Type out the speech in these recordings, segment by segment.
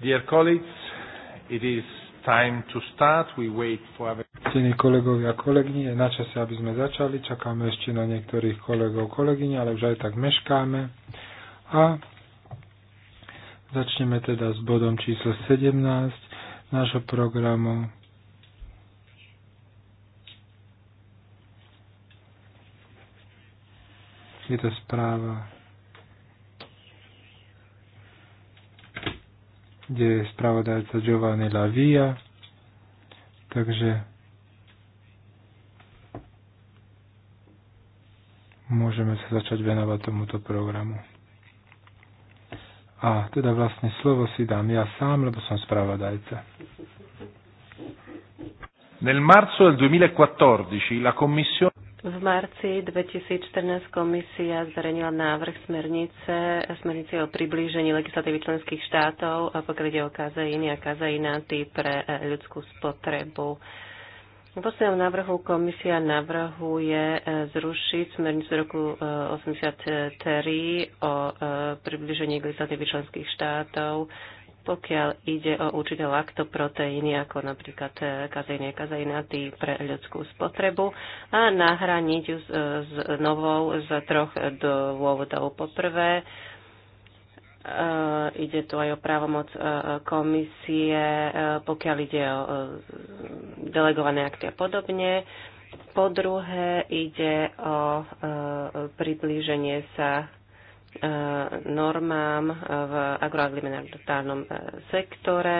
Dear colleagues, it is time to start. We wait for our... Ctení kolegovia a kolegyne, je na čase, aby sme začali. Čakáme ešte na niektorých kolegov kolegyne, ale už aj tak meškáme. A začneme teda s bodom číslo 17 nášho programu. Je to správa kde je spravodajca Giovanni Lavia. Takže môžeme sa začať venovať tomuto programu. A teda vlastne slovo si dám ja sám, lebo som spravodajca. Nel marzo del 2014 la Commissione v marci 2014 komisia zverejnila návrh smernice, smernice o priblížení legislatívy členských štátov, pokiaľ ide o kazeíny a kazeináty pre e, ľudskú spotrebu. V poslednom návrhu komisia navrhuje e, zrušiť smernicu roku 83 e, o približení legislatívy členských štátov pokiaľ ide o určité laktoproteíny, ako napríklad kazejne kazejnaty pre ľudskú spotrebu a nahraniť ju s, e, s novou z troch dôvodov. Poprvé, e, ide tu aj o právomoc e, komisie, pokiaľ ide o delegované akty a podobne. Po druhé, ide o priblíženie sa Eh, normám eh, v agroalimentárnom eh, sektore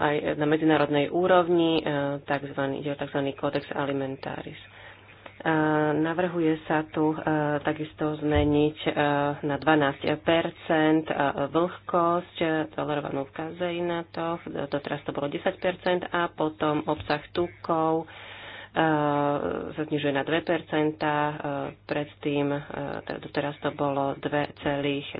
aj na medzinárodnej úrovni, tzv. ide o tzv. kódex alimentaris. Navrhuje sa tu takisto zmeniť na 12 vlhkosť tolerovanú v kazeinatoch, doteraz to bolo 10 a potom obsah tukov sa znižuje na 2 e, predtým, e, teda teraz to bolo 2,25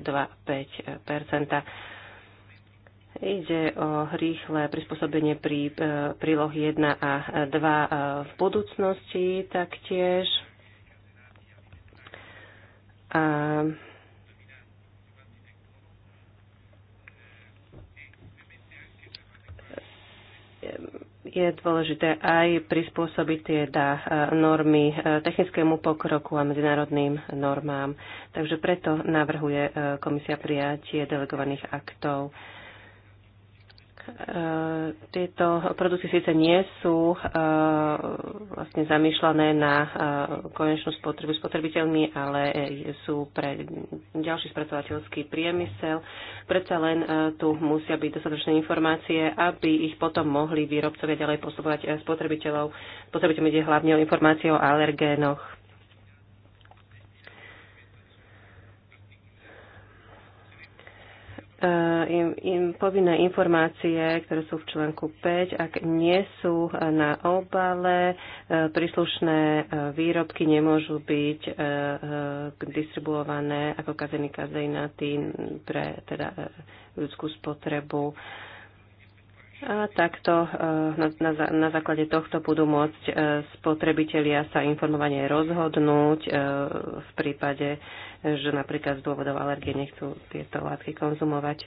Ide o rýchle prispôsobenie pri e, príloh 1 a 2 v budúcnosti taktiež. A je dôležité aj prispôsobiť teda normy eh, technickému pokroku a medzinárodným normám. Takže preto navrhuje eh, komisia prijatie delegovaných aktov E, tieto produkty síce nie sú e, vlastne zamýšľané na e, konečnú spotrebu spotrebiteľmi, ale sú pre ďalší spracovateľský priemysel. Predsa len tu musia byť dostatočné informácie, aby ich potom mohli výrobcovia ďalej postupovať spotrebiteľov. Spotrebiteľom ide hlavne o informácie o alergénoch Eh, im, im povinné informácie, ktoré sú v členku 5, ak nie sú eh, na obale, eh, príslušné výrobky nemôžu byť distribuované ako kazený kazejnatý pre teda ľudskú spotrebu. A takto na, na, na základe tohto budú môcť spotrebitelia sa informovanie rozhodnúť v prípade že napríklad z dôvodov alergie nechcú tieto látky konzumovať.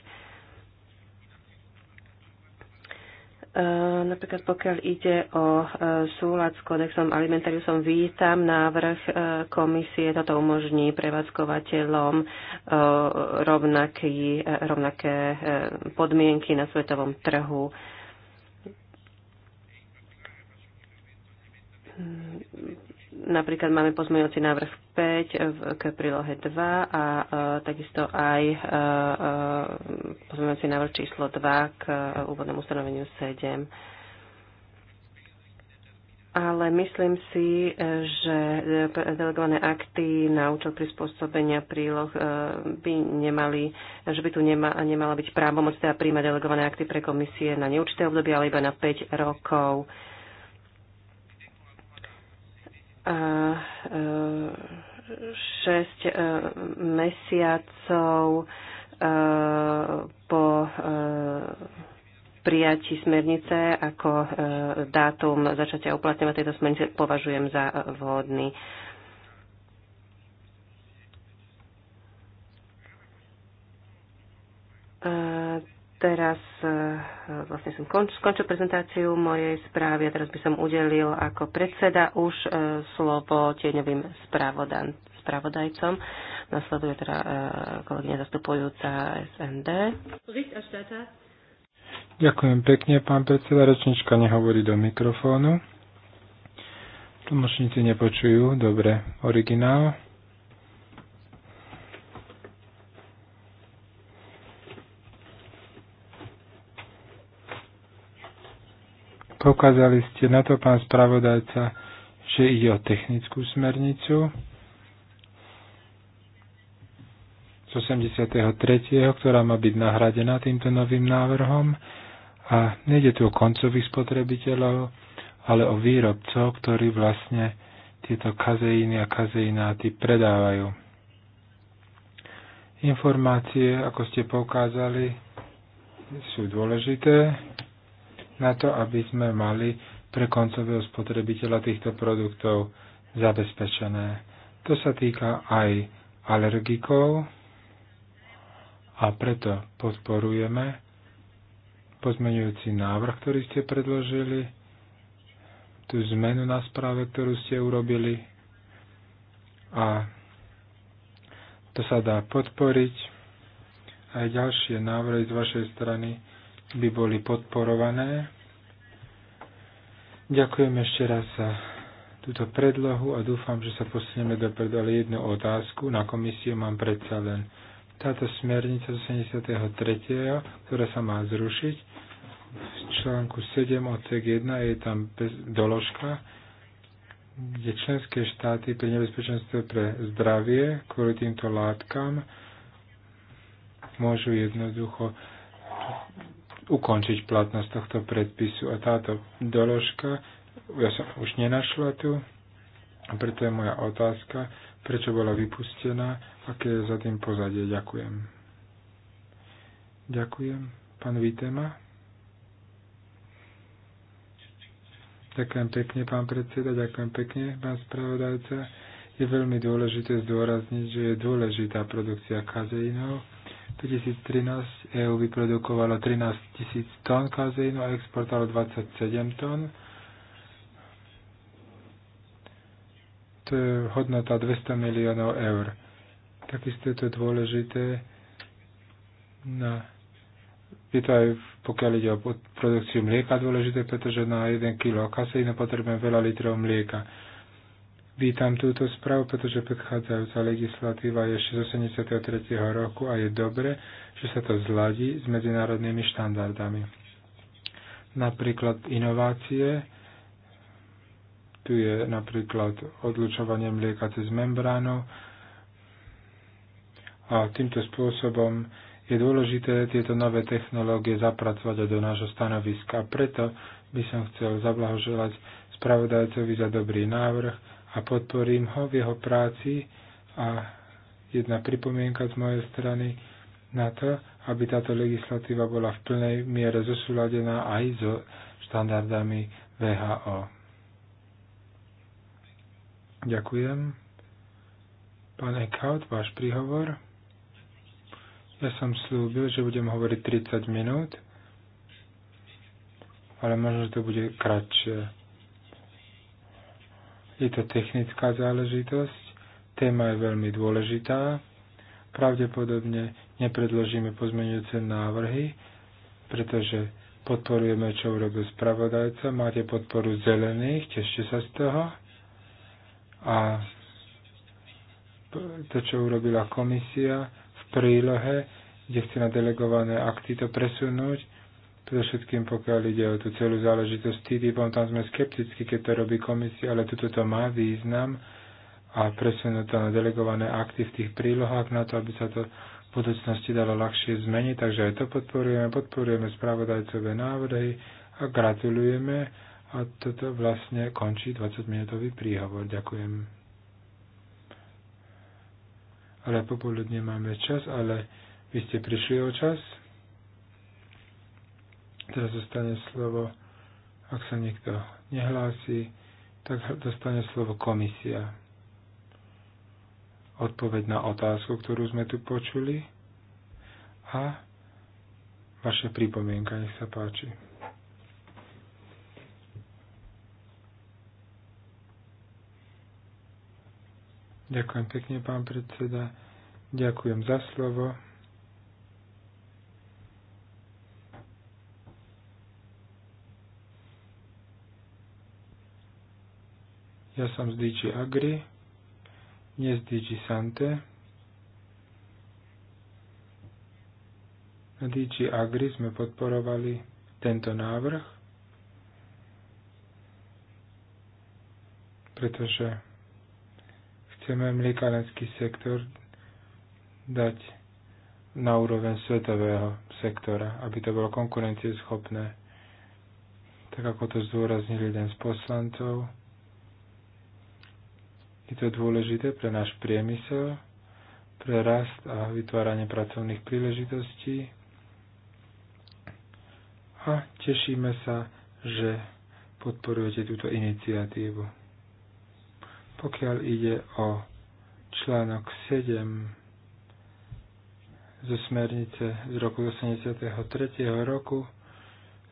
E, napríklad pokiaľ ide o e, súlad s kodexom alimentariusom, vítam návrh e, komisie, toto umožní prevádzkovateľom rovnaké podmienky na svetovom trhu Napríklad máme pozmeňovací návrh 5 k prílohe 2 a e, takisto aj e, e, pozmeňovací návrh číslo 2 k úvodnému ustanoveniu 7. Ale myslím si, že delegované akty na účel prispôsobenia príloh by nemali, že by tu nema, nemala byť právomoc teda príjmať delegované akty pre komisie na neurčité obdobie, ale iba na 5 rokov uh, uh, mesiacov po prijatí smernice ako dátum začatia uplatňovať tejto smernice považujem za vhodný. teraz e, e, vlastne som konč, skončil prezentáciu mojej správy a teraz by som udelil ako predseda už e, slovo tieňovým spravodan, spravodajcom. Nasleduje teda kolegyňa zastupujúca SND. Ďakujem pekne, pán predseda. Rečnička nehovorí do mikrofónu. Tlmočníci nepočujú. Dobre, originál. Poukázali ste na to, pán spravodajca, že ide o technickú smernicu z 83., ktorá má byť nahradená týmto novým návrhom. A nejde tu o koncových spotrebiteľov, ale o výrobcov, ktorí vlastne tieto kazeíny a kazeináty predávajú. Informácie, ako ste poukázali, sú dôležité na to, aby sme mali pre koncového spotrebiteľa týchto produktov zabezpečené. To sa týka aj alergikov a preto podporujeme pozmenujúci návrh, ktorý ste predložili, tú zmenu na správe, ktorú ste urobili a to sa dá podporiť. Aj ďalšie návrhy z vašej strany, by boli podporované. Ďakujem ešte raz za túto predlohu a dúfam, že sa posuneme dopredu, ale jednu otázku na komisiu mám predsa len. Táto smernica z ktorá sa má zrušiť, v článku 7 odsek 1 je tam doložka, kde členské štáty pri nebezpečenstve pre zdravie kvôli týmto látkam môžu jednoducho ukončiť platnosť tohto predpisu. A táto doložka, ja som už nenašla tu, a preto je moja otázka, prečo bola vypustená, aké je za tým pozadie. Ďakujem. Ďakujem. Pán Vítema. Ďakujem pekne, pán predseda, ďakujem pekne, pán spravodajca. Je veľmi dôležité zdôrazniť, že je dôležitá produkcia kazeínov 2013 EU vyprodukovalo 13 tisíc tón kazeínu a exportovalo 27 tón. To je hodnota 200 miliónov eur. Takisto je to dôležité na je to aj pokiaľ ide o produkciu mlieka dôležité, pretože na 1 kg kaseína potrebujeme veľa litrov mlieka. Vítam túto správu, pretože predchádzajúca legislatíva je ešte z 83. roku a je dobre, že sa to zladí s medzinárodnými štandardami. Napríklad inovácie, tu je napríklad odlučovanie mlieka cez membránu a týmto spôsobom je dôležité tieto nové technológie zapracovať aj do nášho stanoviska. Preto by som chcel zablahoželať spravodajcovi za dobrý návrh, a podporím ho v jeho práci a jedna pripomienka z mojej strany na to, aby táto legislatíva bola v plnej miere zosúladená aj so štandardami VHO. Ďakujem. Pane Kaut, váš príhovor. Ja som slúbil, že budem hovoriť 30 minút, ale možno, že to bude kratšie. Je to technická záležitosť, téma je veľmi dôležitá. Pravdepodobne nepredložíme pozmeňujúce návrhy, pretože podporujeme, čo urobil spravodajca. Máte podporu zelených, tešte sa z toho. A to, čo urobila komisia v prílohe, kde chce na delegované akty to presunúť, Predovšetkým pokiaľ ide o tú celú záležitosť TTIPom, tam sme skepticky, keď to robí komisia, ale tuto to má význam a presunú to na delegované akty v tých prílohách na to, aby sa to v budúcnosti dalo ľahšie zmeniť. Takže aj to podporujeme, podporujeme spravodajcové návrhy a gratulujeme. A toto vlastne končí 20-minútový príhovor. Ďakujem. Ale popoludne máme čas, ale vy ste prišli o čas. Teraz dostane slovo, ak sa niekto nehlási, tak dostane slovo komisia. Odpoveď na otázku, ktorú sme tu počuli a vaše pripomienka, nech sa páči. Ďakujem pekne, pán predseda. Ďakujem za slovo. Ja som z DJ Agri, nie z DJ Sante. Na DG Agri sme podporovali tento návrh, pretože chceme mliekarenský sektor dať na úroveň svetového sektora, aby to bolo konkurencieschopné, tak ako to zdôraznili jeden z poslancov. Je to dôležité pre náš priemysel, pre rast a vytváranie pracovných príležitostí. A tešíme sa, že podporujete túto iniciatívu. Pokiaľ ide o článok 7 zo smernice z roku 83. roku,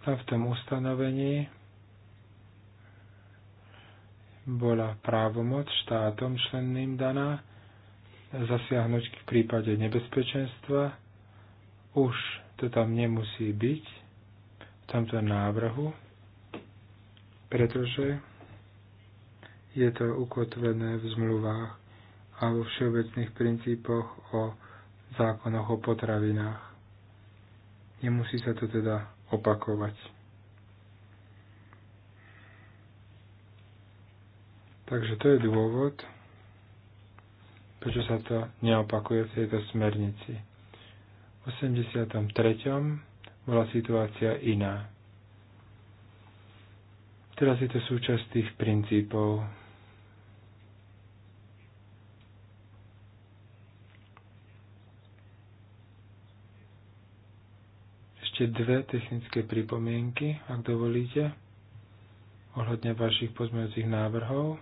tam v tom ustanovení bola právomoc štátom členným daná zasiahnuť v prípade nebezpečenstva. Už to tam nemusí byť v tomto návrhu, pretože je to ukotvené v zmluvách a vo všeobecných princípoch o zákonoch o potravinách. Nemusí sa to teda opakovať. Takže to je dôvod, prečo sa to neopakuje v tejto smernici. V 83. bola situácia iná. Teraz je to súčasť tých princípov. Ešte dve technické pripomienky, ak dovolíte, ohľadne vašich pozmeňujúcich návrhov.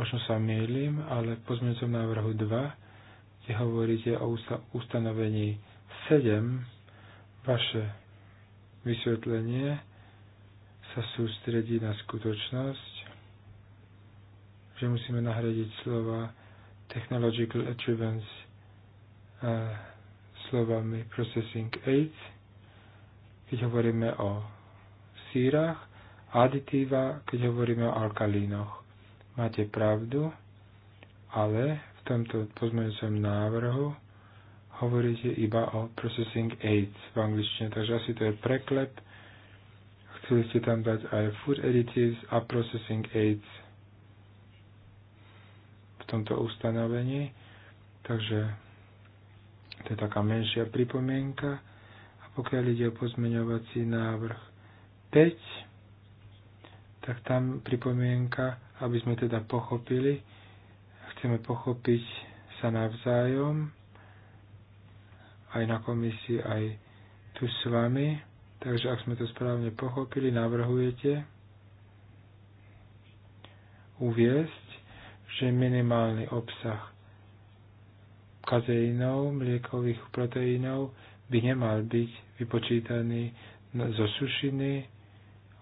možno sa mýlim, ale v pozmeňujúcom návrhu 2, kde hovoríte o ustanovení 7, vaše vysvetlenie sa sústredí na skutočnosť, že musíme nahradiť slova technological achievements uh, slovami processing aids, keď hovoríme o sírach, aditíva, keď hovoríme o alkalínoch. Máte pravdu, ale v tomto pozmeňujúcom návrhu hovoríte iba o processing aids v angličtine, takže asi to je preklep. Chceli ste tam dať aj food additives a processing aids v tomto ustanovení, takže to je taká menšia pripomienka. A pokiaľ ide o pozmeňovací návrh 5, tak tam pripomienka, aby sme teda pochopili, chceme pochopiť sa navzájom, aj na komisii, aj tu s vami. Takže ak sme to správne pochopili, navrhujete uviesť, že minimálny obsah kazeínov, mliekových proteínov by nemal byť vypočítaný zo sušiny,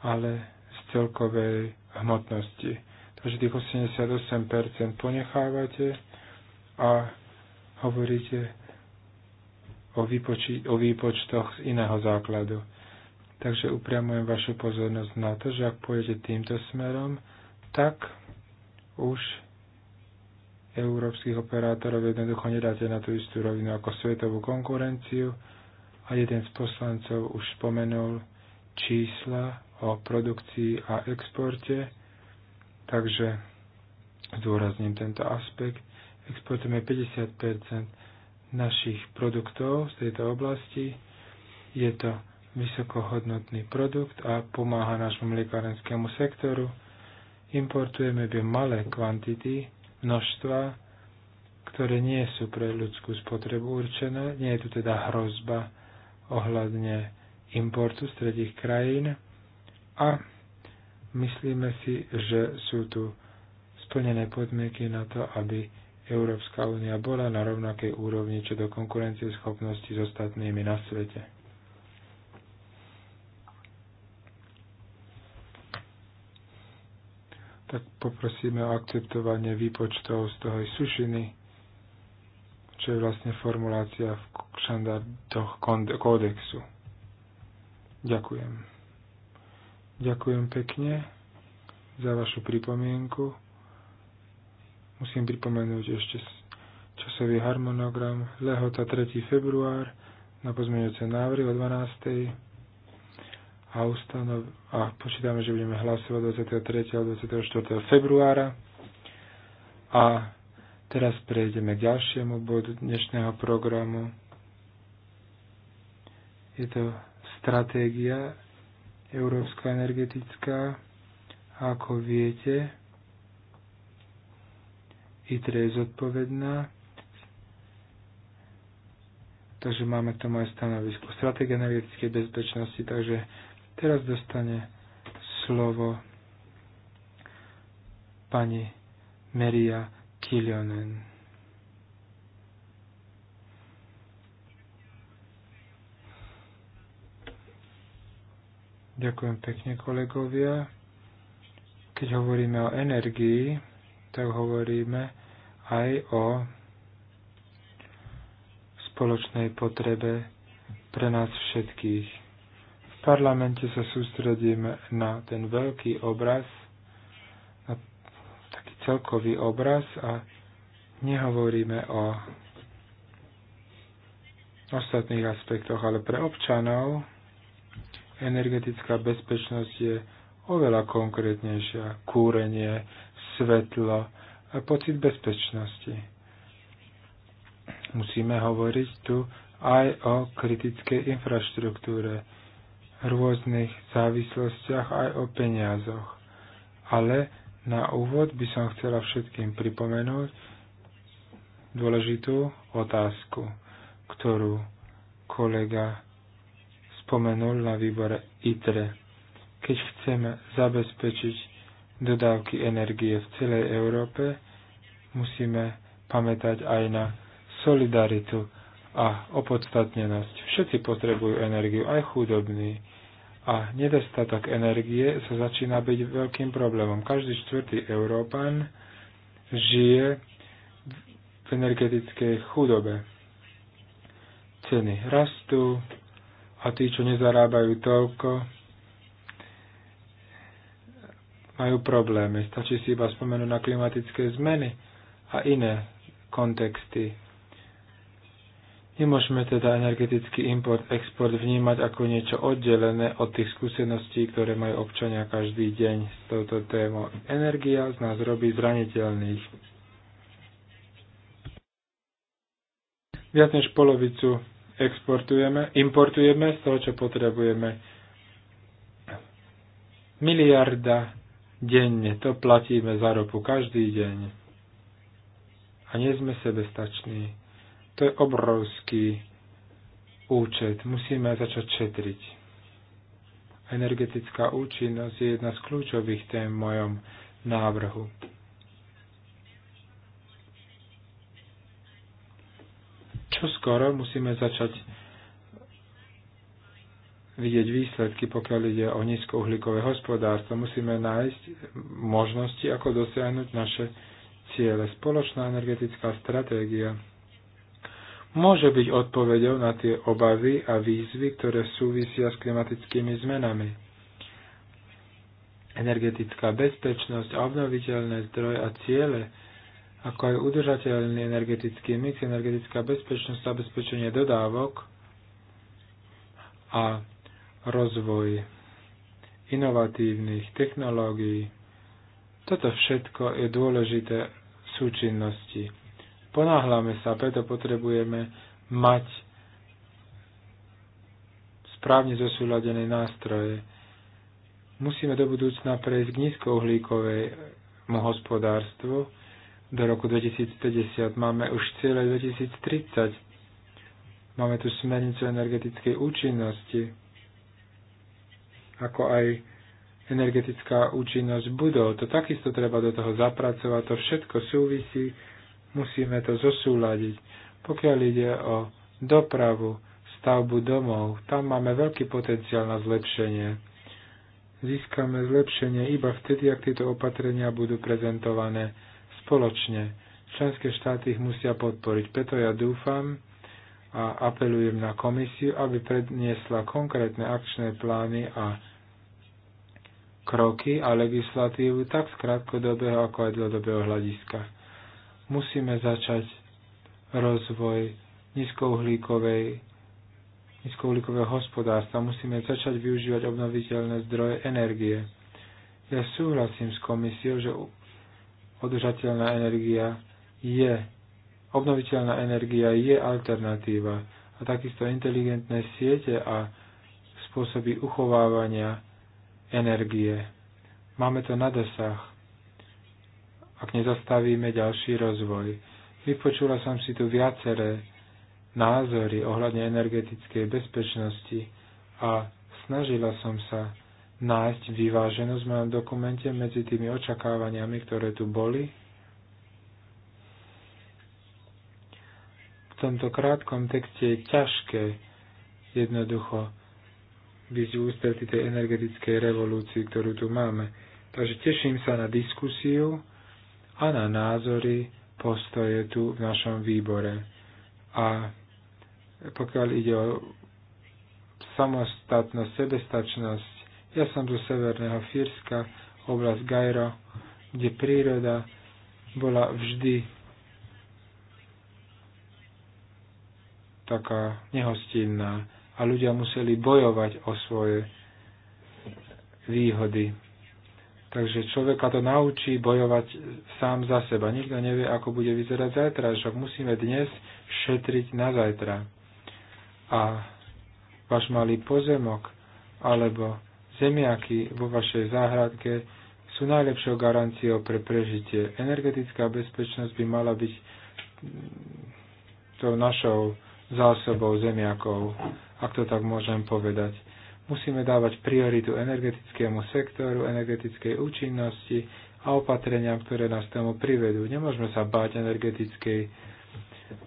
ale celkovej hmotnosti. Takže tých 88% ponechávate a hovoríte o, výpoči- o výpočtoch z iného základu. Takže upriamujem vašu pozornosť na to, že ak pôjdete týmto smerom, tak už európskych operátorov jednoducho nedáte na tú istú rovinu ako svetovú konkurenciu a jeden z poslancov už spomenul čísla o produkcii a exporte, takže zdôrazním tento aspekt. Exportujeme 50 našich produktov z tejto oblasti. Je to vysokohodnotný produkt a pomáha nášmu mliekárenskému sektoru. Importujeme by malé kvantity, množstva, ktoré nie sú pre ľudskú spotrebu určené. Nie je tu teda hrozba ohľadne importu z tretich krajín a myslíme si, že sú tu splnené podmienky na to, aby Európska únia bola na rovnakej úrovni čo do konkurencie schopnosti s ostatnými na svete. Tak poprosíme o akceptovanie výpočtov z toho sušiny, čo je vlastne formulácia v štandardoch kódexu. Ďakujem. Ďakujem pekne za vašu pripomienku. Musím pripomenúť ešte časový harmonogram. Lehota 3. február na pozmeňujúce návrhy o 12. A, ustanov, a počítame, že budeme hlasovať 23. a 24. februára. A teraz prejdeme k ďalšiemu bodu dnešného programu. Je to stratégia európska energetická. Ako viete, ITRE je zodpovedná, takže máme to moje stanovisko. Stratégia energetickej bezpečnosti, takže teraz dostane slovo pani Maria Kilionen. Ďakujem pekne, kolegovia. Keď hovoríme o energii, tak hovoríme aj o spoločnej potrebe pre nás všetkých. V parlamente sa sústredíme na ten veľký obraz, na taký celkový obraz a nehovoríme o ostatných aspektoch, ale pre občanov energetická bezpečnosť je oveľa konkrétnejšia. Kúrenie, svetlo a pocit bezpečnosti. Musíme hovoriť tu aj o kritickej infraštruktúre, rôznych závislostiach aj o peniazoch. Ale na úvod by som chcela všetkým pripomenúť dôležitú otázku, ktorú kolega spomenul na výbore ITRE. Keď chceme zabezpečiť dodávky energie v celej Európe, musíme pamätať aj na solidaritu a opodstatnenosť. Všetci potrebujú energiu, aj chudobní. A nedostatok energie sa začína byť veľkým problémom. Každý čtvrtý Európan žije v energetickej chudobe. Ceny rastú, a tí, čo nezarábajú toľko, majú problémy. Stačí si iba spomenúť na klimatické zmeny a iné kontexty. Nemôžeme teda energetický import-export vnímať ako niečo oddelené od tých skúseností, ktoré majú občania každý deň s touto témou. Energia z nás robí zraniteľných. Viac než polovicu exportujeme, importujeme z toho, čo potrebujeme. Miliarda denne, to platíme za ropu každý deň. A nie sme sebestační. To je obrovský účet. Musíme začať šetriť. Energetická účinnosť je jedna z kľúčových tém v mojom návrhu. čo skoro musíme začať vidieť výsledky, pokiaľ ide o nízkouhlíkové hospodárstvo. Musíme nájsť možnosti, ako dosiahnuť naše ciele. Spoločná energetická stratégia môže byť odpovedou na tie obavy a výzvy, ktoré súvisia s klimatickými zmenami. Energetická bezpečnosť a obnoviteľné zdroje a ciele ako aj udržateľný energetický mix, energetická bezpečnosť, zabezpečenie dodávok a rozvoj inovatívnych technológií. Toto všetko je dôležité v súčinnosti. Ponáhľame sa, preto potrebujeme mať správne zosúladené nástroje. Musíme do budúcna prejsť k nízkouhlíkovému hospodárstvu, do roku 2050. Máme už cieľe 2030. Máme tu smernicu energetickej účinnosti, ako aj energetická účinnosť budov. To takisto treba do toho zapracovať. To všetko súvisí. Musíme to zosúľadiť. Pokiaľ ide o dopravu, stavbu domov, tam máme veľký potenciál na zlepšenie. Získame zlepšenie iba vtedy, ak tieto opatrenia budú prezentované spoločne. Členské štáty ich musia podporiť. Preto ja dúfam a apelujem na komisiu, aby predniesla konkrétne akčné plány a kroky a legislatívu tak z krátkodobého ako aj dlhodobého hľadiska. Musíme začať rozvoj nízkouhlíkovej nízkouhlíkového hospodárstva. Musíme začať využívať obnoviteľné zdroje energie. Ja súhlasím s komisiou, že Održateľná energia je, obnoviteľná energia je alternatíva a takisto inteligentné siete a spôsoby uchovávania energie. Máme to na dosah, ak nezastavíme ďalší rozvoj. Vypočula som si tu viaceré názory ohľadne energetickej bezpečnosti a snažila som sa nájsť vyváženosť v mojom dokumente medzi tými očakávaniami, ktoré tu boli. V tomto krátkom texte je ťažké jednoducho byť v ústretí tej energetickej revolúcii, ktorú tu máme. Takže teším sa na diskusiu a na názory, postoje tu v našom výbore. A pokiaľ ide o samostatnosť, sebestačnosť ja som do Severného Fírska, oblasť Gajro, kde príroda bola vždy taká nehostinná a ľudia museli bojovať o svoje výhody. Takže človeka to naučí bojovať sám za seba. Nikto nevie, ako bude vyzerať zajtra, však musíme dnes šetriť na zajtra. A váš malý pozemok, alebo Zemiaky vo vašej záhradke sú najlepšou garanciou pre prežitie. Energetická bezpečnosť by mala byť mm, tou našou zásobou zemiakov, ak to tak môžem povedať. Musíme dávať prioritu energetickému sektoru, energetickej účinnosti a opatreniam, ktoré nás tomu privedú. Nemôžeme sa báť energetickej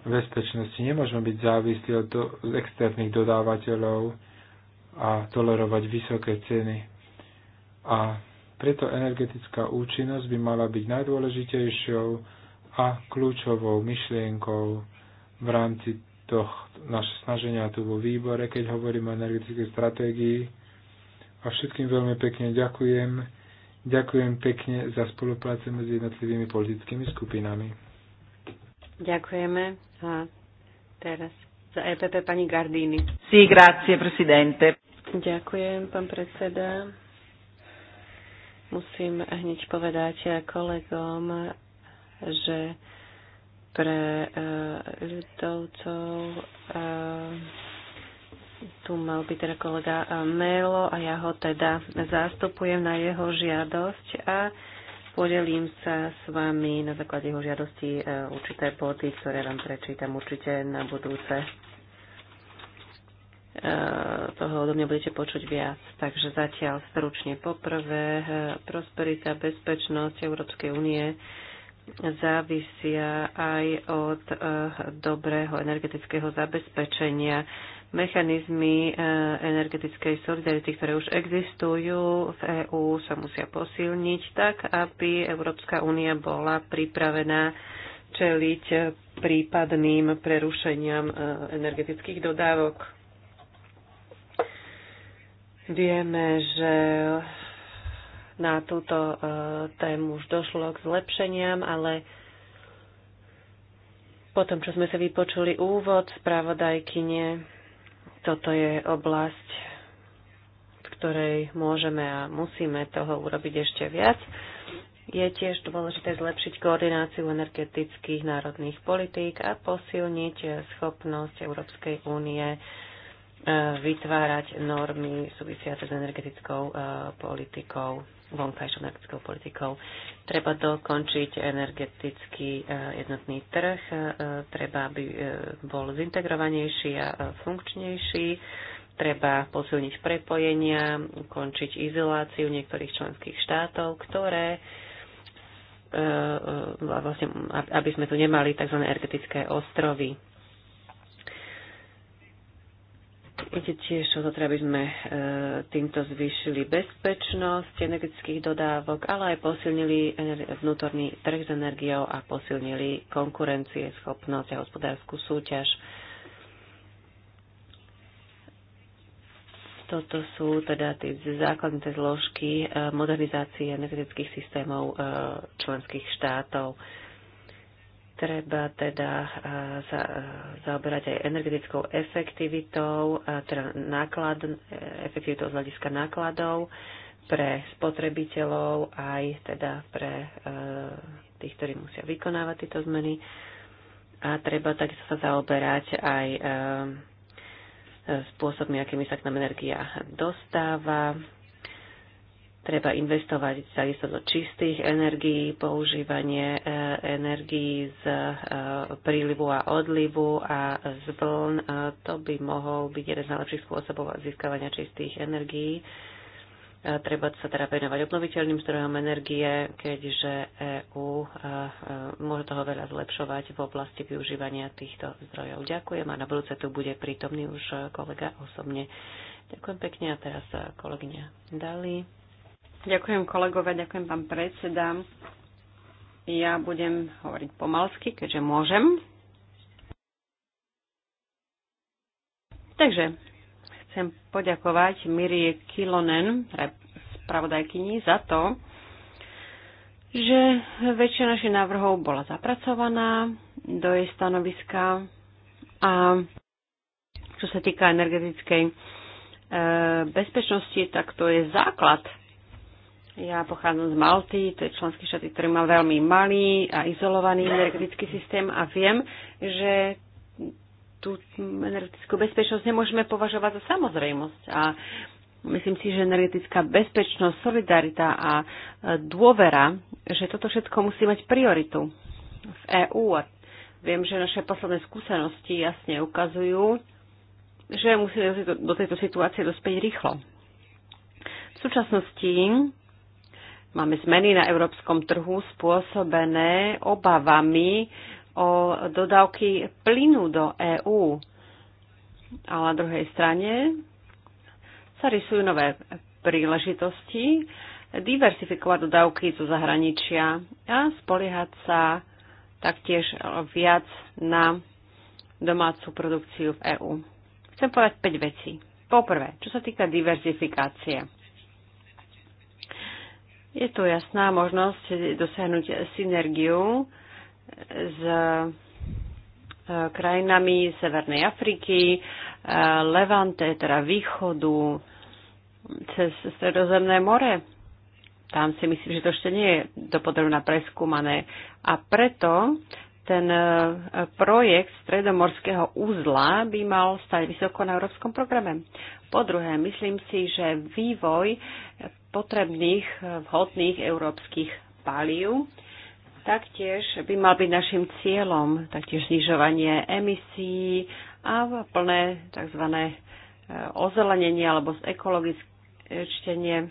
bezpečnosti, nemôžeme byť závislí od externých dodávateľov, a tolerovať vysoké ceny. A preto energetická účinnosť by mala byť najdôležitejšou a kľúčovou myšlienkou v rámci tohto naše snaženia tu vo výbore, keď hovoríme o energetickej stratégii. A všetkým veľmi pekne ďakujem. Ďakujem pekne za spoluprácu medzi jednotlivými politickými skupinami. Ďakujeme. A teraz za EPP pani Gardini. sí, grazie presidente. Ďakujem, pán predseda. Musím hneď povedať kolegom, že pre eh, ľudovcov eh, tu mal byť teda kolega eh, Melo a ja ho teda zastupujem na jeho žiadosť a podelím sa s vami na základe jeho žiadosti určité body, ktoré vám prečítam určite na budúce. E, toho odo mňa budete počuť viac. Takže zatiaľ stručne poprvé, e, prosperita, bezpečnosť Európskej únie závisia aj od e, dobrého energetického zabezpečenia. Mechanizmy energetickej solidarity, ktoré už existujú v EÚ, sa musia posilniť tak, aby Európska únia bola pripravená čeliť prípadným prerušeniam energetických dodávok Vieme, že na túto e, tému už došlo k zlepšeniam, ale potom, čo sme sa vypočuli úvod spravodajkyne, toto je oblasť, v ktorej môžeme a musíme toho urobiť ešte viac. Je tiež dôležité zlepšiť koordináciu energetických národných politík a posilniť schopnosť Európskej únie E, vytvárať normy súvisiace s energetickou e, politikou, vonkajšou energetickou politikou. Treba dokončiť energetický e, jednotný trh, treba, aby bol zintegrovanejší a funkčnejší, treba posilniť prepojenia, končiť izoláciu niektorých členských štátov, ktoré vlastne, aby sme tu nemali tzv. energetické ostrovy Ide tiež o to, aby sme e, týmto zvýšili bezpečnosť energetických dodávok, ale aj posilnili vnútorný trh s energiou a posilnili konkurencie, schopnosť a hospodárskú súťaž. Toto sú teda tie základné zložky e, modernizácie energetických systémov e, členských štátov treba teda sa eh, eh, zaoberať aj energetickou efektivitou, eh, teda náklad, efektivitou z hľadiska nákladov pre spotrebiteľov aj teda pre tých, ktorí musia vykonávať tieto zmeny. A treba takisto sa zaoberať aj spôsobmi, akými sa k nám energia dostáva, Treba investovať takisto do čistých energií, používanie e, energií z e, prílivu a odlivu a z vln. E, to by mohol byť jeden z najlepších spôsobov získavania čistých energií. Treba sa teda venovať obnoviteľným zdrojom energie, keďže EÚ môže toho veľa zlepšovať v oblasti využívania týchto zdrojov. Ďakujem a na budúce tu bude prítomný už kolega osobne. Ďakujem pekne a teraz kolegyňa Dali. Ďakujem kolegové, ďakujem pán predseda. Ja budem hovoriť pomalsky, keďže môžem. Takže chcem poďakovať Mirie Kilonen, spravodajkyni, za to, že väčšina našich návrhov bola zapracovaná do jej stanoviska a čo sa týka energetickej e, bezpečnosti, tak to je základ ja pochádzam z Malty, to je členský štát, ktorý má veľmi malý a izolovaný energetický systém a viem, že tú energetickú bezpečnosť nemôžeme považovať za samozrejmosť. A myslím si, že energetická bezpečnosť, solidarita a dôvera, že toto všetko musí mať prioritu v EÚ. A viem, že naše posledné skúsenosti jasne ukazujú, že musíme do tejto situácie dospieť rýchlo. V súčasnosti Máme zmeny na európskom trhu spôsobené obavami o dodávky plynu do EÚ. A na druhej strane sa rysujú nové príležitosti diversifikovať dodávky zo zahraničia a spoliehať sa taktiež viac na domácu produkciu v EÚ. Chcem povedať 5 vecí. Poprvé, čo sa týka diverzifikácie. Je tu jasná možnosť dosiahnuť synergiu s e, krajinami Severnej Afriky, e, Levante, teda východu, cez Stredozemné more. Tam si myslím, že to ešte nie je dopodrobne preskúmané. A preto ten e, projekt Stredomorského úzla by mal stať vysoko na európskom programe. Po druhé, myslím si, že vývoj potrebných eh, vhodných európskych palív. Taktiež by mal byť našim cieľom taktiež znižovanie emisí a plné tzv. Eh, ozelenenie alebo zekologičtenie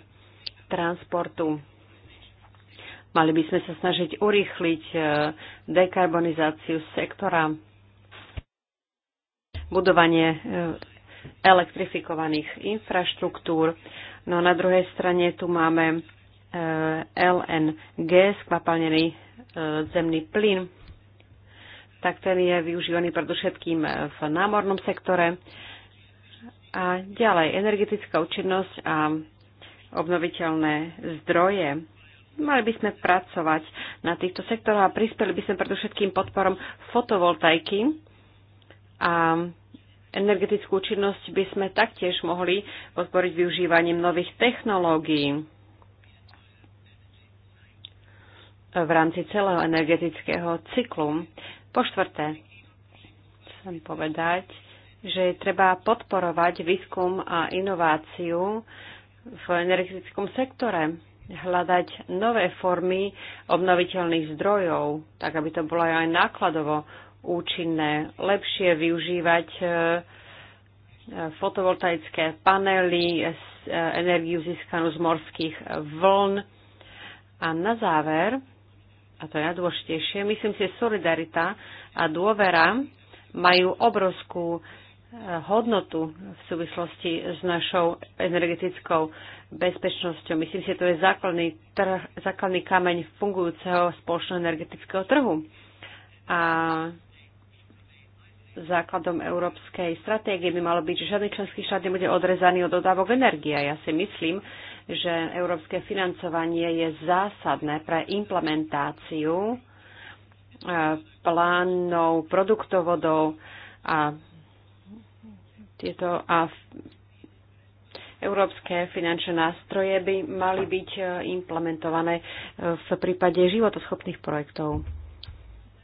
transportu. Mali by sme sa snažiť urýchliť eh, dekarbonizáciu sektora, budovanie elektrifikovaných infraštruktúr. No na druhej strane tu máme e, LNG, skvapalnený e, zemný plyn, tak ten je využívaný predovšetkým v námornom sektore. A ďalej, energetická účinnosť a obnoviteľné zdroje. Mali by sme pracovať na týchto sektoroch a prispeli by sme predovšetkým podporom fotovoltaiky a Energetickú činnosť by sme taktiež mohli podporiť využívaním nových technológií v rámci celého energetického cyklu. Po štvrté, chcem povedať, že treba podporovať výskum a inováciu v energetickom sektore, hľadať nové formy obnoviteľných zdrojov, tak aby to bolo aj nákladovo účinné, lepšie využívať e, fotovoltaické panely, e, energiu získanú z morských vln. A na záver, a to je najdôležitejšie, myslím si, že solidarita a dôvera majú obrovskú e, hodnotu v súvislosti s našou energetickou bezpečnosťou. Myslím si, že to je základný, trh, základný kameň fungujúceho spoločného energetického trhu. A základom európskej stratégie by malo byť, že žiadny členský štát nebude odrezaný od dodávok energie. Ja si myslím, že európske financovanie je zásadné pre implementáciu e, plánov, produktovodov a tieto a európske finančné nástroje by mali byť e, implementované e, v prípade životoschopných projektov.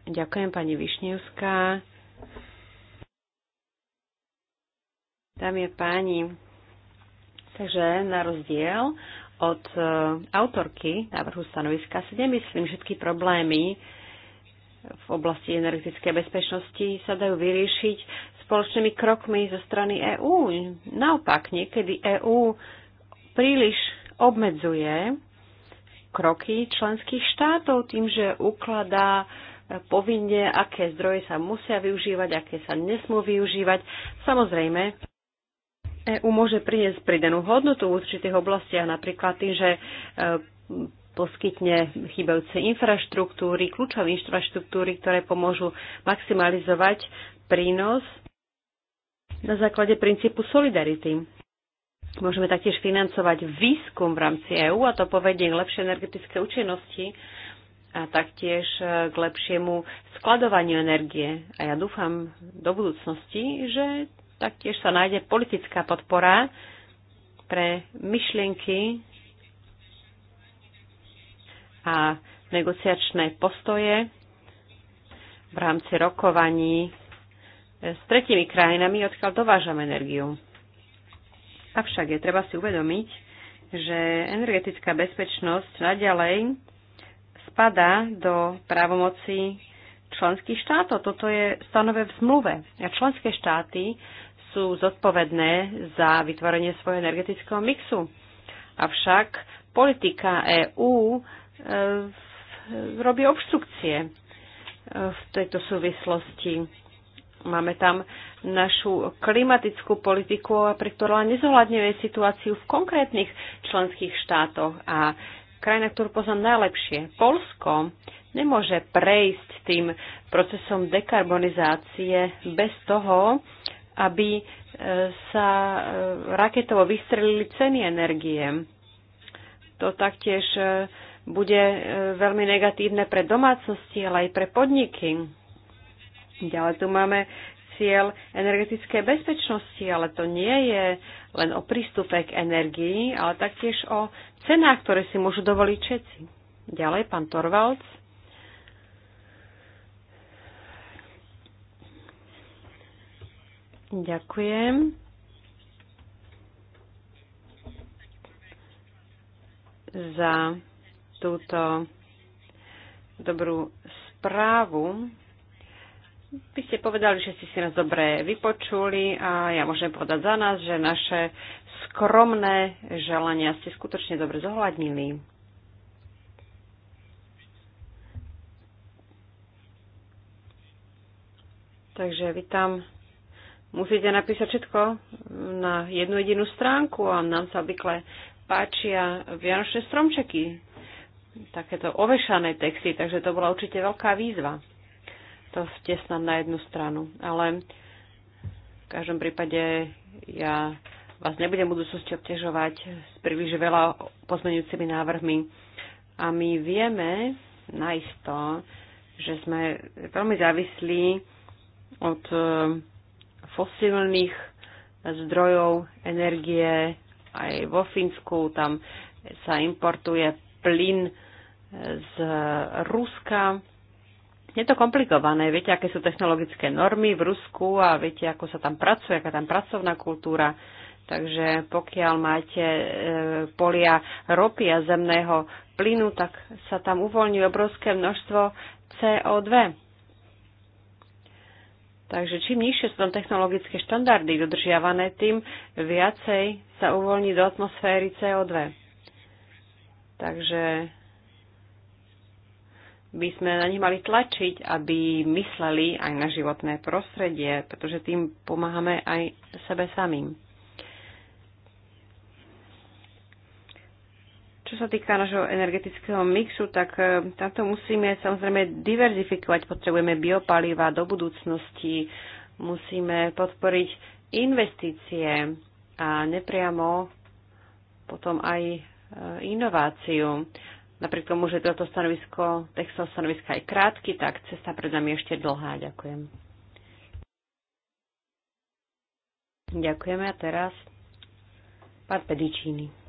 Ďakujem pani Višňovská. Dámy a páni, takže na rozdiel od e, autorky návrhu stanoviska si nemyslím, všetky problémy v oblasti energetickej bezpečnosti sa dajú vyriešiť spoločnými krokmi zo strany EÚ. Naopak, niekedy EÚ príliš obmedzuje kroky členských štátov tým, že ukladá e, povinne, aké zdroje sa musia využívať, aké sa nesmú využívať. Samozrejme, EÚ môže priniesť pridanú hodnotu v určitých oblastiach, napríklad tým, že e, poskytne chýbajúce infraštruktúry, kľúčové infraštruktúry, ktoré pomôžu maximalizovať prínos na základe princípu solidarity. Môžeme taktiež financovať výskum v rámci EÚ a to povedie k lepšej energetické účinnosti a taktiež e, k lepšiemu skladovaniu energie. A ja dúfam do budúcnosti, že taktiež sa nájde politická podpora pre myšlienky a negociačné postoje v rámci rokovaní s tretimi krajinami, odkiaľ dovážame energiu. Avšak je treba si uvedomiť, že energetická bezpečnosť naďalej spadá do právomoci členských štátov. Toto je stanové v zmluve. A členské štáty sú zodpovedné za vytvorenie svojho energetického mixu. Avšak politika EÚ e, robí obštrukcie e, v tejto súvislosti. Máme tam našu klimatickú politiku, pre ktorú nezohľadňuje situáciu v konkrétnych členských štátoch a krajina, ktorú poznám najlepšie, Polsko, nemôže prejsť tým procesom dekarbonizácie bez toho, aby e, sa e, raketovo vystrelili ceny energie. To taktiež e, bude veľmi negatívne pre domácnosti, ale aj pre podniky. Ďalej tu máme cieľ energetickej bezpečnosti, ale to nie je len o prístupe k energii, ale taktiež o cenách, ktoré si môžu dovoliť všetci. Ďalej, pán Torvalds. Ďakujem. za túto dobrú správu. Vy ste povedali, že ste si nás dobre vypočuli a ja môžem povedať za nás, že naše skromné želania ste skutočne dobre zohľadnili. Takže vítam musíte napísať všetko na jednu jedinú stránku a nám sa obvykle páčia vianočné stromčeky, takéto ovešané texty, takže to bola určite veľká výzva to stesnať na jednu stranu. Ale v každom prípade ja vás nebudem v budúcnosti obťažovať s príliš veľa pozmenujúcimi návrhmi. A my vieme najisto, že sme veľmi závislí od fosílnych zdrojov energie. Aj vo Fínsku tam sa importuje plyn z Ruska. Je to komplikované. Viete, aké sú technologické normy v Rusku a viete, ako sa tam pracuje, aká tam pracovná kultúra. Takže pokiaľ máte e, polia ropy a zemného plynu, tak sa tam uvoľní obrovské množstvo CO2. Takže čím nižšie sú tam technologické štandardy dodržiavané, tým viacej sa uvoľní do atmosféry CO2. Takže by sme na nich mali tlačiť, aby mysleli aj na životné prostredie, pretože tým pomáhame aj sebe samým. Čo sa týka nášho energetického mixu, tak e, táto musíme samozrejme diverzifikovať. Potrebujeme biopaliva do budúcnosti, musíme podporiť investície a nepriamo potom aj e, inováciu. Napriek tomu, že toto stanovisko, texto stanoviska je krátky, tak cesta pred nami je ešte dlhá. Ďakujem. Ďakujeme a teraz pán Pedičíny.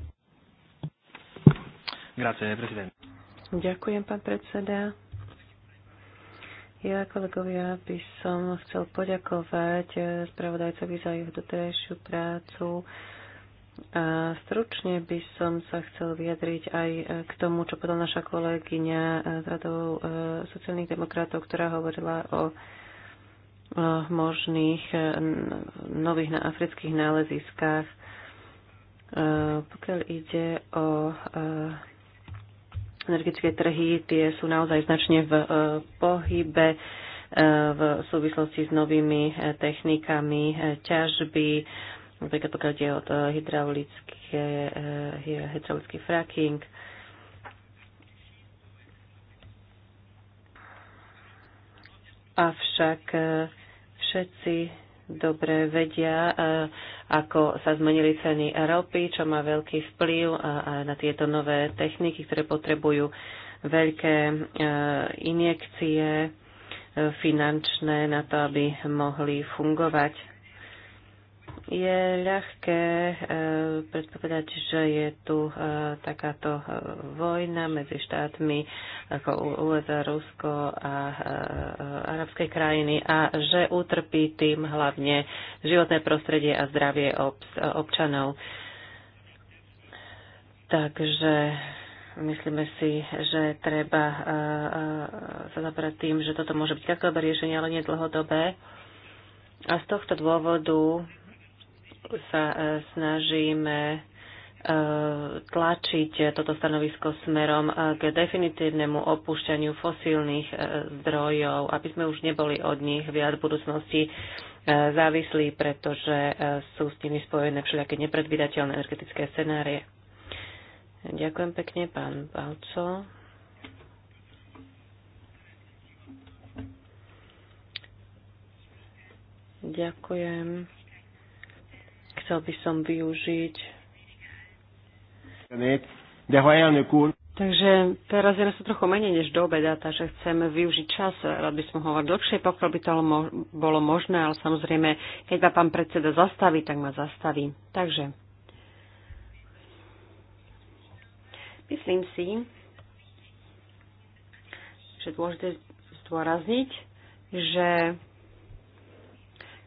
Grazie, Presidente. Ďakujem, pán predseda. Ja, kolegovia, by som chcel poďakovať spravodajcovi za jeho doterajšiu prácu. A stručne by som sa chcel vyjadriť aj k tomu, čo podala naša kolegyňa z radou e, sociálnych demokratov, ktorá hovorila o možných e, nových na afrických náleziskách. E, pokiaľ ide o energetické trhy tie sú naozaj značne v e, pohybe e, v súvislosti s novými e, technikami ťažby, napríklad pokiaľ ide od hydraulické, hydraulický fracking. Avšak všetci dobre vedia, eh, ako sa zmenili ceny ropy, čo má veľký vplyv eh, na tieto nové techniky, ktoré potrebujú veľké eh, injekcie finančné na to, aby mohli fungovať je ľahké e, predpovedať, že je tu e, takáto e, vojna medzi štátmi ako USA, Rusko a arabské krajiny a že utrpí tým hlavne životné prostredie a zdravie občanov. Takže myslíme si, že treba sa zabrať tým, že toto môže byť krátkodobé riešenie, ale nie dlhodobé. A z tohto dôvodu sa e, snažíme e, tlačiť toto stanovisko smerom e, k definitívnemu opúšťaniu fosílnych zdrojov, aby sme už neboli od nich viac v budúcnosti závislí, pretože sú s nimi spojené všelijaké nepredvydateľné energetické scenárie. Ďakujem pekne, pán Balco. Ďakujem. Chcel by som využiť. Takže teraz je nás trochu menej než do obeda, takže chcem využiť čas. Rád by som hovoril dlhšie, pokiaľ by to bolo možné, ale samozrejme, keď ma pán predseda zastaví, tak ma zastaví. Takže myslím si, že dôležité zdôrazniť, že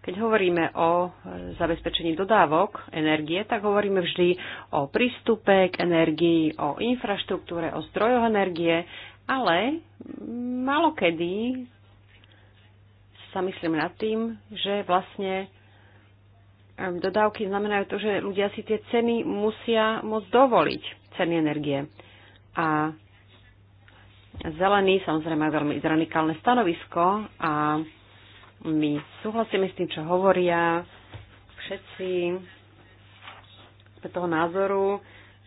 keď hovoríme o zabezpečení dodávok energie, tak hovoríme vždy o prístupe k energii, o infraštruktúre, o zdrojoch energie, ale malokedy sa myslím nad tým, že vlastne um, dodávky znamenajú to, že ľudia si tie ceny musia môcť dovoliť, ceny energie. A zelený samozrejme má veľmi radikálne stanovisko a my súhlasíme s tým, čo hovoria všetci. Sme toho názoru,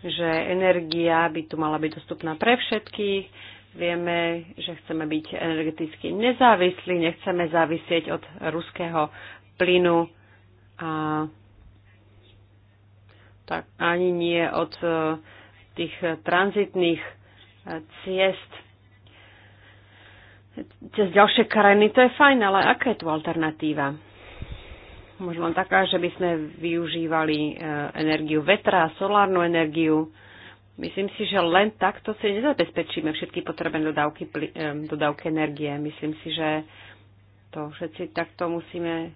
že energia by tu mala byť dostupná pre všetkých. Vieme, že chceme byť energeticky nezávislí, nechceme závisieť od ruského plynu a tak ani nie od eh, tých tranzitných eh, ciest cez ďalšie krajiny, to je fajn, ale aká je tu alternatíva? Možno len taká, že by sme využívali e, energiu vetra, solárnu energiu. Myslím si, že len takto si nezabezpečíme všetky potrebné dodávky, e, dodávky energie. Myslím si, že to všetci takto musíme e,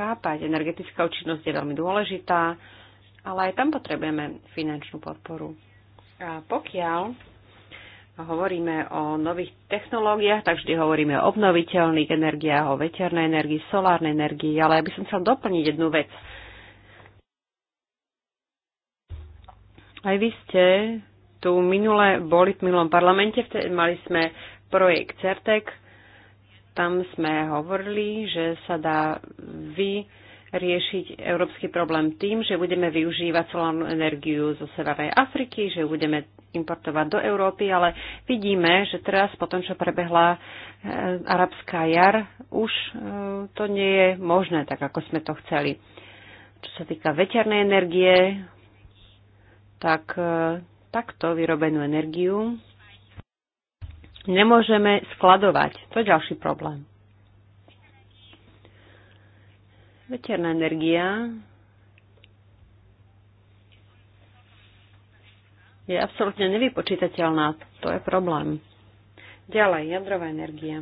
chápať. Energetická účinnosť je veľmi dôležitá, ale aj tam potrebujeme finančnú podporu. A pokiaľ hovoríme o nových technológiách, tak vždy hovoríme o obnoviteľných energiách, o veternej energii, solárnej energii, ale ja by som chcel doplniť jednu vec. Aj vy ste tu minule boli v minulom parlamente, vtedy mali sme projekt CERTEC, tam sme hovorili, že sa dá vy riešiť európsky problém tým, že budeme využívať solárnu energiu zo Severnej Afriky, že budeme importovať do Európy, ale vidíme, že teraz po tom, čo prebehla e, arabská jar, už e, to nie je možné, tak ako sme to chceli. Čo sa týka veternej energie, tak e, takto vyrobenú energiu nemôžeme skladovať. To je ďalší problém. Veterná energia je absolútne nevypočítateľná. To je problém. Ďalej, jadrová energia.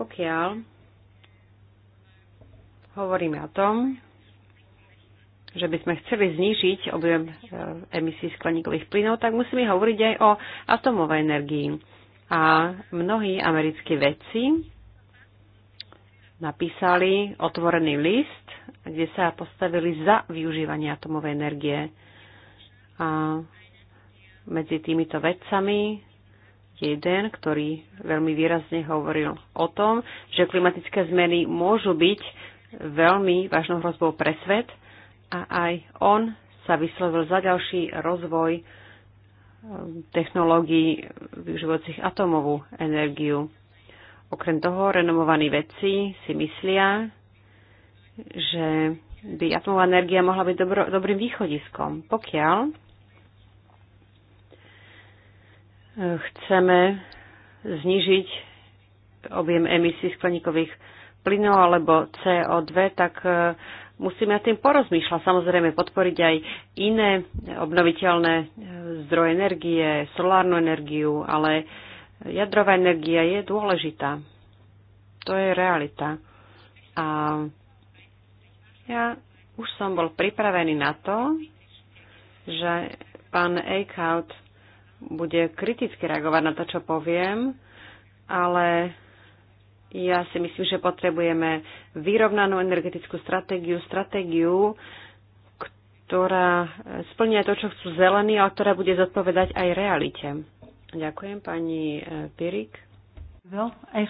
Pokiaľ hovoríme o tom, že by sme chceli znižiť objem e, emisí skleníkových plynov, tak musíme hovoriť aj o atomovej energii. A mnohí americkí vedci napísali otvorený list, kde sa postavili za využívanie atomovej energie. A medzi týmito vedcami je jeden, ktorý veľmi výrazne hovoril o tom, že klimatické zmeny môžu byť veľmi vážnou hrozbou pre svet a aj on sa vyslovil za ďalší rozvoj ehm, technológií využívajúcich atomovú energiu. Okrem toho, renomovaní vedci si myslia, že by atomová energia mohla byť dobro, dobrým východiskom, pokiaľ chceme znižiť objem emisí skleníkových plynov alebo CO2, tak e, musíme nad tým porozmýšľať. Samozrejme podporiť aj iné obnoviteľné e, zdroje energie, solárnu energiu, ale Jadrová energia je dôležitá. To je realita. A ja už som bol pripravený na to, že pán Eichhout bude kriticky reagovať na to, čo poviem, ale ja si myslím, že potrebujeme vyrovnanú energetickú stratégiu, stratégiu, ktorá splňuje to, čo chcú zelení, ale ktorá bude zodpovedať aj realite. Ďakujem pani e, Pirik. Eh,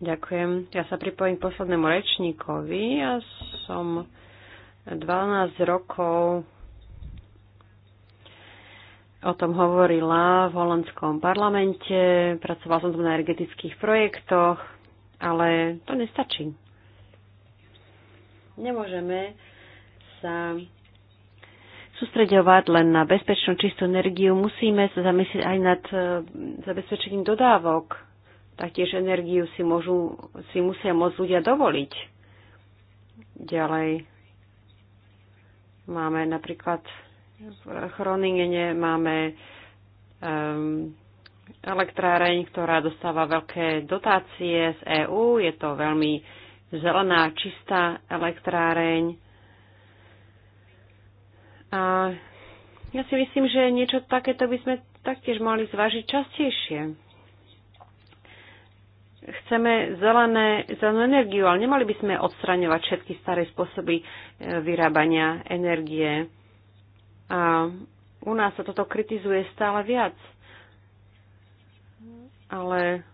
Ďakujem. Ja sa pripojím k poslednému rečníkovi. Ja som 12 rokov o tom hovorila v holandskom parlamente, pracovala som tam na energetických projektoch, ale to nestačí. Nemôžeme sa sústreďovať len na bezpečnú čistú energiu, musíme sa zamyslieť aj nad e, zabezpečením dodávok. Taktiež energiu si, môžu, si musia môcť ľudia dovoliť. Ďalej máme napríklad v Chroningene máme um, elektráreň, ktorá dostáva veľké dotácie z EÚ. Je to veľmi zelená, čistá elektráreň a ja si myslím, že niečo takéto by sme taktiež mohli zvážiť častejšie. Chceme zelené, zelenú energiu, ale nemali by sme odstraňovať všetky staré spôsoby e, vyrábania energie. A u nás sa toto kritizuje stále viac. Ale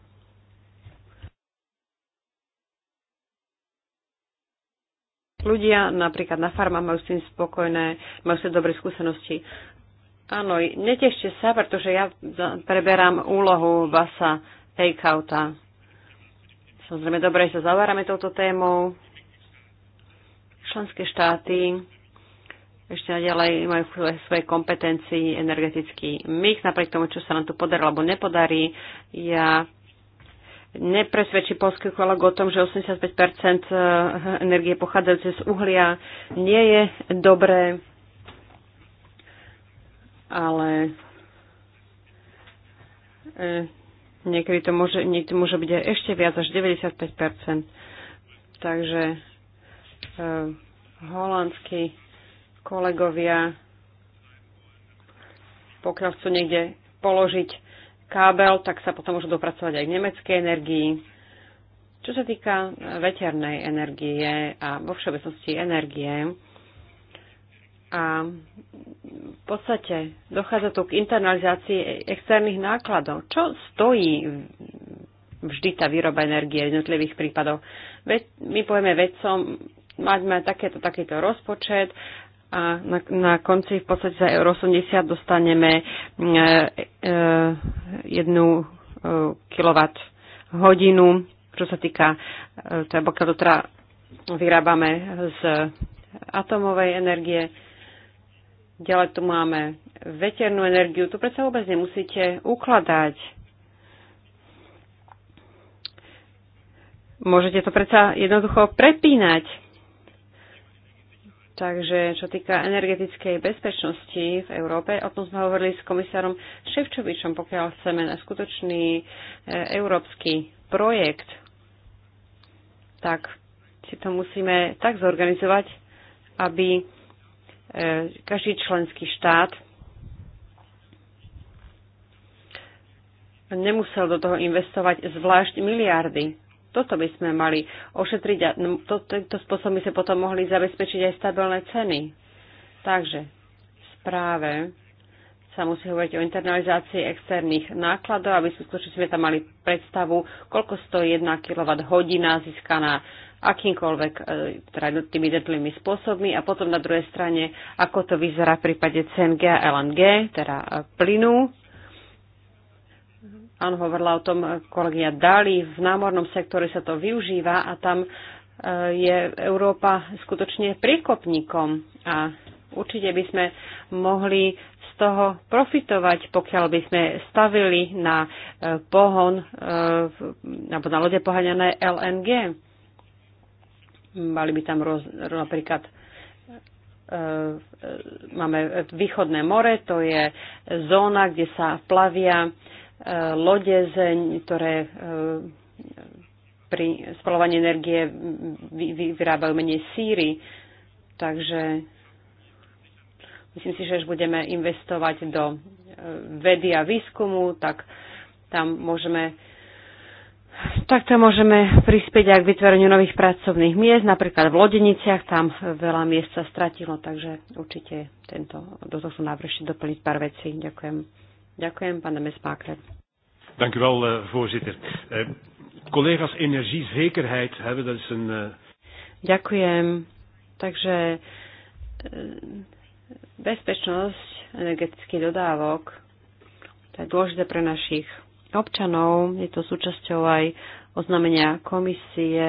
Ľudia napríklad na farmách majú s tým spokojné, majú sa dobré skúsenosti. Áno, netešte sa, pretože ja preberám úlohu vasa take-outa. Samozrejme, dobre sa zavárame touto témou. Členské štáty ešte naďalej majú svoje kompetencii energetický mix, napriek tomu, čo sa nám tu podarí alebo nepodarí. Ja nepresvedčí polských kolegov o tom, že 85 eh, energie pochádzajúce z uhlia nie je dobré, ale eh, niekedy to môže, niekedy môže byť aj ešte viac, až 95 Takže eh, holandskí kolegovia, pokiaľ chcú niekde položiť kábel, tak sa potom môžu dopracovať aj k nemeckej energii. Čo sa týka veternej energie a vo všeobecnosti energie, a v podstate dochádza tu k internalizácii externých nákladov. Čo stojí vždy tá výroba energie v jednotlivých prípadoch? My povieme vedcom, máme takéto, takýto rozpočet, a na, na konci v podstate za euro 80 dostaneme mm, e, e, jednu e, kilowatt hodinu, čo sa týka, e, teda pokiaľ to teda vyrábame z atomovej energie. Ďalej tu máme veternú energiu. Tu predsa vôbec nemusíte ukladať. Môžete to predsa jednoducho prepínať Takže čo týka energetickej bezpečnosti v Európe, o tom sme hovorili s komisárom Ševčovičom, pokiaľ chceme na skutočný e, európsky projekt, tak si to musíme tak zorganizovať, aby e, každý členský štát nemusel do toho investovať zvlášť miliardy. Toto by sme mali ošetriť a to, tento spôsob by sme potom mohli zabezpečiť aj stabilné ceny. Takže v správe sa musí hovoriť o internalizácii externých nákladov, aby sme skutočne sme tam mali predstavu, koľko stojí 1 kWh získaná akýmkoľvek, e, teda tými jednotlivými spôsobmi a potom na druhej strane, ako to vyzerá v prípade CNG a LNG, teda e, plynu, Áno, hovorila o tom kolegia Dali, v námornom sektore sa to využíva a tam e, je Európa skutočne priekopníkom a určite by sme mohli z toho profitovať, pokiaľ by sme stavili na e, pohon e, alebo na lode poháňané LNG. Mali by tam roz, napríklad máme východné more, to je zóna, kde sa plavia Eh, lode, ktoré eh, pri spalovaní energie vyrábajú menej síry. Takže myslím si, že až budeme investovať do eh, vedy a výskumu, tak tam môžeme Takto môžeme prispieť aj k vytvoreniu nových pracovných miest, napríklad v Lodeniciach, tam veľa miest sa stratilo, takže určite tento, do toho som návrh doplniť pár vecí. Ďakujem. Ďakujem, pán Mespáker. Dank u wel, eh, voorzitter. Eh, collega's, energiezekerheid hebben, dat is een... Eh, Ďakujem. Takže bezpečnosť energetických dodávok, to je dôležité pre našich občanov, je to súčasťou aj oznámenia komisie,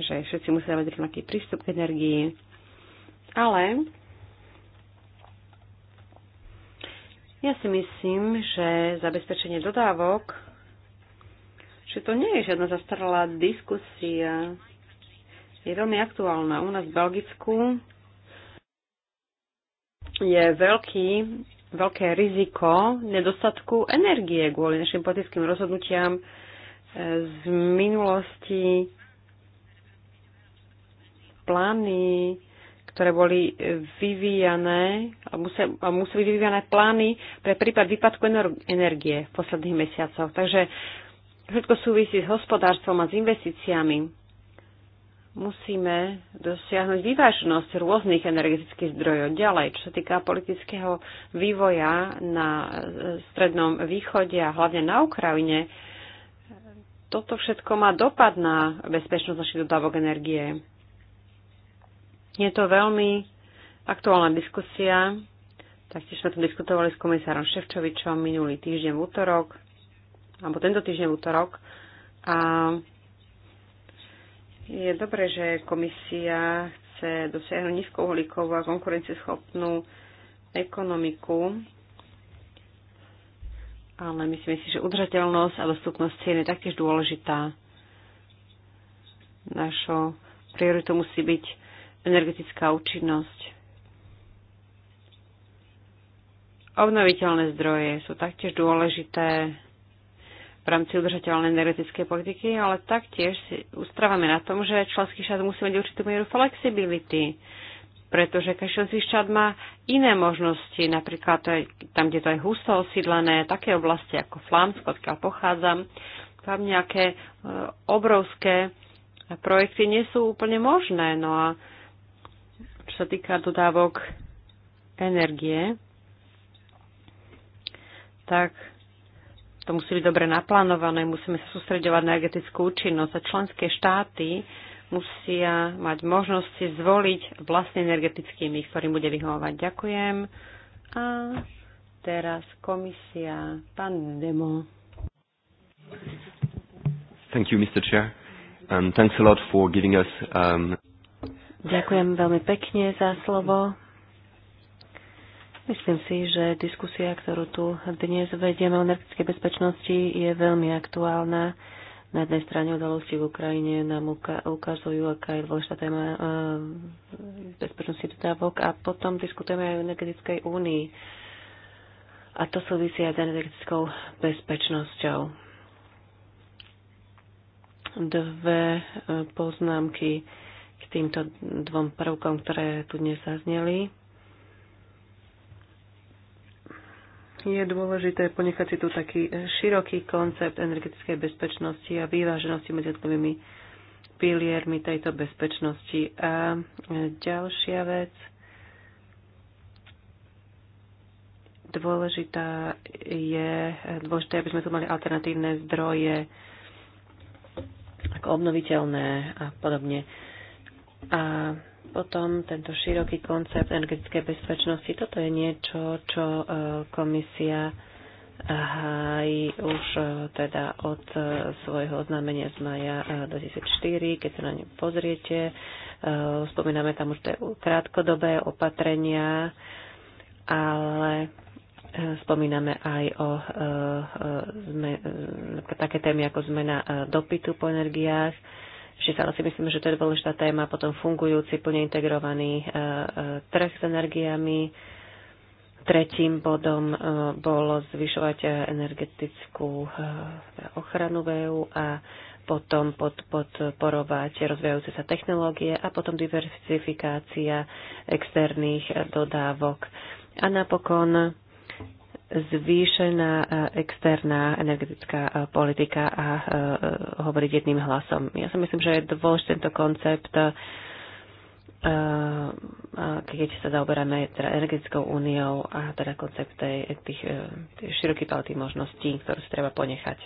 že všetci musia mať rovnaký prístup k energii. Ale Ja si myslím, že zabezpečenie dodávok, že to nie je žiadna zastaralá diskusia, je veľmi aktuálna. U nás v Belgicku je veľký, veľké riziko nedostatku energie kvôli našim politickým rozhodnutiam e, z minulosti, plány ktoré boli vyvíjané, a museli vyvíjané plány pre prípad výpadku energie v posledných mesiacoch. Takže všetko súvisí s hospodárstvom a s investíciami. Musíme dosiahnuť vyváženosť rôznych energetických zdrojov. Ďalej, čo sa týka politického vývoja na Strednom východe a hlavne na Ukrajine, toto všetko má dopad na bezpečnosť našich dodávok energie. Je to veľmi aktuálna diskusia. Taktiež sme to diskutovali s komisárom Ševčovičom minulý týždeň v útorok, alebo tento týždeň v útorok. A je dobré, že komisia chce dosiahnuť nízkouhlíkovú a konkurencieschopnú ekonomiku, ale myslím si, že udržateľnosť a dostupnosť cien je taktiež dôležitá. Našou prioritou musí byť energetická účinnosť. Obnoviteľné zdroje sú taktiež dôležité v rámci udržateľnej energetickej politiky, ale taktiež si ustrávame na tom, že členský štát musí mať určitú mieru flexibility, pretože každý členský štát má iné možnosti, napríklad to je, tam, kde to je husto osídlené, také oblasti ako Flámsko, odkiaľ pochádzam, tam nejaké e, obrovské projekty nie sú úplne možné. No a čo sa týka dodávok energie, tak to musí byť dobre naplánované, musíme sa sústredovať na energetickú účinnosť a členské štáty musia mať možnosť si zvoliť vlastný energetický mix, ktorý bude vyhovovať. Ďakujem. A teraz komisia, pán Demo. Thank you, Mr. Chair. And thanks a lot for giving us... Um... Ďakujem veľmi pekne za slovo. Myslím si, že diskusia, ktorú tu dnes vedieme o energetickej bezpečnosti, je veľmi aktuálna. Na jednej strane udalosti v Ukrajine nám ukazujú, aká je dôležitá téma eh, bezpečnosti dodávok a potom diskutujeme aj o energetickej únii. A to súvisí aj s energetickou bezpečnosťou. Dve eh, poznámky k týmto dvom prvkom, ktoré tu dnes zazneli. Je dôležité ponechať si tu taký široký koncept energetickej bezpečnosti a vyváženosti medzi jednotlivými piliermi tejto bezpečnosti. A ďalšia vec, dôležitá je, dôležité, aby sme tu mali alternatívne zdroje, ako obnoviteľné a podobne. A potom tento široký koncept energetickej bezpečnosti, toto je niečo, čo e, komisia hájí už e, teda od e, svojho oznámenia z maja 2004, keď sa na ňu pozriete. Spomíname tam už tie krátkodobé opatrenia, ale spomíname aj o také témy ako zmena dopytu po energiách, ešte stále si myslím, že to je dôležitá téma, potom fungujúci, plne integrovaný e, e, trh s energiami. Tretím bodom e, bolo zvyšovať energetickú ochranu VEU a potom podporovať rozvíjajúce sa technológie a potom diversifikácia externých dodávok. A napokon zvýšená e, externá energetická e, politika a e, hovoriť jedným hlasom. Ja si myslím, že je dôležitý tento koncept, keď sa zaoberáme teda energetickou úniou a teda koncept tých, tých širokých palety možností, ktoré si treba ponechať.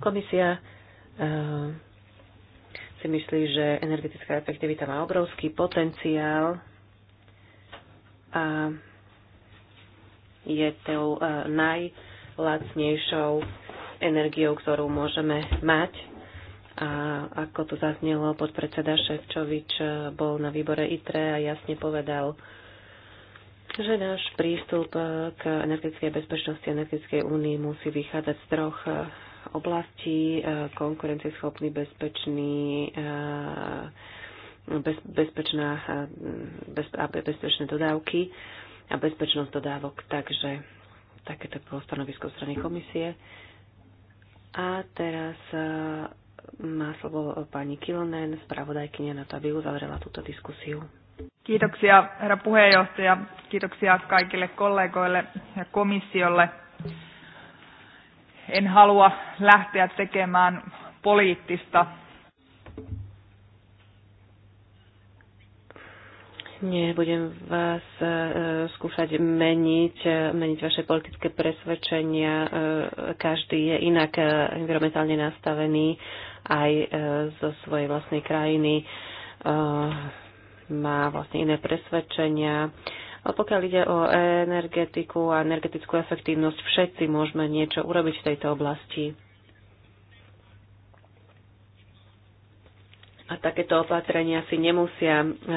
Komisia si myslí, že energetická efektivita má obrovský potenciál a je tou e, najlacnejšou energiou, ktorú môžeme mať. A ako to zaznelo, podpredseda Ševčovič e, bol na výbore ITRE a jasne povedal, že náš prístup e, k energetickej bezpečnosti a energetickej únii musí vychádzať z troch oblastí. Konkurencieschopný, bezpečný, bez, bezpečná, bez, bezpečné dodávky a bezpečnosť dodávok. Takže takéto bolo stanovisko strany komisie. A teraz e, má slovo pani Kilonen, spravodajkynia na to, aby uzavrela túto diskusiu. Kiitoksia herra puheenjohtaja, kiitoksia kaikille kollegoille ja komissiolle. En halua lähteä tekemään poliittista Nebudem vás e, skúšať meniť, e, meniť vaše politické presvedčenia. E, každý je inak environmentálne nastavený aj zo svojej vlastnej krajiny. Má vlastne iné presvedčenia. A pokiaľ ide o energetiku a energetickú efektívnosť, všetci môžeme niečo urobiť v tejto oblasti. A takéto opatrenia si nemusia e, e,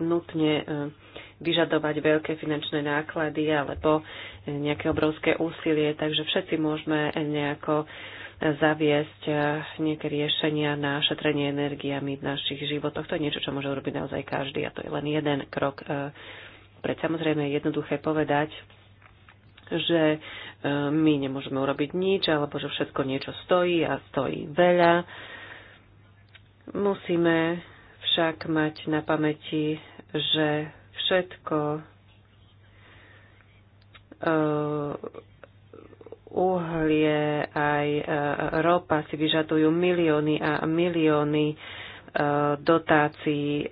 nutne e, vyžadovať veľké finančné náklady alebo nejaké obrovské úsilie, takže všetci môžeme nejako zaviesť nejaké riešenia na šetrenie energiami v našich životoch. To je niečo, čo môže urobiť naozaj každý a to je len jeden krok. Pre samozrejme je jednoduché povedať, že my nemôžeme urobiť nič, alebo že všetko niečo stojí a stojí veľa Musíme však mať na pamäti, že všetko eh, uhlie aj eh, ropa si vyžadujú milióny a milióny eh, dotácií.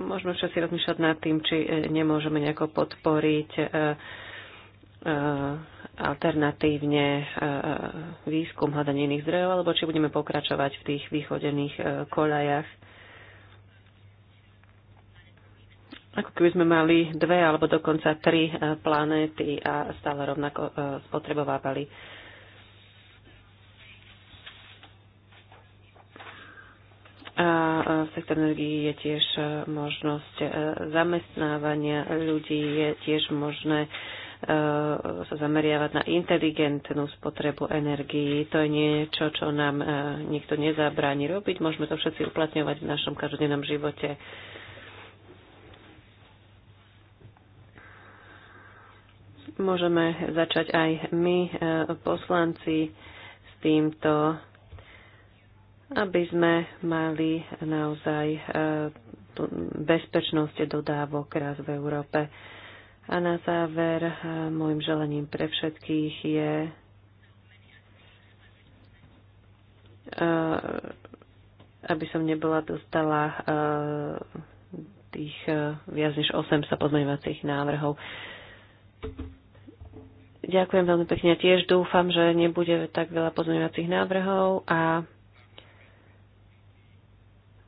Môžeme všetci rozmýšľať nad tým, či nemôžeme nejako podporiť alternatívne e, e, výskum hľadanie iných zdrojov, alebo či budeme pokračovať v tých východených e, koľajach. Ako keby sme mali dve alebo dokonca tri planéty a stále rovnako spotrebovávali. A v sektor energii je tiež možnosť zamestnávania ľudí, je tiež možné Eh, sa zameriavať na inteligentnú spotrebu energií. To je niečo, čo nám eh, nikto nezabráni robiť. Môžeme to všetci uplatňovať v našom každodennom živote. Môžeme začať aj my, eh, poslanci, s týmto, aby sme mali naozaj bezpečnosť dodávok raz v Európe. A na záver, eh, môjim želením pre všetkých je eh, aby som nebola dostala eh, tých viac než 800 pozmeňovacích návrhov. Ďakujem veľmi pekne. Tiež dúfam, že nebude tak veľa pozmeňovacích návrhov a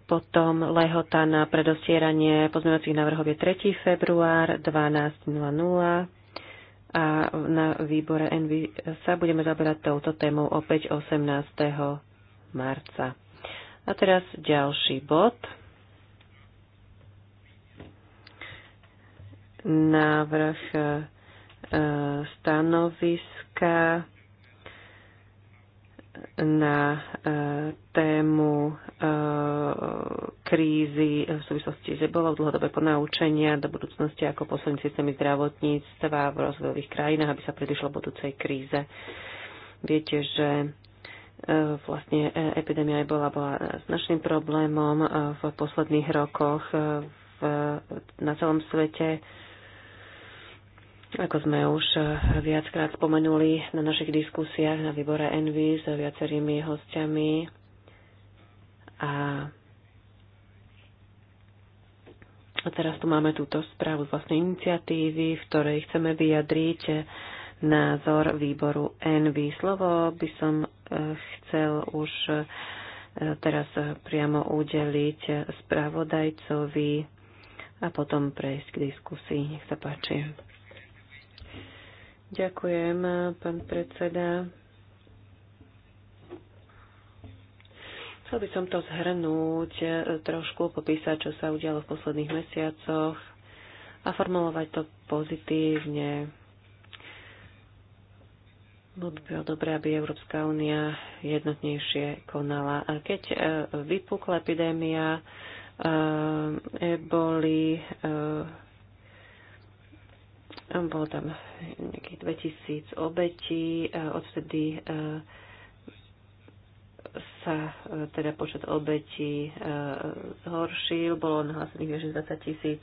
potom lehota na predostieranie pozmeňovacích návrhov je 3. február 12.00 a na výbore Envy sa budeme zaberať touto témou opäť 18. marca. A teraz ďalší bod. Návrh e, stanoviska na e, tému e, krízy v súvislosti s ebolou, dlhodobé ponaučenia do budúcnosti ako posilniť systémy zdravotníctva v rozvojových krajinách, aby sa predišlo budúcej kríze. Viete, že e, vlastne epidémia ebola bola značným problémom v posledných rokoch v, na celom svete ako sme už eh, viackrát spomenuli na našich diskusiách na výbore Envy s viacerými hostiami a a teraz tu máme túto správu z vlastnej iniciatívy, v ktorej chceme vyjadriť názor výboru Envy. Slovo by som eh, chcel už eh, teraz priamo udeliť spravodajcovi a potom prejsť k diskusii. Nech sa páči. Ďakujem, pán predseda. Chcel by som to zhrnúť, e, trošku popísať, čo sa udialo v posledných mesiacoch a formulovať to pozitívne. Bolo by bylo dobré, aby Európska únia jednotnejšie konala. A keď e, vypukla epidémia e, eboli, bolo tam nejakých 2000 obetí, e, odvtedy e, sa e, teda počet obetí zhoršil, bolo nahlásených že 20 tisíc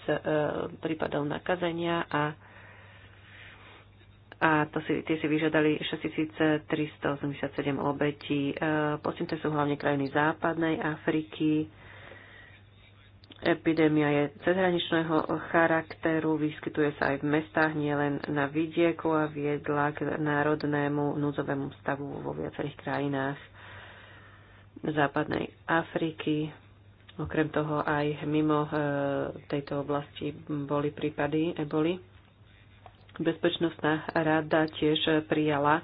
prípadov nakazenia a a to si, tie si vyžiadali 6387 obetí. Postihnuté sú hlavne krajiny západnej Afriky, Epidémia je cezhraničného charakteru, vyskytuje sa aj v mestách, nielen na vidieku a viedla k národnému núdzovému stavu vo viacerých krajinách západnej Afriky. Okrem toho aj mimo e, tejto oblasti boli prípady eboli. Bezpečnostná rada tiež prijala e,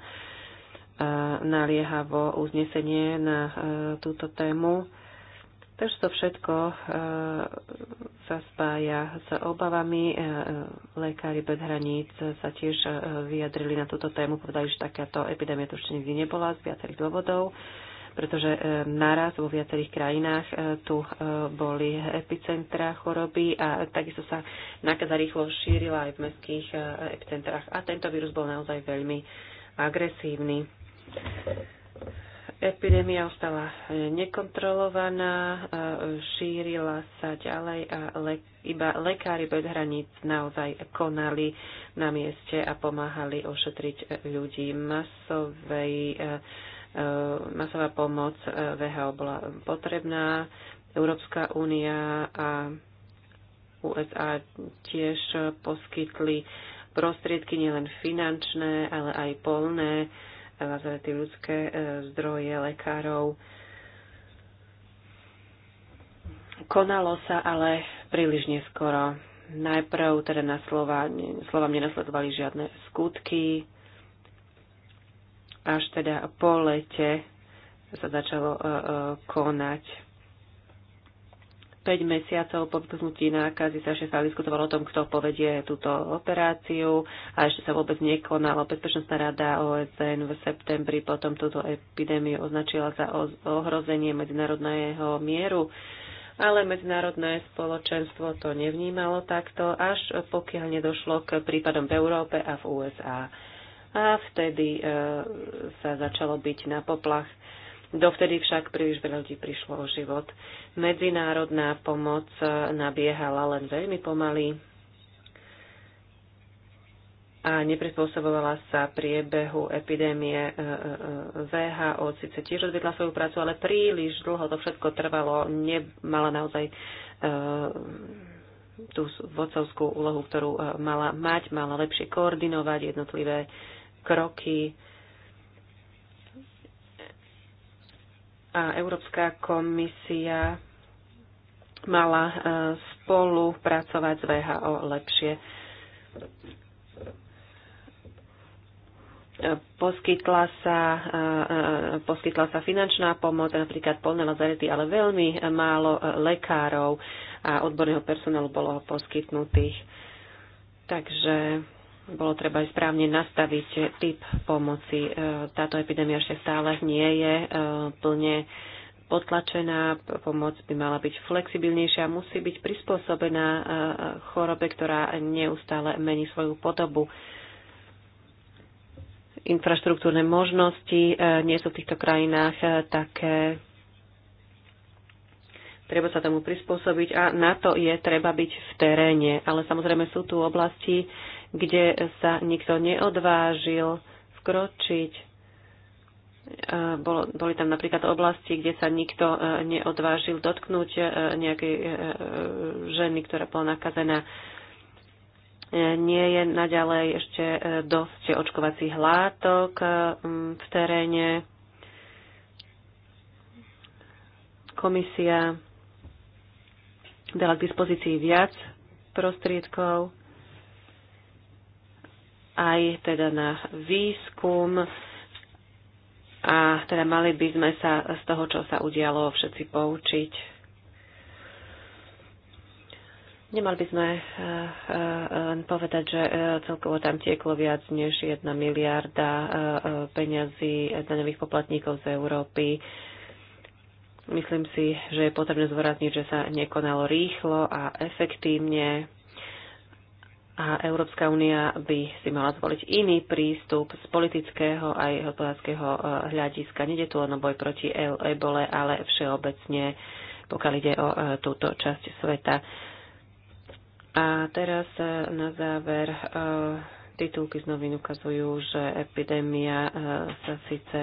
naliehavo uznesenie na e, túto tému Takže to všetko e, sa spája s obavami. E, e, Lekári bez hraníc sa tiež vyjadrili na túto tému, povedali, že takáto epidémia tu ešte nikdy nebola z viacerých dôvodov pretože naraz vo viacerých krajinách tu boli epicentra choroby a takisto sa nákaza rýchlo šírila aj v mestských epicentrách. A tento vírus bol naozaj veľmi agresívny. Epidémia ostala e, nekontrolovaná, e, šírila sa ďalej a le- iba lekári bez hraníc naozaj konali na mieste a pomáhali ošetriť e, ľudí. Masovej, masová pomoc VHO bola potrebná. Európska únia a USA tiež poskytli prostriedky nielen finančné, ale aj polné za tie ľudské e, zdroje lekárov. Konalo sa ale príliš neskoro. Najprv teda na slova, slovám nenasledovali žiadne skutky, až teda po lete sa začalo e, e, konať 5 mesiacov po vypuknutí nákazy sa ešte stále diskutovalo o tom, kto povedie túto operáciu a ešte sa vôbec nekonala. Bezpečnostná rada OSN v septembri potom túto epidémiu označila za ohrozenie medzinárodného mieru ale medzinárodné spoločenstvo to nevnímalo takto, až pokiaľ nedošlo k prípadom v Európe a v USA. A vtedy e, sa začalo byť na poplach Dovtedy však príliš veľa ľudí prišlo o život. Medzinárodná pomoc nabiehala len veľmi pomaly a neprispôsobovala sa priebehu epidémie e, e, e, VHO. Sice tiež odvedla svoju prácu, ale príliš dlho to všetko trvalo. Nemala naozaj tú vodcovskú úlohu, ktorú mala mať, mala lepšie koordinovať jednotlivé kroky a Európska komisia mala e, spolupracovať s VHO lepšie. E, poskytla sa, e, poskytla sa finančná pomoc, napríklad polné lazarety, ale veľmi málo lekárov a odborného personálu bolo poskytnutých. Takže bolo treba aj správne nastaviť typ pomoci. E, táto epidémia ešte stále nie je e, plne potlačená, pomoc by mala byť flexibilnejšia, musí byť prispôsobená e, chorobe, ktorá neustále mení svoju podobu. Infraštruktúrne možnosti nie sú v týchto krajinách také. Treba sa tomu prispôsobiť a na to je treba byť v teréne. Ale samozrejme sú tu oblasti, kde sa nikto neodvážil vkročiť. E, boli tam napríklad oblasti, kde sa nikto e, neodvážil dotknúť e, nejakej ženy, ktorá bola nakazená. Nie je naďalej ešte dosť očkovacích látok v teréne. Komisia dala k dispozícii viac prostriedkov aj teda na výskum a teda mali by sme sa z toho, čo sa udialo, všetci poučiť. Nemali by sme eh, eh, len povedať, že eh, celkovo tam tieklo viac než jedna miliarda peňazí daňových poplatníkov z Európy. Myslím si, že je potrebné zvorazniť, že sa nekonalo rýchlo a efektívne a Európska únia by si mala zvoliť iný prístup z politického aj hospodárskeho e, hľadiska. Nede tu len boj proti e ebole, ale všeobecne, pokiaľ ide o e, túto časť sveta. A teraz na záver titulky z novín ukazujú, že epidémia sa síce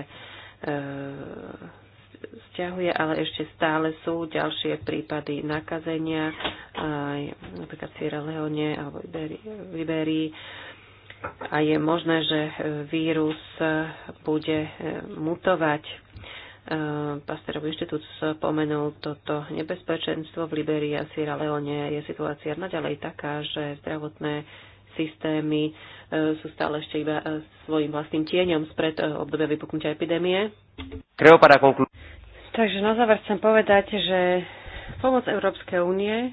stiahuje, ale ešte stále sú ďalšie prípady nakazenia aj napríklad Sierra Leone alebo v Liberii. A je možné, že vírus bude eh, mutovať. Eh, Pasterov inštitút spomenul toto nebezpečenstvo. V Liberii a Sierra Leone je situácia naďalej taká, že zdravotné systémy eh, sú stále ešte iba svojim vlastným tieňom spred obdobia vypuknutia epidémie. Takže na záver chcem povedať, že pomoc Európskej únie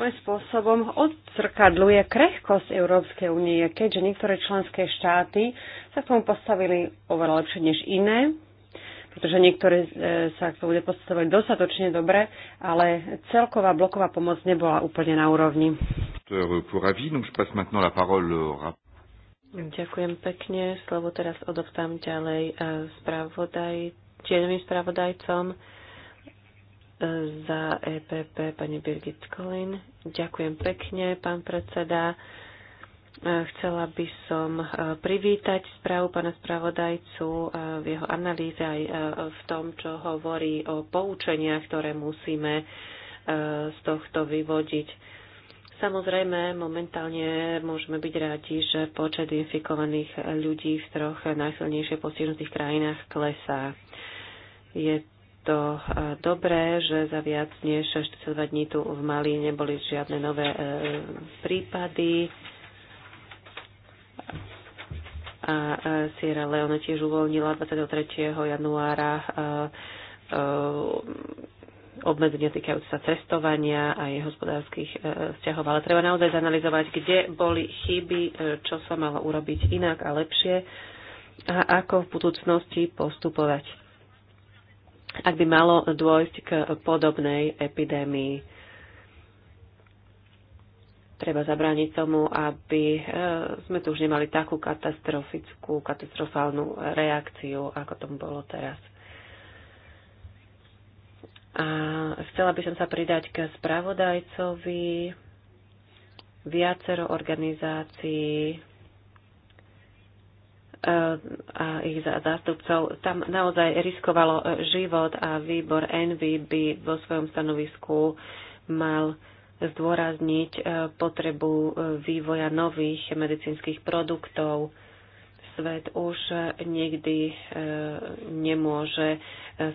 svojím spôsobom odzrkadluje krehkosť Európskej únie, keďže niektoré členské štáty sa k tomu postavili oveľa lepšie než iné, pretože niektoré e, sa k tomu nepostavili dostatočne dobre, ale celková bloková pomoc nebola úplne na úrovni. Ďakujem pekne. Slovo teraz odovzdám ďalej e, spravodaj, spravodajcom za EPP pani Birgit Kolin. Ďakujem pekne, pán predseda. E, chcela by som e, privítať správu pána spravodajcu e, v jeho analýze aj v tom, čo hovorí o poučeniach, ktoré musíme z tohto vyvodiť. Samozrejme, momentálne môžeme byť rádi, že počet infikovaných ľudí v troch najsilnejšie postihnutých krajinách klesá. Je to e, dobré, že za viac než 42 dní tu v Mali neboli žiadne nové e, prípady. A e, Sierra Leone tiež uvoľnila 23. januára obmedzenia týkajúce sa cestovania a jej hospodárskych vzťahov. Ale treba naozaj zanalizovať, kde boli chyby, čo sa malo urobiť inak a lepšie a ako v budúcnosti postupovať ak by malo dôjsť k podobnej epidémii. Treba zabrániť tomu, aby e, sme tu už nemali takú katastrofickú, katastrofálnu reakciu, ako tomu bolo teraz. A chcela by som sa pridať k spravodajcovi. Viacero organizácií Eh, a ich zástupcov. Tam naozaj riskovalo eh, život a výbor Envy by vo svojom stanovisku mal zdôrazniť eh, potrebu vývoja nových medicínskych produktov, svet už nikdy e, nemôže e,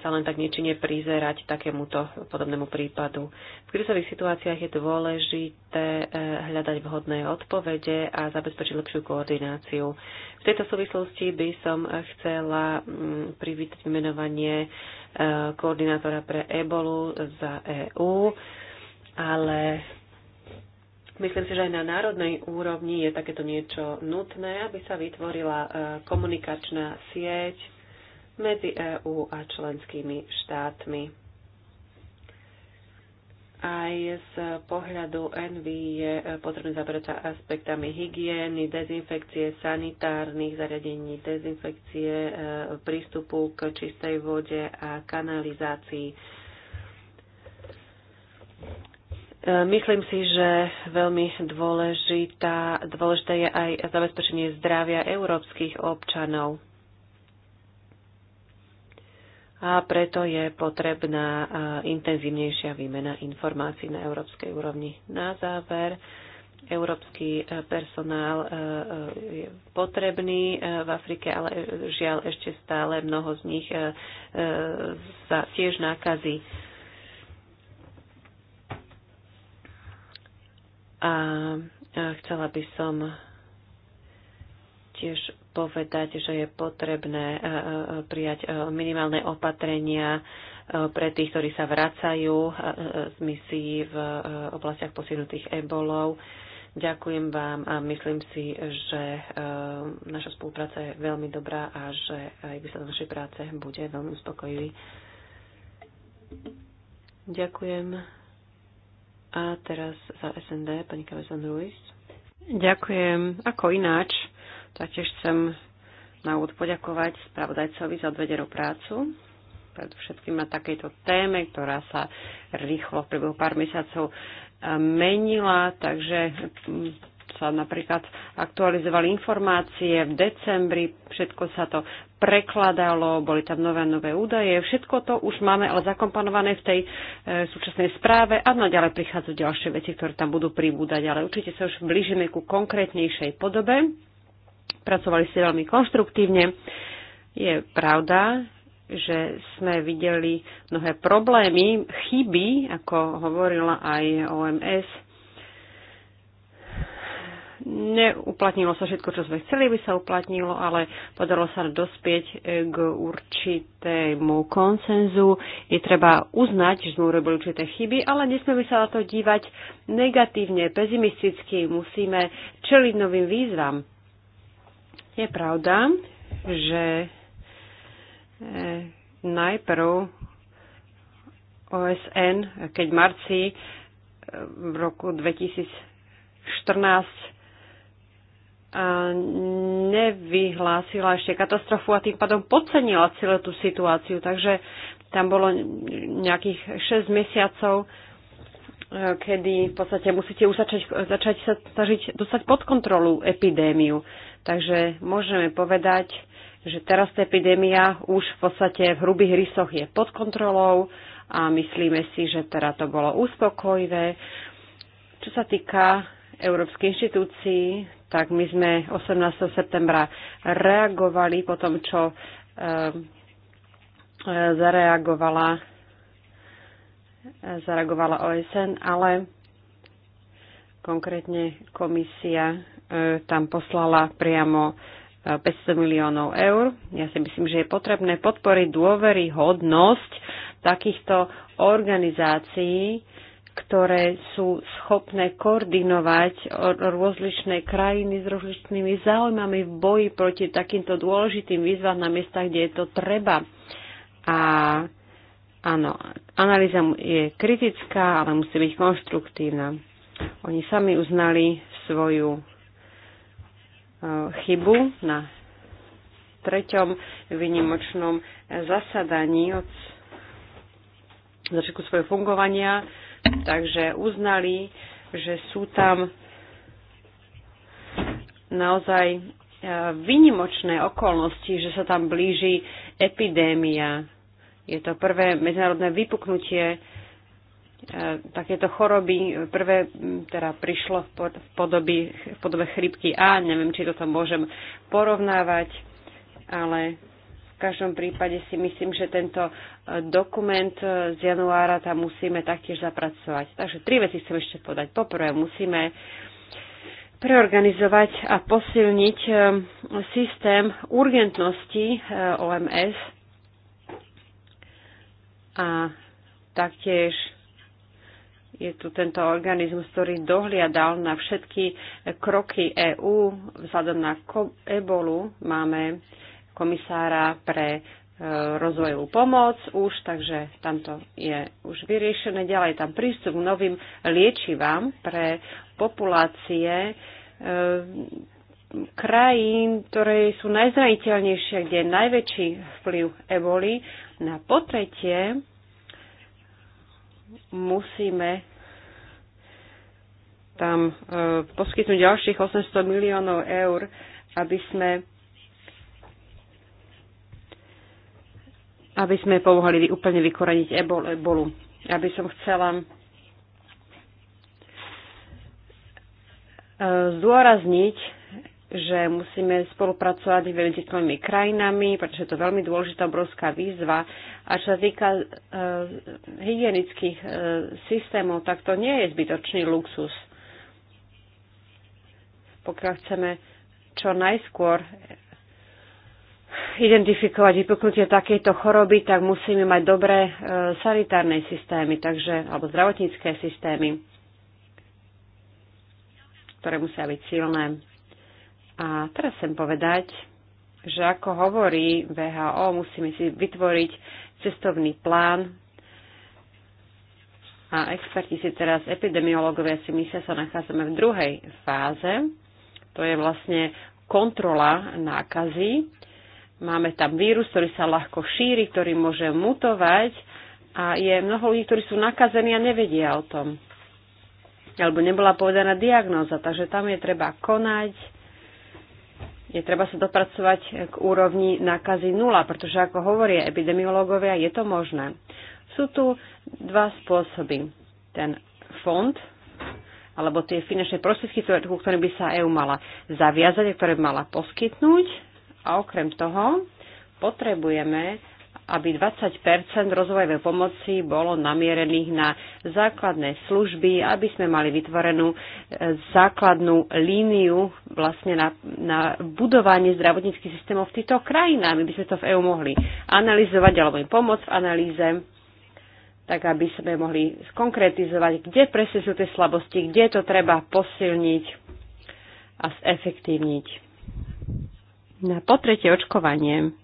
sa len tak nečine prizerať takémuto podobnému prípadu. V krizových situáciách je dôležité e, hľadať vhodné odpovede a zabezpečiť lepšiu koordináciu. V tejto súvislosti by som chcela mm, privítať menovanie koordinátora pre ebolu za EÚ ale Myslím si, že aj na národnej úrovni je takéto niečo nutné, aby sa vytvorila e, komunikačná sieť medzi EÚ a členskými štátmi aj z pohľadu NV je e, potrebné zabrať sa aspektami hygieny, dezinfekcie sanitárnych zariadení, dezinfekcie e, prístupu k čistej vode a kanalizácii. Myslím si, že veľmi dôležitá, dôležité je aj zabezpečenie zdravia európskych občanov. A preto je potrebná intenzívnejšia výmena informácií na európskej úrovni. Na záver, európsky e, personál e, e, je potrebný v Afrike, ale žiaľ ešte stále mnoho z nich sa tiež nákazí. A chcela by som tiež povedať, že je potrebné prijať minimálne opatrenia pre tých, ktorí sa vracajú z misií v oblastiach posilnutých ebolov. Ďakujem vám a myslím si, že naša spolupráca je veľmi dobrá a že aj do našej práce bude veľmi uspokojivý. Ďakujem. A teraz za SND, pani Kavezan Ruiz. Ďakujem. Ako ináč, taktiež chcem na úvod poďakovať spravodajcovi za odvedenú prácu, predovšetkým na takejto téme, ktorá sa rýchlo v priebehu pár mesiacov eh, menila, takže hm, sa napríklad aktualizovali informácie v decembri, všetko sa to prekladalo, boli tam nové a nové údaje. Všetko to už máme ale zakomponované v tej e, súčasnej správe a naďalej prichádzajú ďalšie veci, ktoré tam budú pribúdať, ale určite sa už blížime ku konkrétnejšej podobe. Pracovali ste veľmi konštruktívne. Je pravda, že sme videli mnohé problémy, chyby, ako hovorila aj OMS, Neuplatnilo sa všetko, čo sme chceli, by sa uplatnilo, ale podarilo sa dospieť e, k určitému koncenzu. Je treba uznať, že sme urobili určité chyby, ale nesmieme sa na to dívať negatívne, pesimisticky. Musíme čeliť novým výzvam. Je pravda, že e, najprv OSN, keď Marci e, v roku 2014 nevyhlásila ešte katastrofu a tým pádom podcenila celú tú situáciu. Takže tam bolo nejakých 6 mesiacov, e, kedy v podstate musíte už začať, začať sa snažiť dostať pod kontrolu epidémiu. Takže môžeme povedať, že teraz tá epidémia už v podstate v hrubých rysoch je pod kontrolou a myslíme si, že teda to bolo uspokojivé. Čo sa týka Európskej inštitúcií, tak my sme 18. septembra reagovali po tom, čo ehm, e, zareagovala, e, zareagovala OSN, ale konkrétne komisia e, tam poslala priamo 500 e, miliónov eur. Ja si myslím, že je potrebné podporiť dôveryhodnosť takýchto organizácií, ktoré sú schopné koordinovať rozličné krajiny s rozličnými záujmami v boji proti takýmto dôležitým výzvam na miestach, kde je to treba. A áno, analýza je kritická, ale musí byť konštruktívna. Oni sami uznali svoju e, chybu na treťom vynimočnom zasadaní od začiatku svojho fungovania Takže uznali, že sú tam naozaj e, výnimočné okolnosti, že sa tam blíži epidémia. Je to prvé medzinárodné vypuknutie e, takéto choroby. Prvé teda prišlo v, podoby, v podobe chrypky A. Neviem, či to tam môžem porovnávať, ale v každom prípade si myslím, že tento e, dokument e, z januára tam musíme taktiež zapracovať. Takže tri veci chcem ešte podať. Poprvé, musíme preorganizovať a posilniť e, systém urgentnosti OMS a taktiež je tu tento organizmus, ktorý dohliadal na všetky kroky EÚ. Vzhľadom na ebolu máme komisára pre e, rozvojovú pomoc už, takže tamto je už vyriešené. Ďalej tam prístup k novým liečivám pre populácie e, krajín, ktoré sú najzraniteľnejšie, kde je najväčší vplyv eboli. Na no potretie musíme tam e, poskytnúť ďalších 800 miliónov eur, aby sme aby sme pomohli úplne vykoreniť ebolu. Ja by som chcela e, zdôrazniť, že musíme spolupracovať s veľmi krajinami, pretože je to veľmi dôležitá obrovská výzva. A čo sa týka e, hygienických e, systémov, tak to nie je zbytočný luxus. Pokiaľ chceme čo najskôr identifikovať vypuknutie takejto choroby, tak musíme mať dobré e, sanitárne systémy, takže, alebo zdravotnícke systémy, ktoré musia byť silné. A teraz chcem povedať, že ako hovorí VHO, musíme si vytvoriť cestovný plán a experti si teraz, epidemiológovia si myslia, sa nachádzame v druhej fáze. To je vlastne kontrola nákazy Máme tam vírus, ktorý sa ľahko šíri, ktorý môže mutovať a je mnoho ľudí, ktorí sú nakazení a nevedia o tom. Alebo nebola povedaná diagnóza, takže tam je treba konať, je treba sa dopracovať k úrovni nákazy nula, pretože ako hovoria epidemiológovia, je to možné. Sú tu dva spôsoby. Ten fond, alebo tie finančné prostriedky, ktoré by sa EU mala zaviazať a ktoré by mala poskytnúť a okrem toho potrebujeme, aby 20 rozvojovej pomoci bolo namierených na základné služby, aby sme mali vytvorenú e, základnú líniu vlastne na, na budovanie zdravotníckých systémov v týchto krajinách, aby sme to v EÚ mohli analyzovať alebo im pomôcť v analýze tak aby sme mohli skonkretizovať, kde presne sú tie slabosti, kde to treba posilniť a zefektívniť. Na potretie očkovanie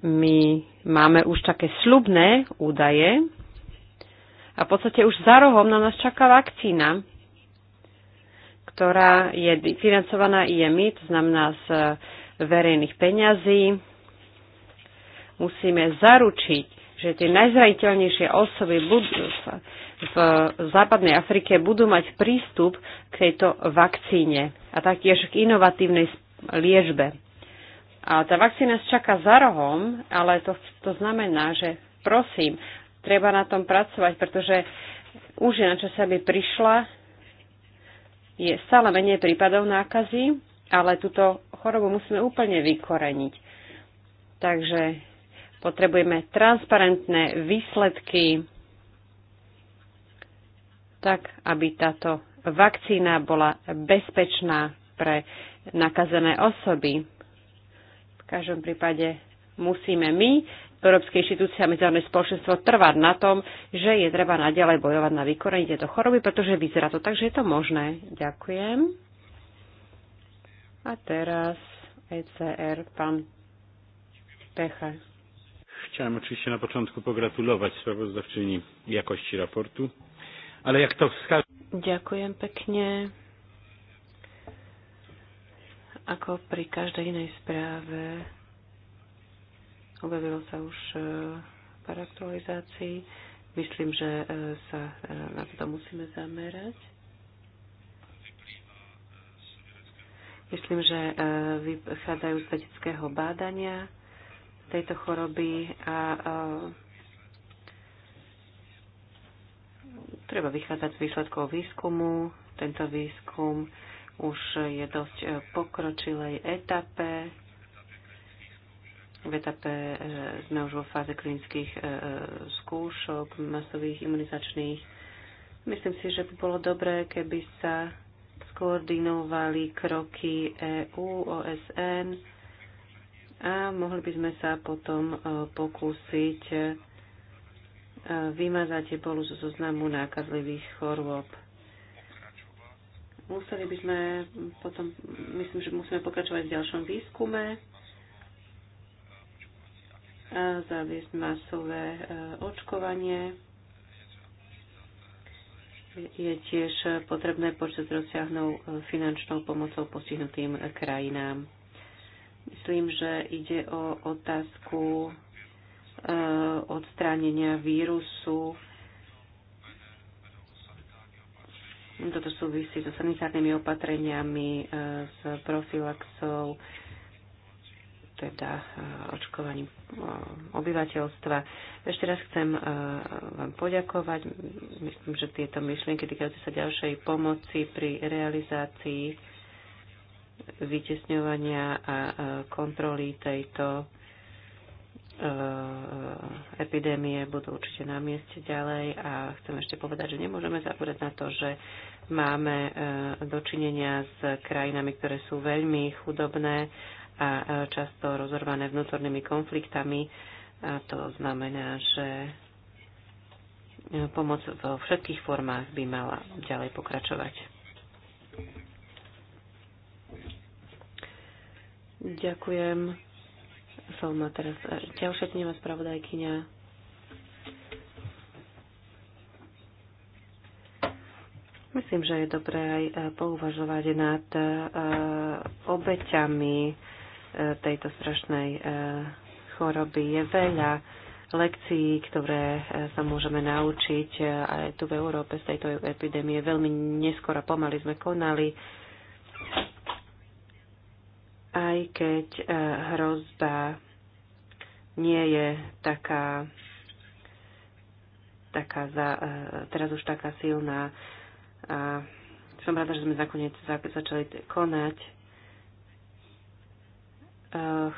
my máme už také slubné údaje a v podstate už za rohom na nás čaká vakcína, ktorá je financovaná IMI, to znamená z e, verejných peňazí. Musíme zaručiť, že tie najzraniteľnejšie osoby budú v, v západnej Afrike budú mať prístup k tejto vakcíne a taktiež k inovatívnej liečbe. A tá vakcína čaká za rohom, ale to, to znamená, že prosím, treba na tom pracovať, pretože už je na čase, by prišla. Je stále menej prípadov nákazy, ale túto chorobu musíme úplne vykoreniť. Takže potrebujeme transparentné výsledky, tak aby táto vakcína bola bezpečná pre nakazené osoby. V každom prípade musíme my, Európske inštitúcie a medzinárodné spoločenstvo, trvať na tom, že je treba naďalej bojovať na vykorenie tejto choroby, pretože vyzerá to tak, že je to možné. Ďakujem. A teraz ECR, pán Pecha. Chciałem oczywiście na początku pogratulować sprawozdawczyni jakości raportu, ale jak to wskazuje... Ďakujem pekne. Ako pri každej inej správe objavilo sa už e, pár aktualizácií. Myslím, že e, sa e, na to musíme zamerať. Myslím, že vychádzajú z vedeckého bádania tejto choroby a treba vychádzať z výsledkov výskumu. Tento výskum už je dosť e, pokročilej etape. V etape e, sme už vo fáze klinických e, skúšok, masových imunizačných. Myslím si, že by bolo dobré, keby sa skoordinovali kroky EU, OSN a mohli by sme sa potom pokúsiť vymazať ebolu zo zoznamu nákazlivých chorôb. Museli by sme potom, myslím, že musíme pokračovať v ďalšom výskume, a zaviesť masové e, očkovanie. Je tiež potrebné počet rozsiahnou e, finančnou pomocou postihnutým krajinám. Myslím, že ide o otázku e, odstránenia vírusu Toto súvisí so sanitárnymi opatreniami, e, s profilaxou, teda e, očkovaním e, obyvateľstva. Ešte raz chcem vám poďakovať. Myslím, že tieto myšlienky týkajúce sa ďalšej pomoci pri realizácii vytesňovania a kontroly tejto Eh, epidémie budú určite na mieste ďalej a chcem ešte povedať, že nemôžeme zabúdať na to, že máme eh, dočinenia s krajinami, ktoré sú veľmi chudobné a eh, často rozorvané vnútornými konfliktami. A to znamená, že pomoc vo všetkých formách by mala ďalej pokračovať. Ďakujem som teraz ťa všetneva spravodajkyňa. Myslím, že je dobré aj e, pouvažovať nad e, obeťami e, tejto strašnej choroby. Je veľa lekcií, ktoré sa môžeme naučiť aj tu v Európe z tejto epidémie. Veľmi neskoro pomaly sme konali aj keď e, hrozba nie je taká, taká za, e, teraz už taká silná. A som rada, že sme nakoniec začali konať. E,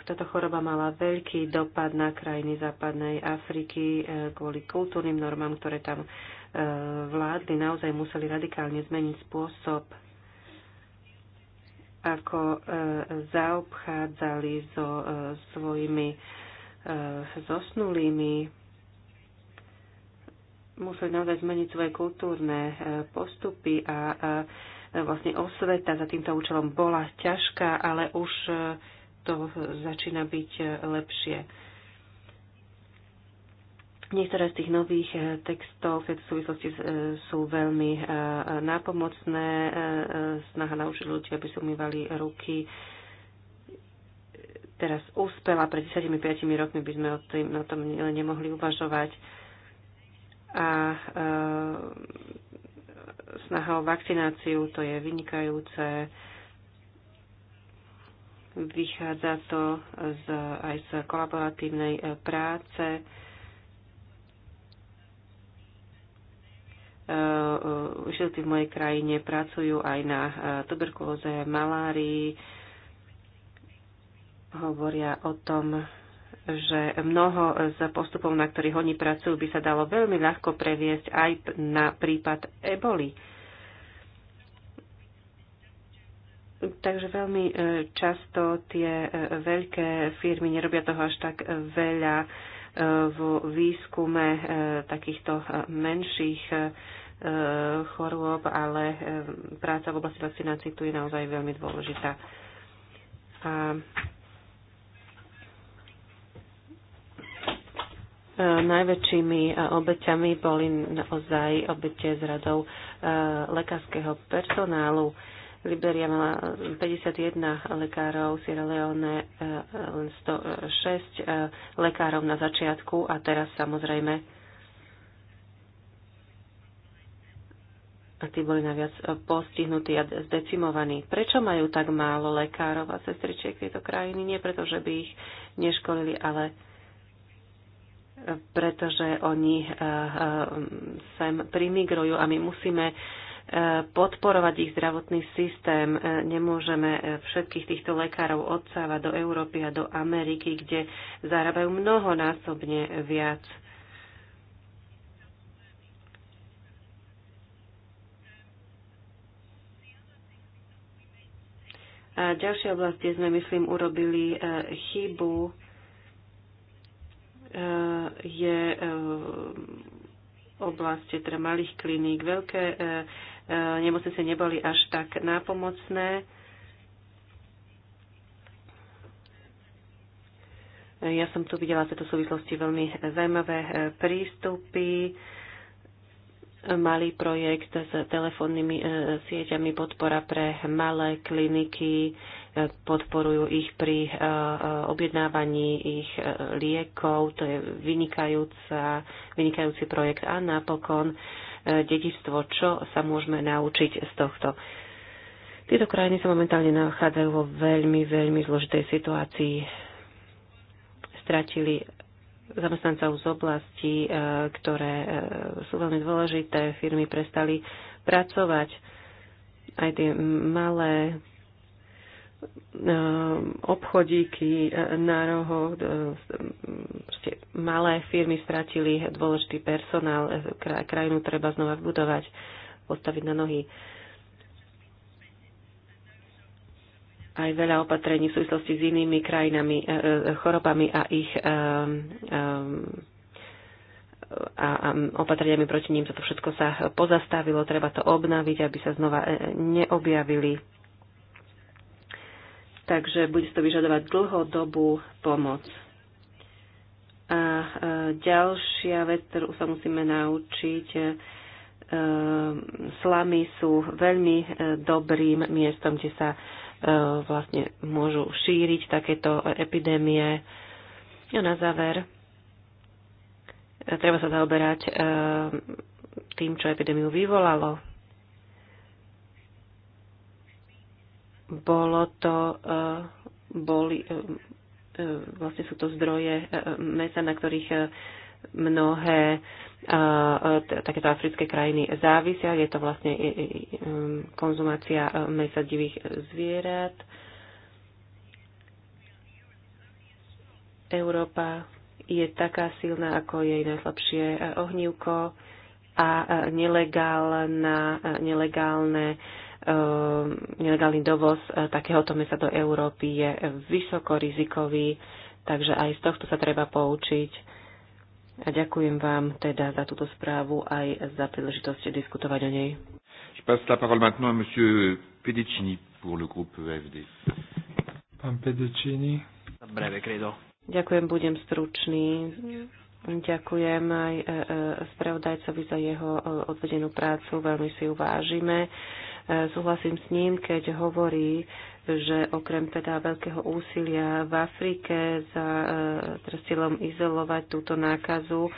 táto choroba mala veľký dopad na krajiny západnej Afriky kvôli kultúrnym normám, ktoré tam vládli, naozaj museli radikálne zmeniť spôsob ako e, zaobchádzali so e, svojimi e, zosnulými, museli naozaj zmeniť svoje kultúrne postupy a vlastne osveta za týmto účelom bola ťažká, ale už to začína byť lepšie. Niektoré z tých nových eh, textov v tejto súvislosti eh, sú veľmi eh, nápomocné. Snaha naučiť ľudí, aby si umývali ruky teraz úspela. pred 25 rokmi by sme o, tým, na tom nemohli uvažovať. A e, snaha o vakcináciu, to je vynikajúce. Vychádza to z, aj z kolaboratívnej práce. E, Eh, eh, žilci v mojej krajine pracujú aj na eh, tuberkulóze, malárii. Hovoria o tom, že mnoho z postupov, na ktorých oni pracujú, by sa dalo veľmi ľahko previesť aj na prípad eboli. Takže veľmi často tie veľké firmy nerobia toho až tak veľa v výskume takýchto menších Eh, chorôb, ale eh, práca v oblasti vakcinácií tu je naozaj veľmi dôležitá. A eh, najväčšími obeťami boli naozaj obete z radov lekárskeho personálu. Liberia mala 51 lekárov, Sierra Leone len 106 lekárov na začiatku a teraz samozrejme a tí boli naviac e, postihnutí a zdecimovaní. Prečo majú tak málo lekárov a sestričiek tejto krajiny? Nie preto, že by ich neškolili, ale e, pretože oni e, sem primigrujú a my musíme podporovať ich zdravotný systém. Nemôžeme všetkých týchto lekárov odsávať do Európy a do Ameriky, kde zarábajú mnohonásobne viac. A ďalšie oblasti sme, myslím, urobili e, chybu, e, je e, oblasti teda malých kliník. Veľké nemocnice neboli až tak nápomocné. Ja som tu videla v tejto súvislosti veľmi zaujímavé prístupy malý projekt s telefónnymi e, sieťami podpora pre malé kliniky, e, podporujú ich pri e, objednávaní ich liekov, to je vynikajúca, vynikajúci projekt a napokon dedičstvo, čo sa môžeme naučiť z tohto. Tieto krajiny sa momentálne nachádzajú vo veľmi, veľmi zložitej situácii. Stratili zamestnancov z oblasti, e, ktoré e, sú veľmi dôležité. Firmy prestali pracovať. Aj tie malé e, obchodíky na rohoch, malé firmy stratili dôležitý personál, krajinu treba znova vbudovať, postaviť na nohy. aj veľa opatrení v súvislosti s inými krajinami, e, e, chorobami a ich e, a, a opatreniami proti ním. Toto všetko sa pozastavilo, treba to obnaviť, aby sa znova neobjavili. Takže bude to vyžadovať dlhodobú pomoc. A ďalšia vec, ktorú sa musíme naučiť, slamy sú veľmi dobrým miestom, kde sa E, vlastne môžu šíriť takéto epidémie. A na záver, e, treba sa zaoberať e, tým, čo epidémiu vyvolalo. Bolo to, boli, vlastne sú to zdroje mesa, na ktorých mnohé takéto africké krajiny závisia. Je to vlastne um, konzumácia e, mesa divých zvierat. Európa je taká silná, ako jej najslabšie e, ohnívko a e, nelegálna, nelegálne nelegálny dovoz takéhoto mesa do Európy je vysoko rizikový, takže aj z tohto sa treba poučiť a ďakujem vám teda za túto správu aj za príležitosť diskutovať o nej. Je passe la parole maintenant à monsieur Pedicini pour le groupe e Pán Pedicini. Breve, credo. Ďakujem, budem stručný. Ďakujem aj e, e, spravodajcovi za jeho odvedenú prácu, veľmi si ju vážime. Súhlasím s ním, keď hovorí, že okrem teda veľkého úsilia v Afrike za e, trestilom cieľom izolovať túto nákazu, e,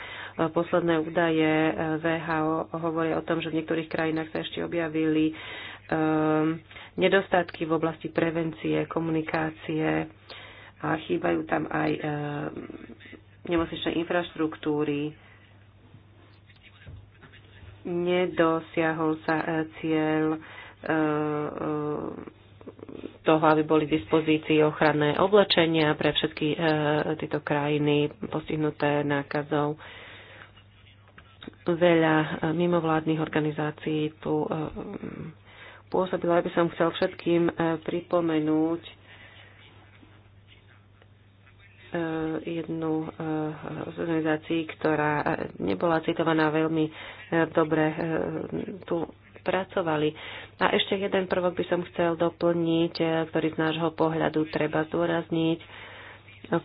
posledné údaje e, VHO hovoria o tom, že v niektorých krajinách sa ešte objavili nedostatky v oblasti prevencie, komunikácie a chýbajú tam aj nemocničné infraštruktúry. Nedosiahol sa cieľ toho, aby boli k dispozícii ochranné oblečenia pre všetky e, tieto krajiny postihnuté nákazou. Veľa e, mimovládnych organizácií tu e, pôsobilo. Ja by som chcel všetkým pripomenúť jednu z organizácií, ktorá nebola citovaná veľmi dobre tu pracovali. A ešte jeden prvok by som chcel doplniť, e, ktorý z nášho pohľadu treba zdôrazniť.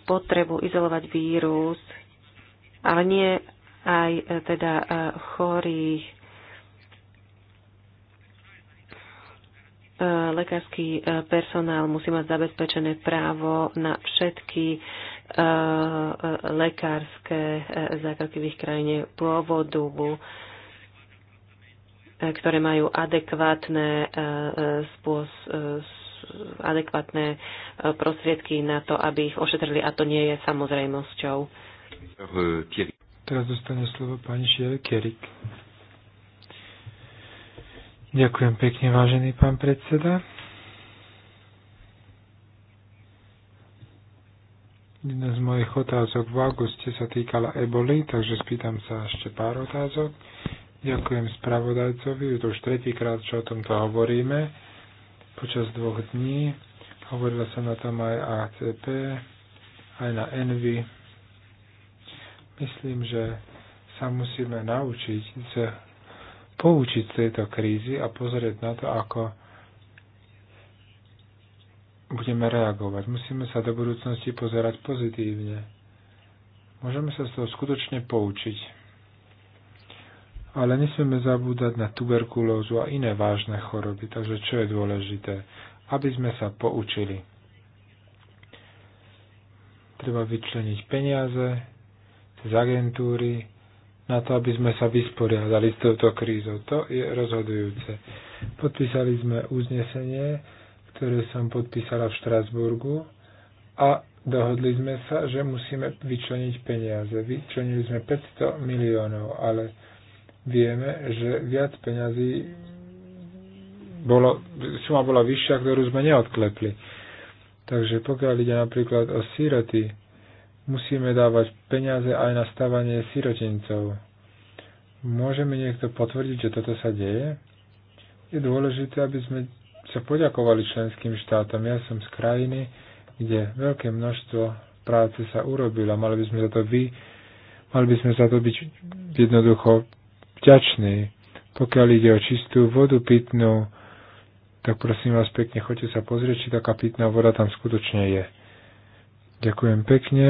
Potrebu izolovať vírus, ale nie aj e, teda e, chorých. Lekársky personál musí mať zabezpečené právo na všetky lekárske zákroky v ich krajine pôvodu ktoré majú adekvátne, e, e, spôs, e, adekvátne prostriedky na to, aby ich ošetrili a to nie je samozrejmosťou. Teraz dostane slovo pani Šier Kerik. Ďakujem pekne, vážený pán predseda. Jedna z mojich otázok v auguste sa týkala eboli, takže spýtam sa ešte pár otázok. Ďakujem spravodajcovi, je to už tretíkrát, čo o tomto hovoríme. Počas dvoch dní hovorila sa na tom aj ACP, aj na Envy. Myslím, že sa musíme naučiť sa poučiť z tejto krízy a pozrieť na to, ako budeme reagovať. Musíme sa do budúcnosti pozerať pozitívne. Môžeme sa z toho skutočne poučiť ale nesmieme zabúdať na tuberkulózu a iné vážne choroby. Takže čo je dôležité? Aby sme sa poučili. Treba vyčleniť peniaze z agentúry na to, aby sme sa vysporiadali s touto krízou. To je rozhodujúce. Podpísali sme uznesenie, ktoré som podpísala v Štrasburgu a dohodli sme sa, že musíme vyčleniť peniaze. Vyčlenili sme 500 miliónov, ale vieme, že viac peňazí bolo, suma bola vyššia, ktorú sme neodklepli. Takže pokiaľ ide napríklad o síroty, musíme dávať peniaze aj na stavanie sírotincov. Môže mi niekto potvrdiť, že toto sa deje? Je dôležité, aby sme sa poďakovali členským štátom. Ja som z krajiny, kde veľké množstvo práce sa urobilo. Mali by sme za to vy, mali by sme za to byť jednoducho vďačný. Pokiaľ ide o čistú vodu pitnú, tak prosím vás pekne, choďte sa pozrieť, či taká pitná voda tam skutočne je. Ďakujem pekne.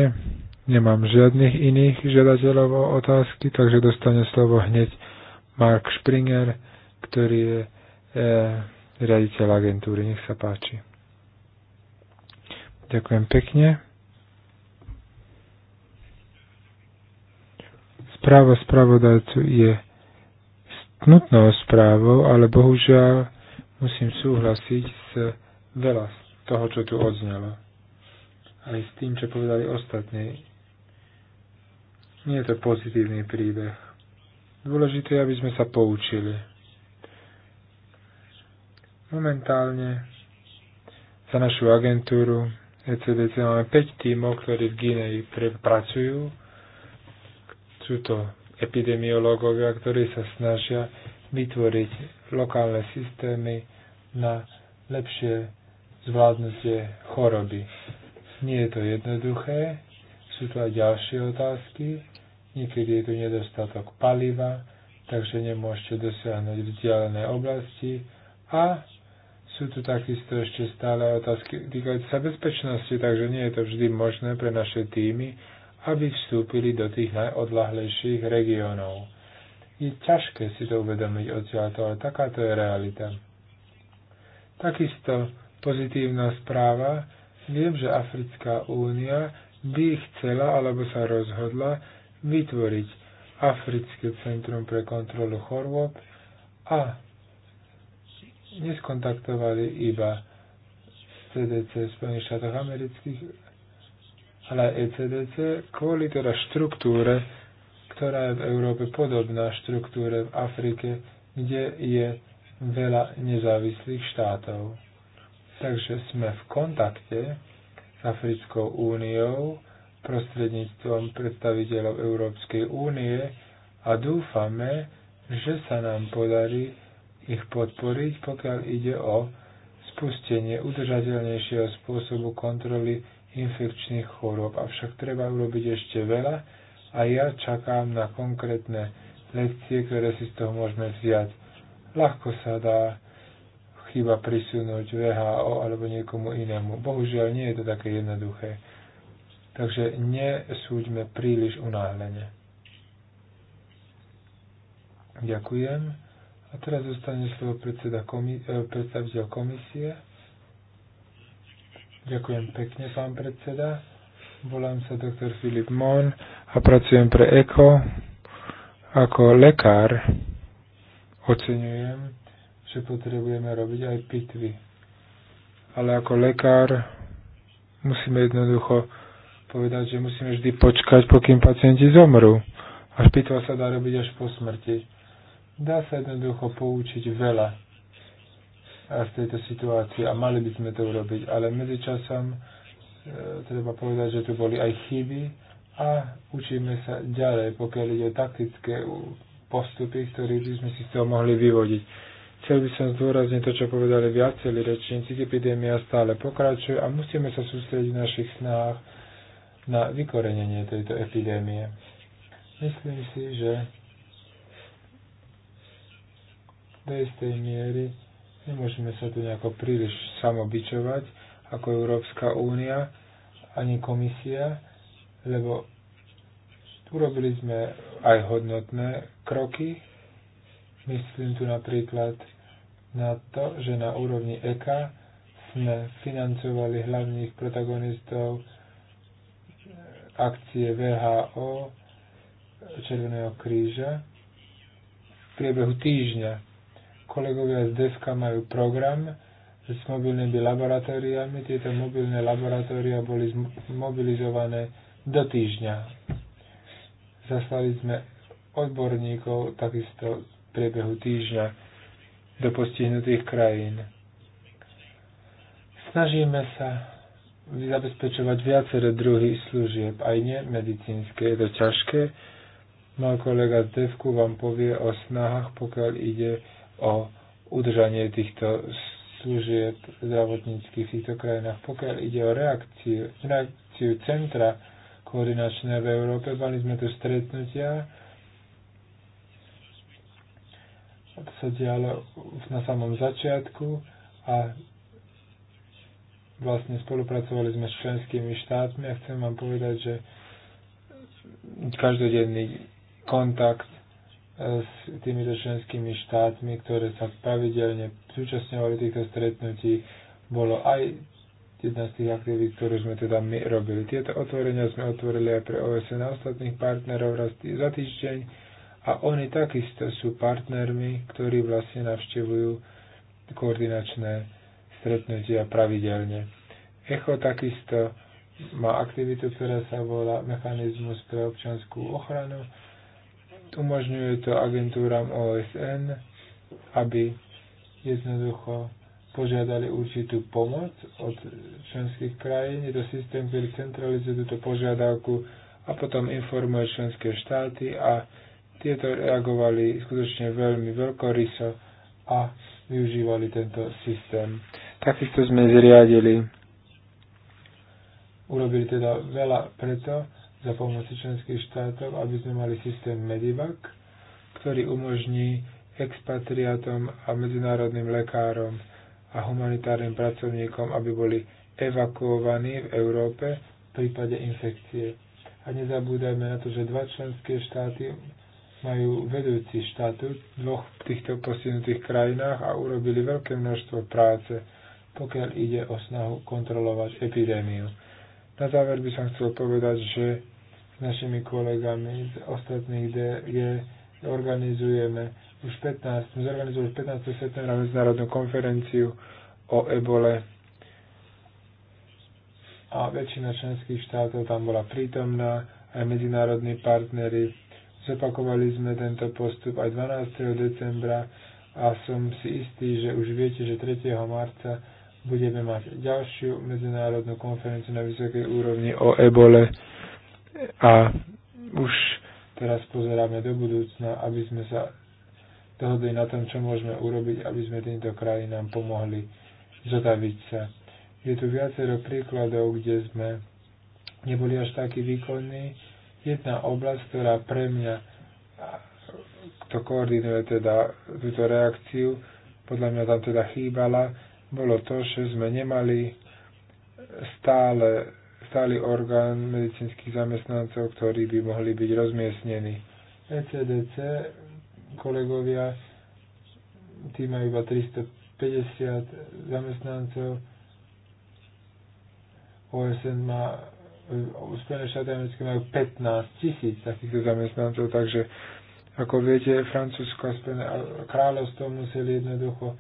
Nemám žiadnych iných žiadateľov o otázky, takže dostane slovo hneď Mark Springer, ktorý je e, riaditeľ agentúry. Nech sa páči. Ďakujem pekne. Správa spravodajcu je nutnou správou, ale bohužiaľ musím súhlasiť s veľa z toho, čo tu odznelo. Aj s tým, čo povedali ostatní. Nie je to pozitívny príbeh. Dôležité je, aby sme sa poučili. Momentálne za našu agentúru ECDC máme 5 tímov, ktorí v Gineji pracujú. Sú to epidemiológovia, ktorí sa snažia vytvoriť lokálne systémy na lepšie zvládnutie choroby. Nie je to jednoduché, sú tu aj ďalšie otázky, niekedy je tu nedostatok paliva, takže nemôžete dosiahnuť vzdialené oblasti a sú tu takisto ešte stále otázky týkajúce sa bezpečnosti, takže nie je to vždy možné pre naše týmy, aby vstúpili do tých najodlahlejších regiónov. Je ťažké si to uvedomiť odtiaľto, ale takáto je realita. Takisto pozitívna správa, viem, že Africká únia by chcela alebo sa rozhodla vytvoriť Africké centrum pre kontrolu chorôb a neskontaktovali iba CDC v Spojených štátoch amerických, ale aj ECDC, kvôli teda štruktúre, ktorá je v Európe podobná štruktúre v Afrike, kde je veľa nezávislých štátov. Takže sme v kontakte s Africkou úniou prostredníctvom predstaviteľov Európskej únie a dúfame, že sa nám podarí ich podporiť, pokiaľ ide o spustenie udržateľnejšieho spôsobu kontroly infekčných chorób, Avšak treba urobiť ešte veľa a ja čakám na konkrétne lekcie, ktoré si z toho môžeme vziať. Ľahko sa dá chyba prisunúť VHO alebo niekomu inému. Bohužiaľ nie je to také jednoduché. Takže nesúďme príliš unáhlene. Ďakujem. A teraz zostane slovo predseda komi- eh, predstaviteľ komisie. Ďakujem pekne, pán predseda. Volám sa doktor Filip Mon a pracujem pre ECO. Ako lekár oceňujem, že potrebujeme robiť aj pitvy. Ale ako lekár musíme jednoducho povedať, že musíme vždy počkať, pokým pacienti zomrú. A pitva sa dá robiť až po smrti. Dá sa jednoducho poučiť veľa v tejto situácii a mali by sme to urobiť. Ale medzičasom e, treba povedať, že tu boli aj chyby a učíme sa ďalej, pokiaľ ide o taktické postupy, ktoré by sme si z toho mohli vyvodiť. Chcel by som zdôrazniť to, čo povedali viacerí rečníci. Epidémia stále pokračuje a musíme sa sústrediť v našich snách na vykorenenie tejto epidémie. Myslím si, že do istej miery Nemôžeme sa tu nejako príliš samobičovať ako Európska únia ani komisia, lebo urobili sme aj hodnotné kroky. Myslím tu napríklad na to, že na úrovni EKA sme financovali hlavných protagonistov akcie VHO Červeného kríža v priebehu týždňa Kolegovia z DESKA majú program s mobilnými laboratóriami. Tieto mobilné laboratória boli mobilizované do týždňa. Zaslali sme odborníkov takisto v priebehu týždňa do postihnutých krajín. Snažíme sa zabezpečovať viacero druhy služieb, aj nie medicínske. Je to ťažké. Môj kolega z Devku vám povie o snahách, pokiaľ ide o udržanie týchto služieb zdravotníckých v týchto krajinách. Pokiaľ ide o reakciu, reakciu centra koordinačné v Európe, mali sme tu stretnutia, to sa dialo na samom začiatku a vlastne spolupracovali sme s členskými štátmi a chcem vám povedať, že každodenný kontakt s týmito členskými štátmi, ktoré sa pravidelne zúčastňovali týchto stretnutí, bolo aj jedna z tých aktivít, ktorú sme teda my robili. Tieto otvorenia sme otvorili aj pre OSN a ostatných partnerov raz tý, za týždeň a oni takisto sú partnermi, ktorí vlastne navštevujú koordinačné stretnutia pravidelne. ECHO takisto má aktivitu, ktorá sa volá Mechanizmus pre občanskú ochranu umožňuje to agentúram OSN, aby jednoducho požiadali určitú pomoc od členských krajín. Je to systém, ktorý centralizuje túto požiadavku a potom informuje členské štáty a tieto reagovali skutočne veľmi veľkoryso a využívali tento systém. Takisto sme zriadili, urobili teda veľa preto, za pomoci členských štátov, aby sme mali systém Medivac, ktorý umožní expatriátom a medzinárodným lekárom a humanitárnym pracovníkom, aby boli evakuovaní v Európe v prípade infekcie. A nezabúdajme na to, že dva členské štáty majú vedúci štatút v dvoch týchto postihnutých krajinách a urobili veľké množstvo práce, pokiaľ ide o snahu kontrolovať epidémiu. Na záver by som chcel povedať, že s našimi kolegami z ostatných DG organizujeme už 15, sme zorganizovali 15. septembra medzinárodnú konferenciu o ebole a väčšina členských štátov tam bola prítomná, aj medzinárodní partnery. Zopakovali sme tento postup aj 12. decembra a som si istý, že už viete, že 3. marca budeme mať ďalšiu medzinárodnú konferenciu na vysokej úrovni o ebole a už teraz pozeráme do budúcna, aby sme sa dohodli na tom, čo môžeme urobiť, aby sme týmto krajinám pomohli zotaviť sa. Je tu viacero príkladov, kde sme neboli až takí výkonní. Jedna oblasť, ktorá pre mňa to koordinuje teda túto reakciu, podľa mňa tam teda chýbala, bolo to, že sme nemali stále, stály orgán medicínskych zamestnancov, ktorí by mohli byť rozmiestnení. ECDC, kolegovia, tí majú iba 350 zamestnancov, OSN má Spojené štáty americké majú 15 tisíc takýchto zamestnancov, takže ako viete, Francúzsko a kráľovstvo museli jednoducho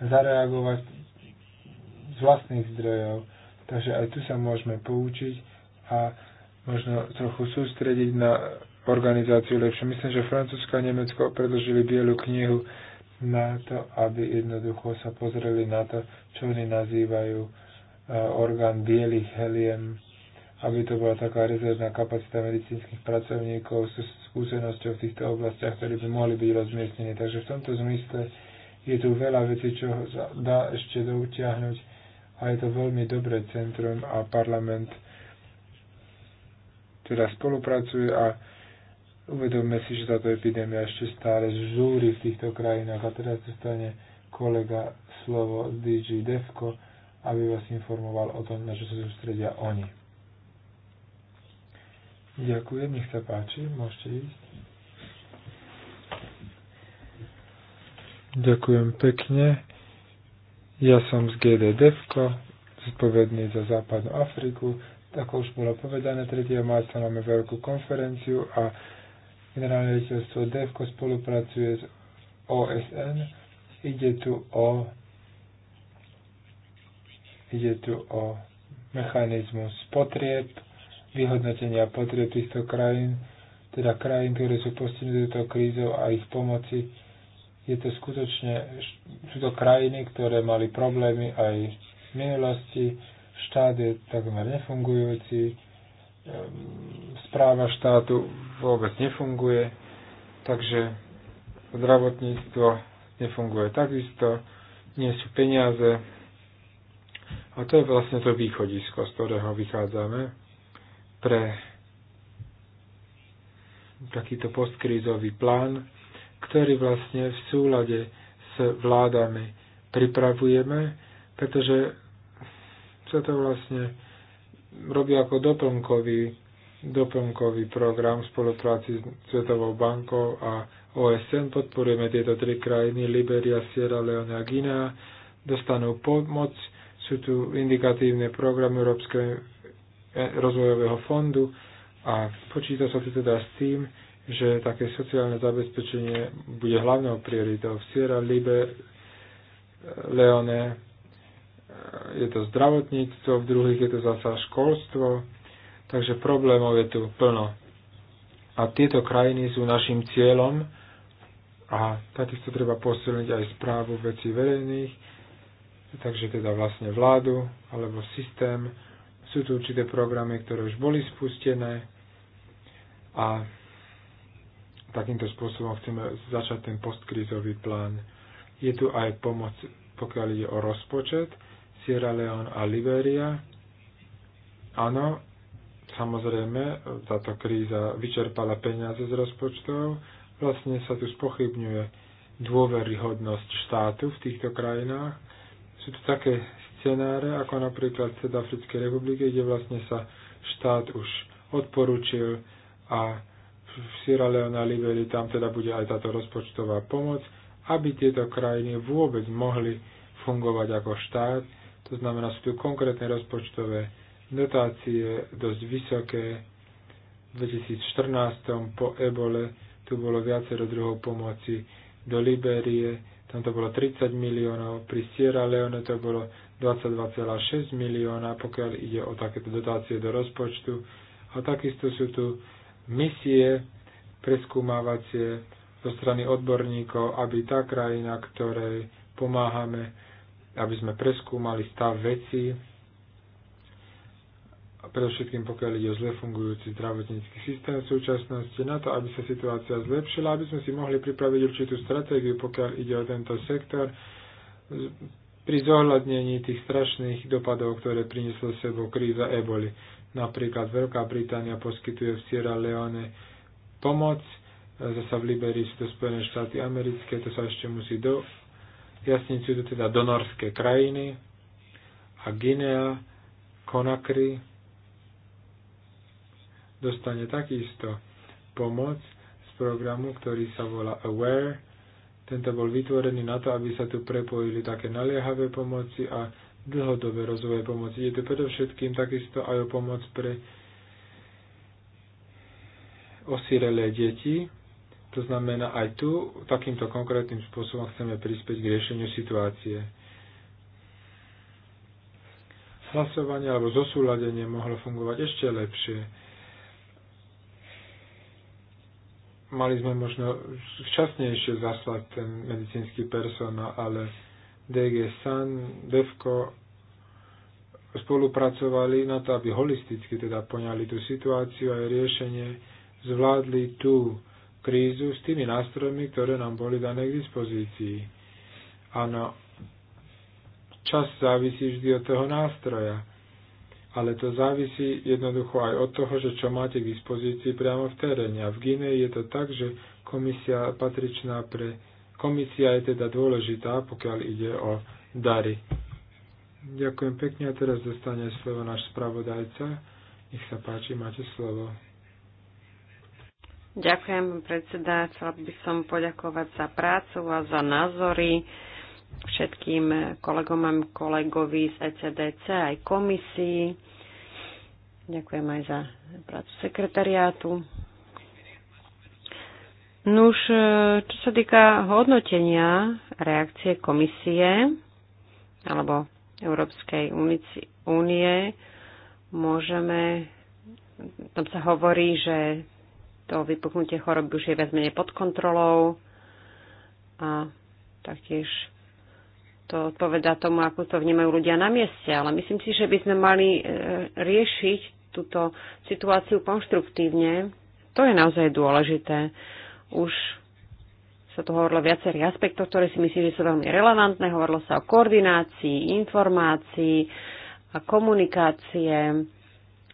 zareagovať vlastných zdrojov. Takže aj tu sa môžeme poučiť a možno trochu sústrediť na organizáciu lepšie. Myslím, že Francúzsko a Nemecko predložili bielu knihu na to, aby jednoducho sa pozreli na to, čo oni nazývajú e, orgán bielých heliem, aby to bola taká rezervná kapacita medicínskych pracovníkov so skúsenosťou v týchto oblastiach, ktorí by mohli byť rozmiestnení. Takže v tomto zmysle je tu veľa vecí, čo sa dá ešte doutiahnuť a je to veľmi dobré centrum a parlament teda spolupracuje a uvedomme si, že táto epidémia ešte stále žúri v týchto krajinách a teraz dostane kolega slovo DG Devko, aby vás informoval o tom, na čo sa sústredia oni. Ďakujem, nech sa páči, môžete ísť. Ďakujem pekne. Ja som z GD Devko, zodpovedný za Západnú Afriku. Ako už bolo povedané, 3. marca máme veľkú konferenciu a generálne riaditeľstvo DEVKO spolupracuje s OSN. Ide tu o ide tu o mechanizmus potrieb, vyhodnotenia potrieb týchto krajín, teda krajín, ktoré sú postihnuté touto krízou a ich pomoci je to skutočne, sú to krajiny, ktoré mali problémy aj v minulosti, štát je takmer nefungujúci, ehm, správa štátu vôbec nefunguje, takže zdravotníctvo nefunguje takisto, nie sú peniaze. A to je vlastne to východisko, z ktorého vychádzame pre takýto postkrízový plán, ktorý vlastne v súlade s vládami pripravujeme, pretože sa to vlastne robí ako doplnkový, doplnkový program v spolupráci s Svetovou bankou a OSN. Podporujeme tieto tri krajiny, Liberia, Sierra Leone a Guinea. Dostanú pomoc, sú tu indikatívne programy Európskeho e, rozvojového fondu a počíta sa tu teda s tým, že také sociálne zabezpečenie bude hlavnou prioritou. V Sierra Libe, eh, Leone eh, je to zdravotníctvo, v druhých je to zasa školstvo, takže problémov je tu plno. A tieto krajiny sú našim cieľom a takisto treba posilniť aj správu vecí verejných, takže teda vlastne vládu alebo systém. Sú tu určité programy, ktoré už boli spustené a takýmto spôsobom chceme začať ten postkrízový plán. Je tu aj pomoc, pokiaľ ide o rozpočet, Sierra Leone a Liberia. Áno, samozrejme, táto kríza vyčerpala peniaze z rozpočtov, vlastne sa tu spochybňuje dôveryhodnosť štátu v týchto krajinách. Sú tu také scenáre, ako napríklad v Sedafrickej republike, kde vlastne sa štát už odporučil a v Sierra Leone a Liberii, tam teda bude aj táto rozpočtová pomoc, aby tieto krajiny vôbec mohli fungovať ako štát. To znamená, sú tu konkrétne rozpočtové dotácie, dosť vysoké. V 2014 po ebole tu bolo viacero druhov pomoci do Liberie, tam to bolo 30 miliónov, pri Sierra Leone to bolo 22,6 milióna, pokiaľ ide o takéto dotácie do rozpočtu. A takisto sú tu misie preskúmavacie zo strany odborníkov, aby tá krajina, ktorej pomáhame, aby sme preskúmali stav veci, predovšetkým pokiaľ ide o zle fungujúci zdravotnícky systém v súčasnosti, na to, aby sa situácia zlepšila, aby sme si mohli pripraviť určitú stratégiu, pokiaľ ide o tento sektor, pri zohľadnení tých strašných dopadov, ktoré priniesla sebou kríza eboli. Napríklad Veľká Británia poskytuje v Sierra Leone pomoc, e, zase v Liberii sú to Spojené štáty americké, to sa ešte musí do jasniť, sú to teda donorské krajiny a Guinea, Konakry dostane takisto pomoc z programu, ktorý sa volá AWARE. Tento bol vytvorený na to, aby sa tu prepojili také naliehavé pomoci a dlhodobé rozvoje pomoci. Je to predovšetkým takisto aj o pomoc pre osirelé deti. To znamená, aj tu takýmto konkrétnym spôsobom chceme prispieť k riešeniu situácie. Hlasovanie alebo zosúladenie mohlo fungovať ešte lepšie. Mali sme možno včasnejšie zaslať ten medicínsky personál, ale DG San, DEVKO spolupracovali na to, aby holisticky teda poňali tú situáciu a riešenie, zvládli tú krízu s tými nástrojmi, ktoré nám boli dané k dispozícii. Áno, čas závisí vždy od toho nástroja, ale to závisí jednoducho aj od toho, že čo máte k dispozícii priamo v teréne. A v Gine je to tak, že komisia patričná pre Komisia je teda dôležitá, pokiaľ ide o dary. Ďakujem pekne a teraz dostane slovo náš spravodajca. Nech sa páči, máte slovo. Ďakujem, predseda. Chcela by som poďakovať za prácu a za názory všetkým kolegom a kolegovi z ECDC aj komisii. Ďakujem aj za prácu sekretariátu. Nuž, e, čo sa týka hodnotenia reakcie komisie alebo Európskej únie, môžeme, tam sa hovorí, že to vypuknutie choroby už je viac menej pod kontrolou a taktiež to odpoveda tomu, ako to vnímajú ľudia na mieste. Ale myslím si, že by sme mali e, riešiť túto situáciu konštruktívne. To je naozaj dôležité už sa tu hovorilo viacerých aspektov, ktoré si myslím, že sú veľmi relevantné. Hovorilo sa o koordinácii, informácii a komunikácie.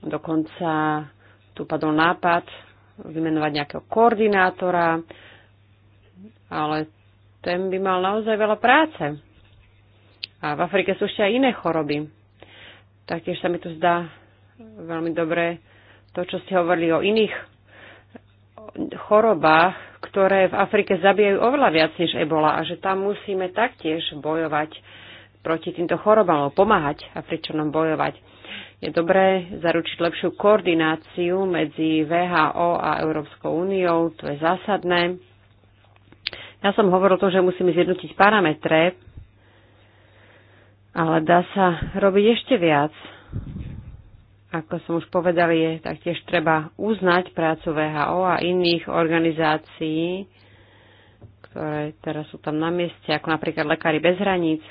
Dokonca tu padol nápad vymenovať nejakého koordinátora, ale ten by mal naozaj veľa práce. A v Afrike sú ešte aj iné choroby. Taktiež sa mi tu zdá veľmi dobre to, čo ste hovorili o iných chorobách, ktoré v Afrike zabijajú oveľa viac než ebola a že tam musíme taktiež bojovať proti týmto chorobám, pomáhať Afričanom bojovať. Je dobré zaručiť lepšiu koordináciu medzi VHO a Európskou úniou, to je zásadné. Ja som hovoril to, že musíme zjednotiť parametre, ale dá sa robiť ešte viac. Ako som už povedal, je taktiež treba uznať prácu VHO a iných organizácií, ktoré teraz sú tam na mieste, ako napríklad Lekári bez hraníc.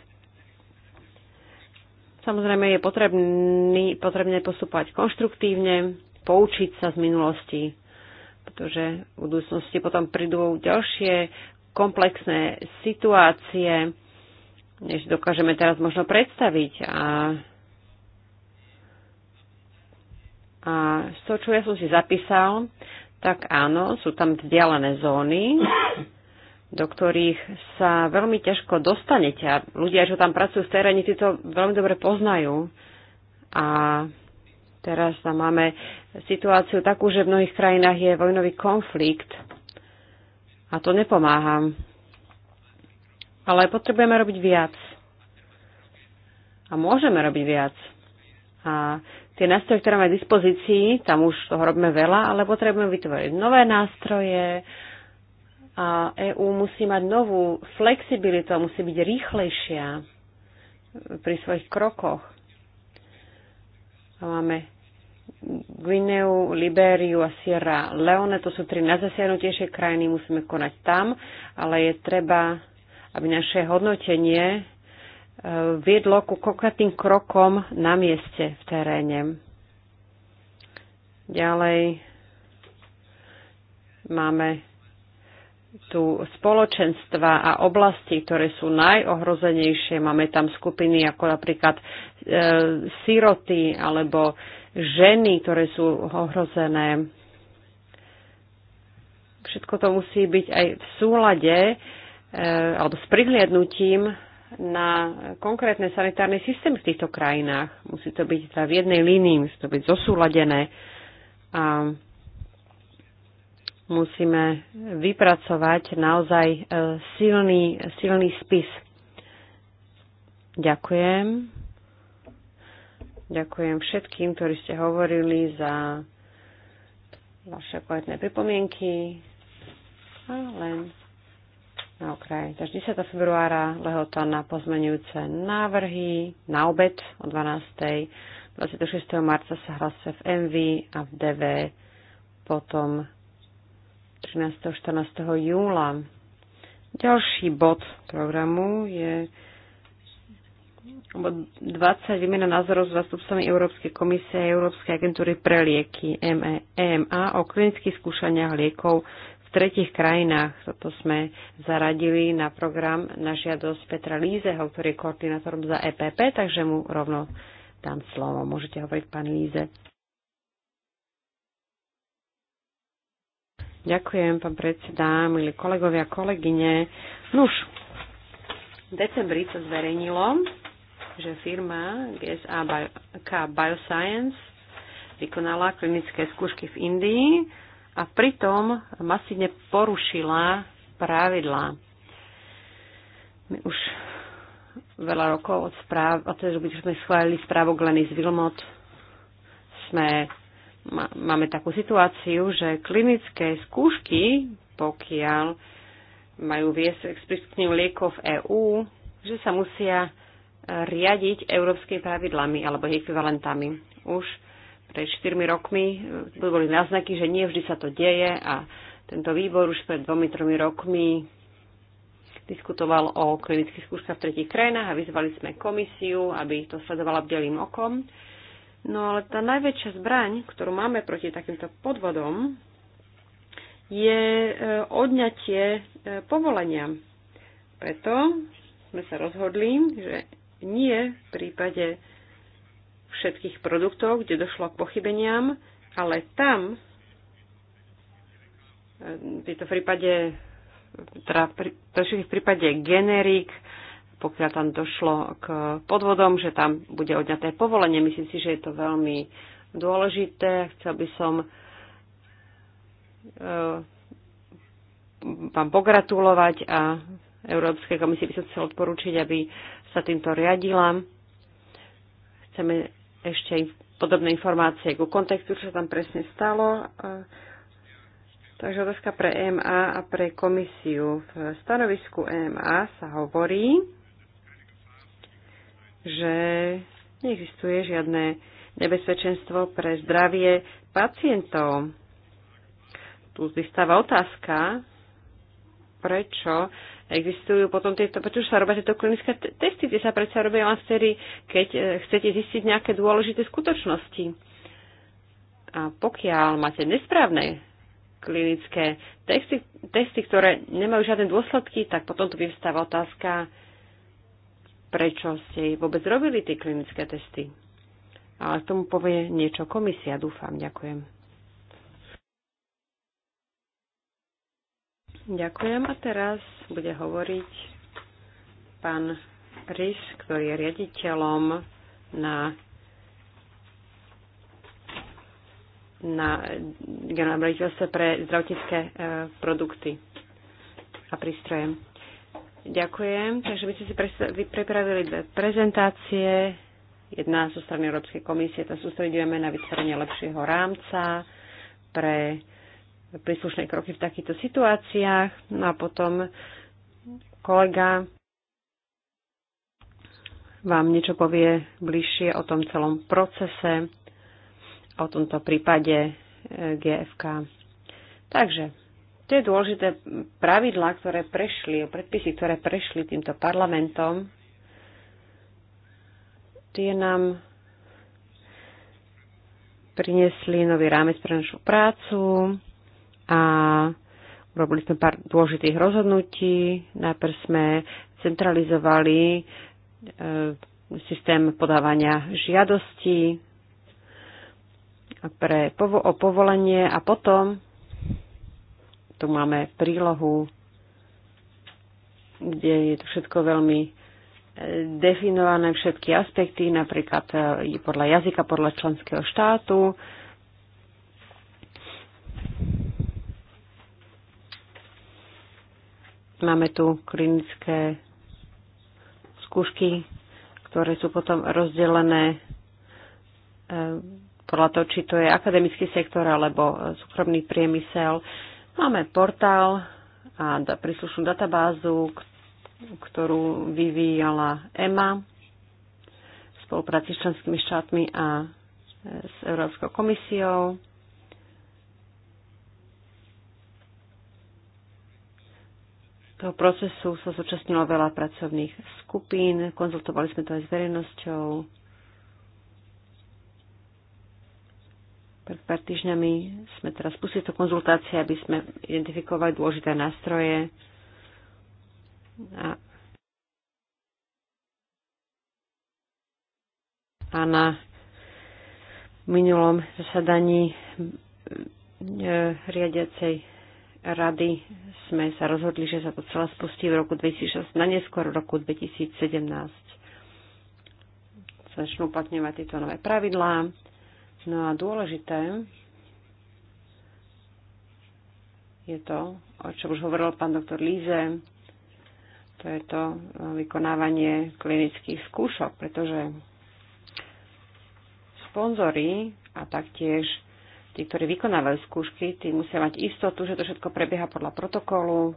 Samozrejme je potrebný, potrebné postupovať konštruktívne, poučiť sa z minulosti, pretože v budúcnosti potom prídu ďalšie komplexné situácie, než dokážeme teraz možno predstaviť. A A z toho, čo ja som si zapísal, tak áno, sú tam vzdialené zóny, do ktorých sa veľmi ťažko dostanete. A ľudia, čo tam pracujú v teréne, si to veľmi dobre poznajú. A teraz tam máme situáciu takú, že v mnohých krajinách je vojnový konflikt a to nepomáha. Ale potrebujeme robiť viac. A môžeme robiť viac. A tie nástroje, ktoré máme v dispozícii, tam už toho robíme veľa, ale potrebujeme vytvoriť nové nástroje a EÚ musí mať novú flexibilitu a musí byť rýchlejšia pri svojich krokoch. A máme Guineu, Liberiu a Sierra Leone, to sú tri najzasiahnutejšie krajiny, musíme konať tam, ale je treba, aby naše hodnotenie viedlo ku konkrétnym krokom na mieste v teréne. Ďalej máme tu spoločenstva a oblasti, ktoré sú najohrozenejšie. Máme tam skupiny ako napríklad e, siroty alebo ženy, ktoré sú ohrozené. Všetko to musí byť aj v súlade e, alebo s prihliadnutím na konkrétne sanitárne systémy v týchto krajinách. Musí to byť teda v jednej línii, musí to byť zosúladené a musíme vypracovať naozaj e, silný, silný spis. Ďakujem. Ďakujem všetkým, ktorí ste hovorili za vaše kvalitné pripomienky. A len na okraj. Takže 10. februára lehota na pozmenujúce návrhy na obed o 12. 26. marca sa hlasuje v MV a v DV potom 13. 14. júla. Ďalší bod programu je bod 20 výmena názorov s zastupcami Európskej komisie a Európskej agentúry pre lieky EMA o klinických skúšaniach liekov tretich krajinách. Toto sme zaradili na program na žiadosť Petra Lízeho, ktorý je koordinátorom za EPP, takže mu rovno dám slovo. Môžete hovoriť, pán Líze. Ďakujem, pán predseda, milí kolegovia, kolegyne. Nuž, v decembri sa zverejnilo, že firma GSAK Bioscience vykonala klinické skúšky v Indii a pritom masívne porušila pravidlá. My už veľa rokov od správ, od toho, keď sme schválili správu Glenis Vilmot, sme, máme takú situáciu, že klinické skúšky, pokiaľ majú viesť explicitným liekov v EÚ, že sa musia riadiť európskymi pravidlami alebo ekvivalentami. Už pred 4 rokmi e, boli náznaky, že nie vždy sa to deje a tento výbor už pred dvomi, 3 rokmi diskutoval o klinických skúškach v tretich krajinách a vyzvali sme komisiu, aby to sledovala bdelým okom. No ale tá najväčšia zbraň, ktorú máme proti takýmto podvodom, je e, odňatie e, povolenia. Preto sme sa rozhodli, že nie v prípade všetkých produktov, kde došlo k pochybeniam, ale tam, v tejto v prípade, teda pri, v prípade generík, pokiaľ tam došlo k podvodom, že tam bude odňaté povolenie. Myslím si, že je to veľmi dôležité. Chcel by som e, vám pogratulovať a Európskej komisii by som chcel odporúčiť, aby sa týmto riadila. Chceme ešte podobné informácie ku kontextu, čo sa tam presne stalo. Takže otázka pre EMA a pre komisiu. V stanovisku EMA sa hovorí, že neexistuje žiadne nebezpečenstvo pre zdravie pacientov. Tu vystáva otázka, prečo existujú potom tieto, pretože sa robia tieto klinické testy, tie sa predsa robia len vtedy, keď e, chcete zistiť nejaké dôležité skutočnosti. A pokiaľ máte nesprávne klinické testy, testy ktoré nemajú žiadne dôsledky, tak potom tu vyvstáva otázka, prečo ste vôbec robili tie klinické testy. Ale k tomu povie niečo komisia, dúfam. Ďakujem. Ďakujem a teraz bude hovoriť pán Rys, ktorý je riaditeľom na na generálnom pre zdravotnícke e, produkty a prístroje. Ďakujem. Takže my ste si pripravili dve prezentácie. Jedna zo strany Európskej komisie, tam sústredujeme na vytvorenie lepšieho rámca pre príslušné kroky v takýchto situáciách. No a potom kolega vám niečo povie bližšie o tom celom procese, o tomto prípade e, GFK. Takže tie dôležité pravidlá, ktoré prešli, predpisy, ktoré prešli týmto parlamentom, tie nám priniesli nový rámec pre našu prácu, a robili sme pár dôležitých rozhodnutí. Najprv sme centralizovali e, systém podávania žiadostí pre povo- o povolenie a potom tu máme prílohu, kde je to všetko veľmi e, definované všetky aspekty, napríklad e, podľa jazyka, podľa členského štátu. Máme tu klinické skúšky, ktoré sú potom rozdelené e, podľa toho, či to je akademický sektor alebo súkromný priemysel. Máme portál a príslušnú databázu, ktorú vyvíjala EMA v spolupráci s členskými štátmi a s Európskou komisiou. toho procesu sa zúčastnilo veľa pracovných skupín, konzultovali sme to aj s verejnosťou. Pred pár týždňami sme teraz spustili to konzultácie, aby sme identifikovali dôležité nástroje a, a na minulom zasadaní e, riadiacej rady sme sa rozhodli, že sa to celé spustí v roku 2016, na neskôr v roku 2017. Začnú uplatňovať tieto nové pravidlá. No a dôležité je to, o čom už hovoril pán doktor Líze, to je to eh, vykonávanie klinických skúšok, pretože sponzory a taktiež tí, ktorí vykonávajú skúšky, tí musia mať istotu, že to všetko prebieha podľa protokolu.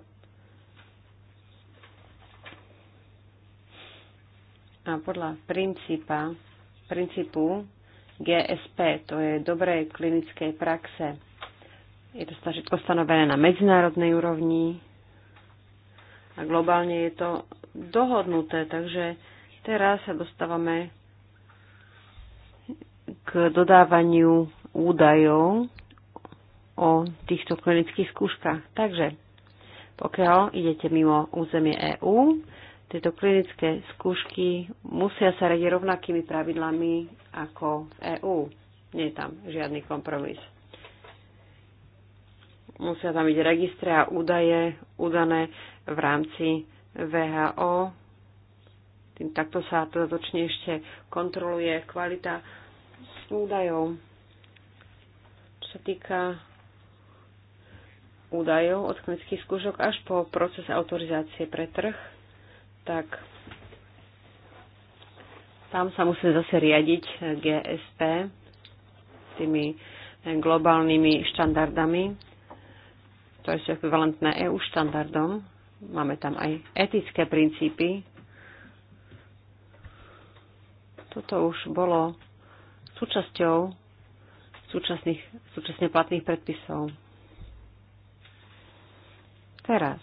A podľa princípa, princípu GSP, to je dobrej klinické praxe. Je to všetko stanovené na medzinárodnej úrovni a globálne je to dohodnuté, takže teraz sa dostávame k dodávaniu údajov o týchto klinických skúškach. Takže pokiaľ idete mimo územie EÚ, tieto klinické skúšky musia sa radiť rovnakými pravidlami ako v EÚ. Nie je tam žiadny kompromis. Musia tam byť registre a údaje udané v rámci VHO. Tým takto sa to ešte kontroluje kvalita údajov sa týka údajov od klinických skúšok až po proces autorizácie pre trh, tak tam sa musíme zase riadiť GSP tými globálnymi štandardami. To je ekvivalentné EU štandardom. Máme tam aj etické princípy. Toto už bolo súčasťou súčasných, súčasne platných predpisov. Teraz,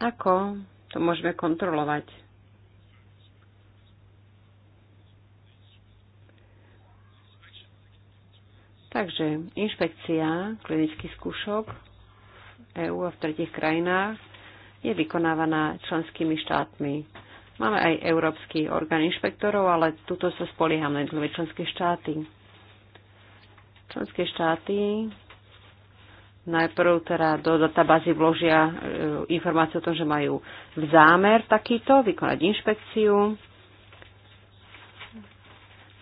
ako to môžeme kontrolovať? Takže inšpekcia klinických skúšok v EÚ a v tretich krajinách je vykonávaná členskými štátmi. Máme aj Európsky orgán inšpektorov, ale tuto sa spolieham na jednotlivé členské štáty. Členské štáty najprv teda do databázy vložia e, informáciu o tom, že majú zámer takýto vykonať inšpekciu.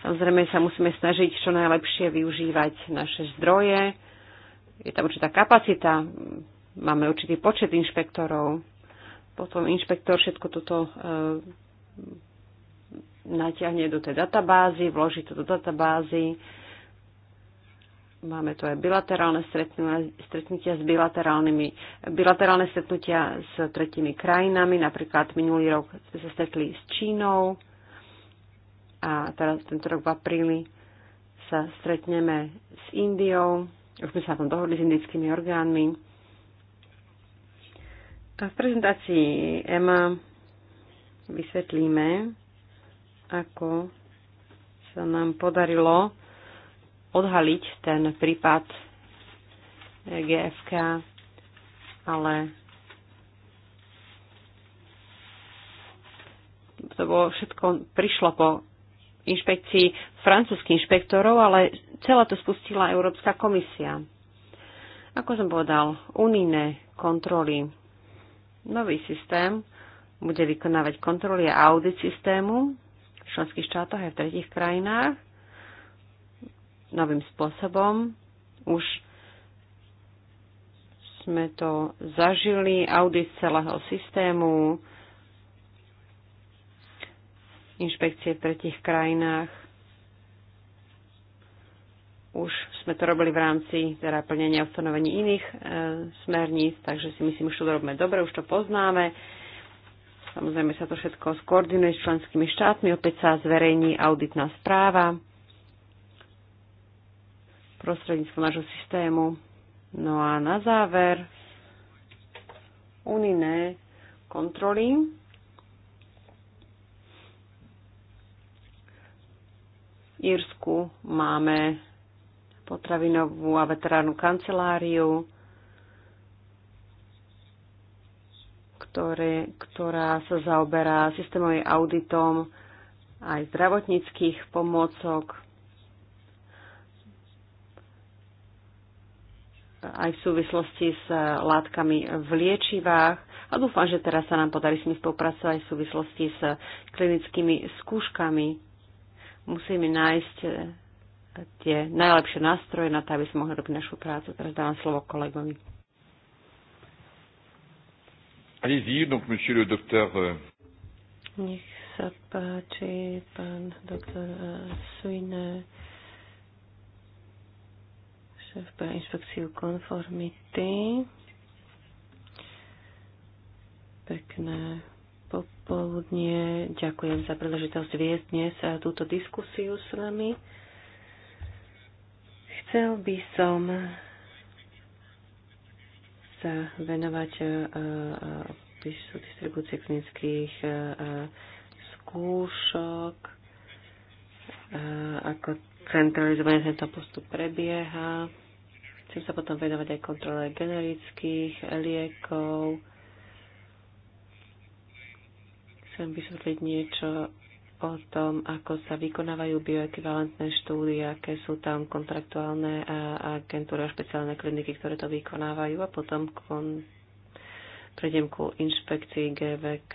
Samozrejme sa musíme snažiť čo najlepšie využívať naše zdroje. Je tam určitá kapacita, máme určitý počet inšpektorov. Potom inšpektor všetko toto e, natiahne do tej databázy, vloží to do databázy Máme tu aj bilaterálne stretnutia s bilaterálnymi, bilaterálne stretnutia s tretimi krajinami. Napríklad minulý rok sme sa stretli s Čínou a teraz tento rok v apríli sa stretneme s Indiou. Už sme sa tam dohodli s indickými orgánmi. A v prezentácii EMA vysvetlíme, ako sa nám podarilo odhaliť ten prípad GFK, ale to bolo všetko, prišlo po inšpekcii francúzských inšpektorov, ale celá to spustila Európska komisia. Ako som povedal, unijné kontroly. Nový systém bude vykonávať kontroly a audit systému v členských štátoch aj v tretich krajinách novým spôsobom. Už sme to zažili, audit celého systému, inšpekcie v tretich krajinách. Už sme to robili v rámci teda plnenia ustanovení iných e, smerníc, takže si myslím, že to robíme dobre, už to poznáme. Samozrejme sa to všetko skoordinuje s členskými štátmi, opäť sa zverejní auditná správa prostredníctvom nášho systému. No a na záver uniné kontroly. V Írsku máme potravinovú a veteránnu kanceláriu, ktoré, ktorá sa zaoberá systémovým auditom aj zdravotníckých pomôcok. aj v súvislosti s eh, látkami v liečivách a dúfam, že teraz sa nám podarí s nimi spolupracovať v súvislosti s eh, klinickými skúškami. Musíme nájsť eh, tie najlepšie nástroje na to, aby sme mohli robiť našu prácu. Teraz dávam slovo kolegovi. Allez-y, donc monsieur le docteur. Euh, Nech sa páči, pán doktor Suine šéf pre inšpekciu konformity. Pekné popoludnie. Ďakujem za príležitosť viesť dnes a eh, túto diskusiu s vami. Chcel by som sa venovať eh, eh, opisu distribúcie klinických skúšok, ako centralizovane tento postup prebieha. Chcem sa potom venovať aj kontrole generických liekov. Chcem vysvetliť niečo o tom, ako sa vykonávajú bioekvivalentné štúdie, aké sú tam kontraktuálne agentúry a špeciálne kliniky, ktoré to vykonávajú a potom kon... prejdem ku inšpekcii GVK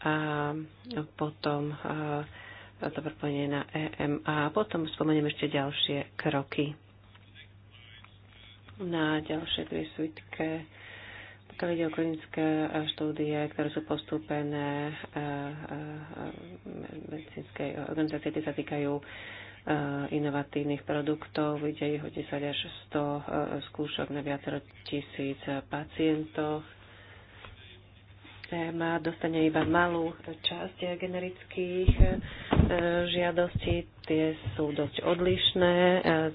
a potom to prepojenie na EMA. A potom spomeniem ešte ďalšie kroky. Na ďalšej prísvitke pokiaľ ide o klinické štúdie, ktoré sú postúpené medicínskej organizácie, tie sa týkajú inovatívnych produktov, ide ich o 10 až 100 skúšok na viacero tisíc pacientov systém dostane iba malú časť generických e, žiadostí. Tie sú dosť odlišné,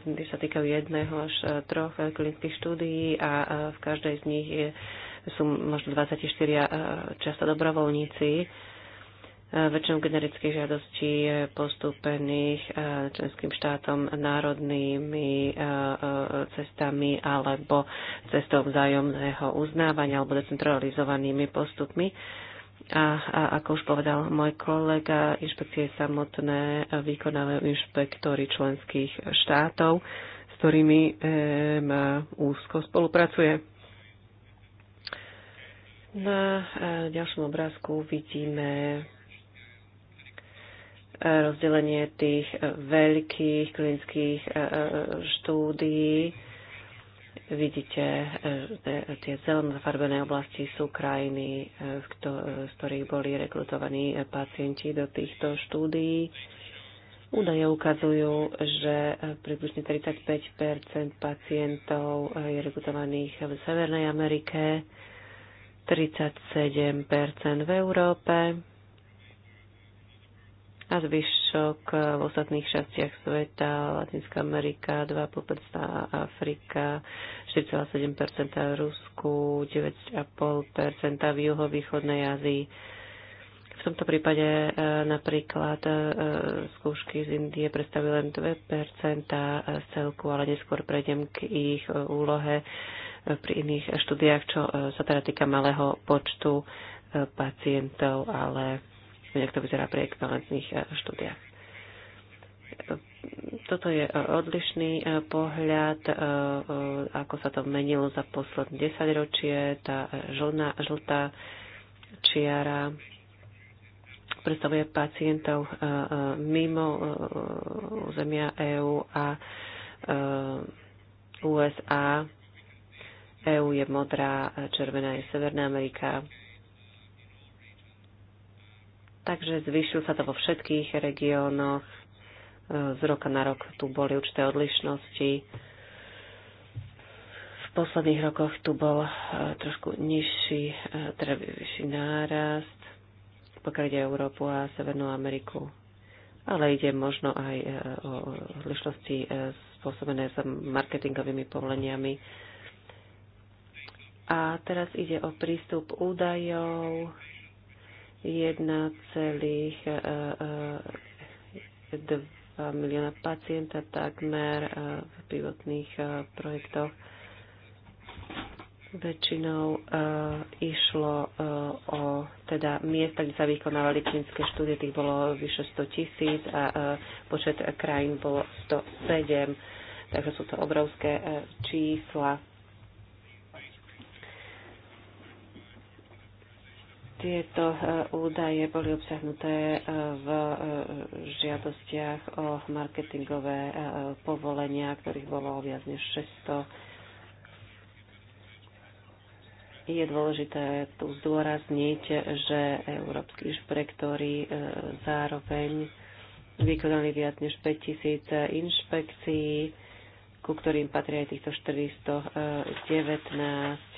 e, tie sa týkajú jedného až e, troch klinických štúdií a v každej z nich je, sú možno 24 často dobrovoľníci väčšinou generických žiadostí postúpených e, členským štátom národnými e, e, cestami alebo cestou vzájomného uznávania alebo decentralizovanými postupmi. A, a ako už povedal môj kolega, inšpekcie samotné vykonávajú inšpektory členských štátov, s ktorými EMA úzko spolupracuje. Na ďalšom obrázku vidíme rozdelenie tých e, veľkých klinických e, e, štúdií. Vidíte, tie zeleno zafarbené oblasti sú krajiny, z ktorých boli rekrutovaní pacienti do týchto štúdií. Údaje ukazujú, že približne 35 pacientov je rekrutovaných v Severnej Amerike, 37 v Európe, a zvyšok v ostatných častiach sveta, Latinská Amerika 2,5%, Afrika 4,7%, Rusku 9,5%, v juhovýchodnej Ázii. V tomto prípade e, napríklad e, skúšky z Indie predstavujú len 2% z celku, ale neskôr prejdem k ich e, úlohe pri iných štúdiách, čo sa teda týka malého počtu pacientov, ale inak to vyzerá pri ekvivalentných eh, štúdiách. Toto je eh, odlišný eh, pohľad, ako sa to menilo za posledné 10 ročie. Tá žlná, žltá čiara predstavuje pacientov mimo územia EÚ a USA. EÚ je modrá, červená je Severná Amerika, Takže zvyšil sa to vo všetkých regiónoch. Z roka na rok tu boli určité odlišnosti. V posledných rokoch tu bol e, trošku nižší, e, teda vyšší nárast, pokiaľ ide Európu a Severnú Ameriku. Ale ide možno aj e, o odlišnosti spôsobené s marketingovými povoleniami. A teraz ide o prístup údajov, 1,2 eh, eh, milióna pacienta takmer eh, v pivotných projektoch. Väčšinou išlo o teda miesta, kde sa vykonávali klinické štúdie, tých bolo vyše 100 tisíc a počet krajín bolo 107, takže sú to obrovské čísla Tieto e, údaje boli obsahnuté e, v e, žiadostiach o marketingové povolenia, ktorých bolo viac než 600. Je dôležité tu zdôrazniť, že európsky inšpektori zároveň vykonali viac než 5000 inšpekcií, ku ktorým patrí aj týchto 419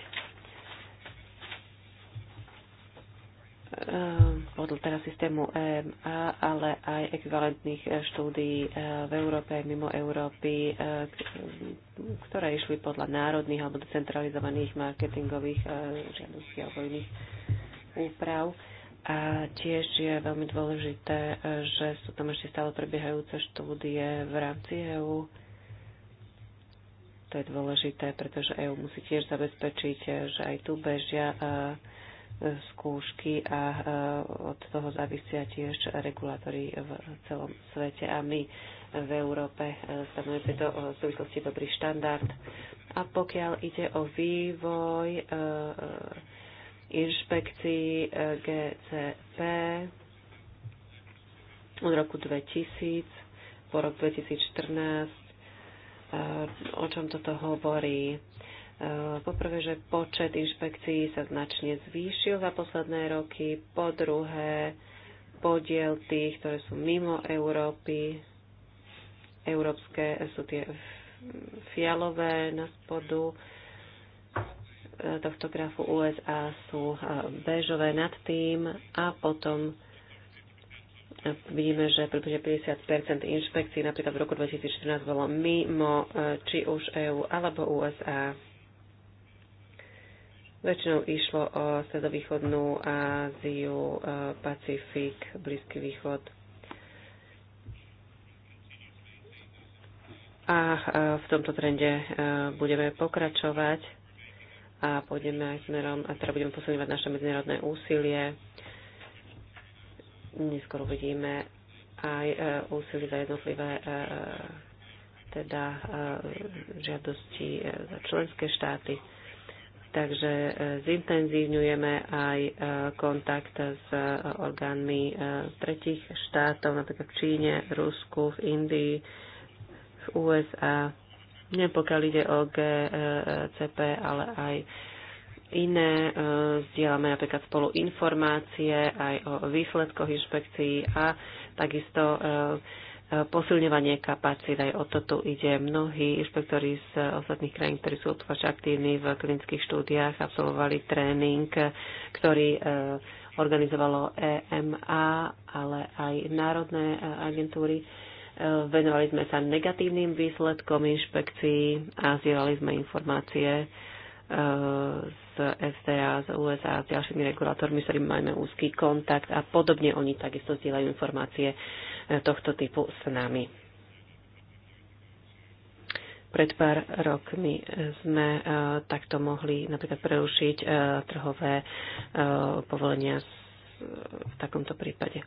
Ehm, podľa teda systému EMA, ale aj ekvivalentných e, štúdií e, v Európe aj mimo Európy, e, ktoré išli podľa národných alebo decentralizovaných marketingových žiadostí alebo iných úprav. A tiež je veľmi dôležité, že sú tam ešte stále prebiehajúce štúdie v rámci EÚ. To je dôležité, pretože EÚ musí tiež zabezpečiť, že aj tu bežia skúšky a e, od toho závisia tiež regulátory v celom svete a my v Európe e, stanovíme v e, súvislosti dobrý štandard. A pokiaľ ide o vývoj inšpekcií GCP od roku 2000 po rok 2014, o čom toto hovorí E, poprvé, že počet inšpekcií sa značne zvýšil za posledné roky. Po druhé, podiel tých, ktoré sú mimo Európy, európske sú tie fialové na spodu e, tohto grafu USA sú e, bežové nad tým a potom vidíme, že približne 50 inšpekcií napríklad v roku 2014 bolo mimo či už EÚ alebo USA. Väčšinou išlo o stredovýchodnú Áziu, e, Pacifik, Blízky východ. A e, v tomto trende e, budeme pokračovať a pôjdeme aj smerom, a teda budeme posilňovať naše medzinárodné úsilie. Neskôr uvidíme aj úsilie za jednotlivé teda žiadosti za členské štáty. Takže e, zintenzívňujeme aj e, kontakt s e, orgánmi tretich štátov, napríklad v Číne, v Rusku, v Indii, v USA, nie pokiaľ ide o GCP, ale aj iné. Zdieľame napríklad spolu informácie aj o výsledkoch inšpekcií a takisto posilňovanie kapacít, aj o to tu ide. Mnohí inšpektori z ostatných krajín, ktorí sú obzvlášť aktívni v klinických štúdiách, absolvovali tréning, ktorý e, organizovalo EMA, ale aj národné e, agentúry. E, venovali sme sa negatívnym výsledkom inšpekcií a zdieľali sme informácie s FDA, z USA, s ďalšími regulátormi, s ktorými máme úzky kontakt a podobne oni takisto zdieľajú informácie e, tohto typu s nami. Pred pár rokmi e, sme e, takto mohli napríklad prerušiť trhové povolenia v takomto prípade.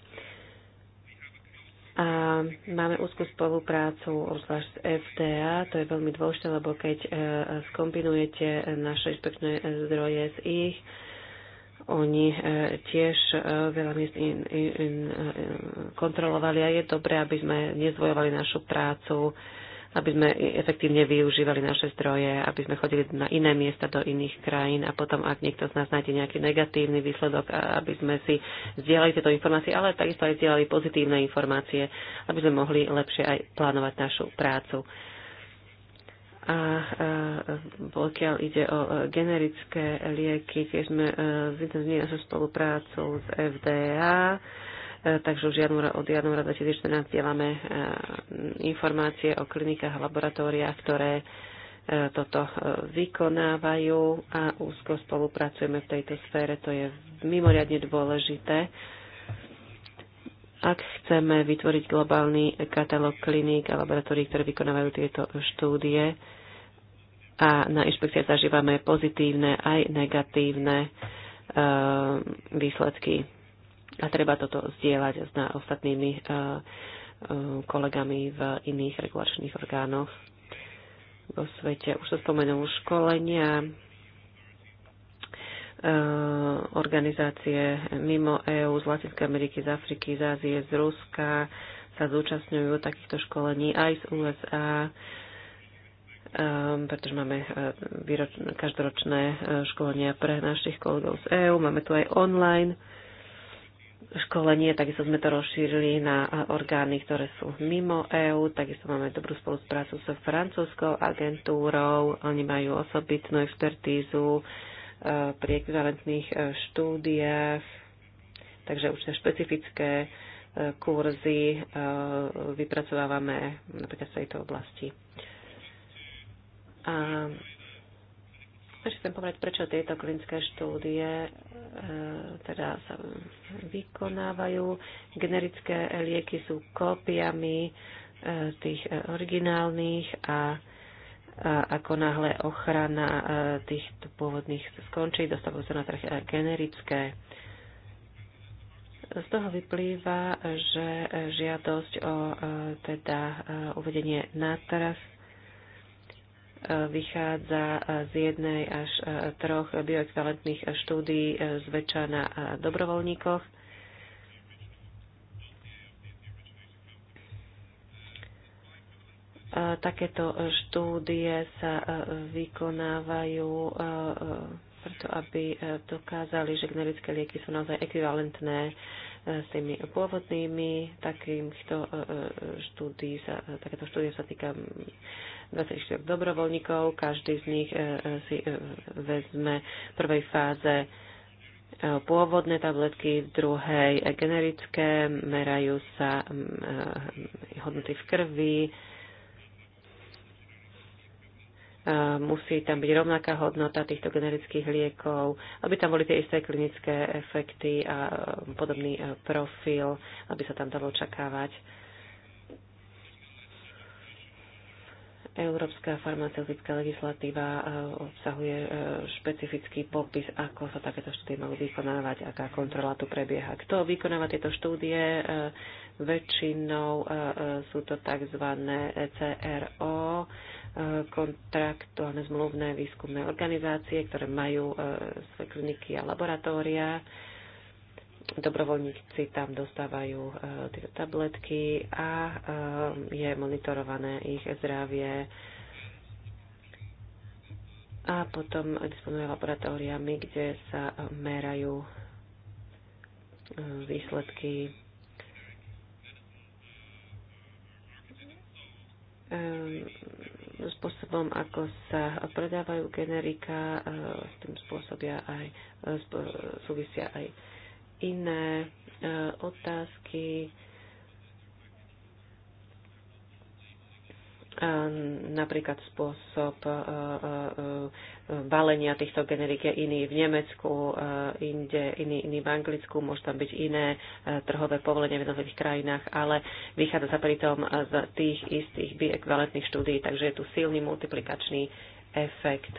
A máme úzkú spoluprácu, obzvlášť s FDA, to je veľmi dôležité, lebo keď e, skombinujete naše inšpekčné zdroje s ich, oni e, tiež e, veľa miest in, in, in, kontrolovali a je dobré, aby sme nezvojovali našu prácu aby sme efektívne využívali naše zdroje, aby sme chodili na iné miesta do iných krajín a potom, ak niekto z nás nájde nejaký negatívny výsledok, aby sme si zdieľali tieto informácie, ale takisto aj zdieľali pozitívne informácie, aby sme mohli lepšie aj plánovať našu prácu. A pokiaľ ide o e, generické lieky, tiež sme zintenzívnili našu spoluprácu s FDA, E, takže už januára, od januára 2014 dielame e, informácie o klinikách a laboratóriách, ktoré e, toto vykonávajú a úzko spolupracujeme v tejto sfére. To je mimoriadne dôležité. Ak chceme vytvoriť globálny katalóg kliník a laboratórií, ktoré vykonávajú tieto štúdie, a na inšpekciách zažívame pozitívne aj negatívne výsledky a treba toto zdieľať s ostatnými eh, eh, kolegami v iných regulačných orgánoch vo svete. Už sa spomenul školenia, eh, organizácie mimo EÚ z Latinskej Ameriky, z Afriky, z Ázie, z Ruska sa zúčastňujú takýchto školení aj z USA, pretože máme každoročné školenia pre našich kolegov z EÚ. Máme tu aj online školenie, takisto sme to rozšírili na orgány, ktoré sú mimo EÚ, takisto máme dobrú spoluprácu so francúzskou agentúrou, oni majú osobitnú expertízu e, pri ekvivalentných e, štúdiách, takže už na špecifické e, kurzy vypracovávame napríklad v tejto oblasti. A Takže chcem povedať, prečo tieto klinické štúdie e, teda sa vykonávajú. Generické lieky sú kópiami e, tých e, originálnych a, a ako náhle ochrana týchto e, tých pôvodných skončí, dostávajú sa na trh e, generické. Z toho vyplýva, že žiadosť o teda uvedenie na trh vychádza e, z jednej až e, troch bioekvalentných štúdí e, zväčša na dobrovoľníkoch. Takéto štúdie sa vykonávajú preto, aby dokázali, že generické lieky sú naozaj ekvivalentné s tými pôvodnými. Takýmto štúdí sa, takéto štúdie sa týka 24 dobrovoľníkov, každý z nich e, e, si e, vezme v prvej fáze pôvodné tabletky, v druhej generické, merajú sa hodnoty v krvi, musí tam byť rovnaká hodnota týchto generických liekov, aby tam boli tie isté klinické efekty a podobný profil, aby sa tam dalo očakávať Európska farmaceutická legislatíva e, obsahuje e, špecifický popis, ako sa takéto štúdie majú vykonávať, aká kontrola tu prebieha. Kto vykonáva tieto štúdie? E, väčšinou sú to tzv. CRO, kontraktuálne zmluvné výskumné organizácie, ktoré majú svoje kliniky a laboratória dobrovoľníci tam dostávajú e, tieto tabletky a e, je monitorované ich zdravie a potom disponuje laboratóriami, kde sa merajú e, výsledky spôsobom, ako sa predávajú generika, s tým spôsobia aj, súvisia aj iné e, otázky. E, napríklad spôsob balenia e, týchto generík je iný v Nemecku, inde, iný, iný v Anglicku, môžu tam byť iné trhové povolenie v jednotlivých krajinách, ale vychádza sa pritom z tých istých biekvalentných štúdií, takže je tu silný multiplikačný efekt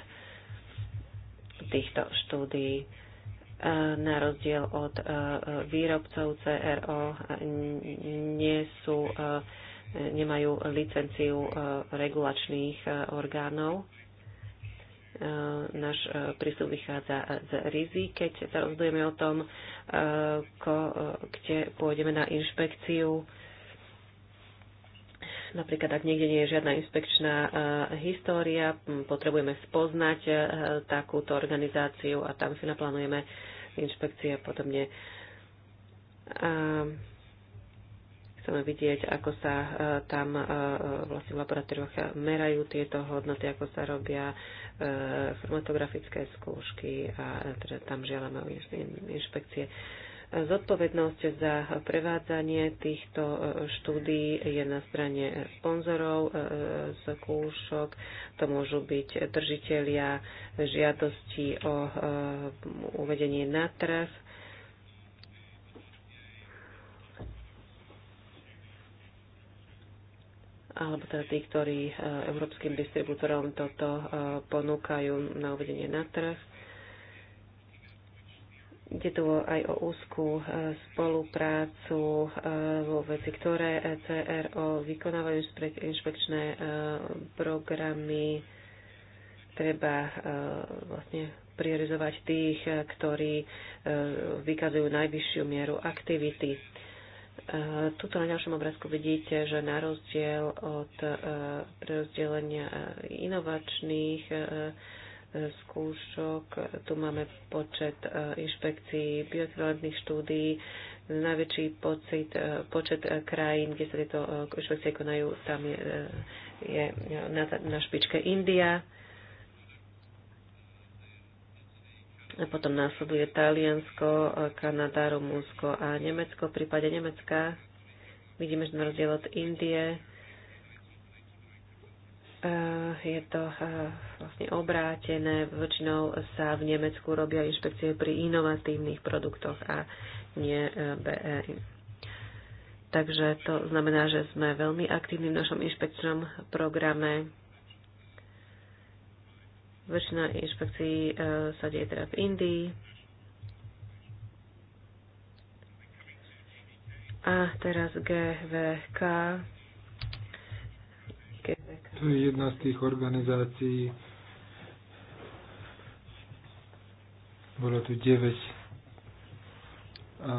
týchto štúdií na rozdiel od e, výrobcov CRO nie sú, e, nemajú licenciu e, regulačných orgánov. Náš prístup vychádza z rizik, keď sa rozhodujeme o tom, kde pôjdeme na inšpekciu Napríklad, ak niekde nie je žiadna inspekčná eh, história, potrebujeme spoznať eh, takúto organizáciu a tam si naplánujeme inšpekcie a podobne. A chceme vidieť, ako sa eh, tam vlastne v laboratóriách merajú tieto hodnoty, ako sa robia chromatografické skúšky a teda tam žiadame o inšpekcie. Zodpovednosť za prevádzanie týchto e, štúdií je na strane sponzorov z e, e, kúšok. To môžu byť držiteľia žiadosti o uvedenie na trh. alebo teda tí, ktorí európskym distribútorom toto ponúkajú na uvedenie na trh. Ide tu aj o úzkú e, spoluprácu e, vo veci, ktoré e CRO vykonávajú inšpekčné programy. Treba vlastne priorizovať tých, ktorí vykazujú najvyššiu mieru aktivity. Tuto na ďalšom obrázku vidíte, že na rozdiel od prerozdelenia inovačných skúšok. Tu máme počet e, inšpekcií, bioekvivalentných štúdií, najväčší pocit, e, počet e, krajín, kde sa tieto inšpekcie konajú, tam je, je na, na špičke India. A potom následuje Taliansko, Kanada, Rumúnsko a Nemecko. V prípade Nemecka vidíme, že na rozdiel od Indie Eh, je to eh, vlastne obrátené. Väčšinou sa v Nemecku robia inšpekcie pri inovatívnych produktoch a nie eh, BE. Takže to znamená, že sme veľmi aktívni v našom inšpekčnom programe. Väčšina inšpekcií sa deje teda v Indii. A teraz GVK to je jedna z tých organizácií. Bolo tu 9 a,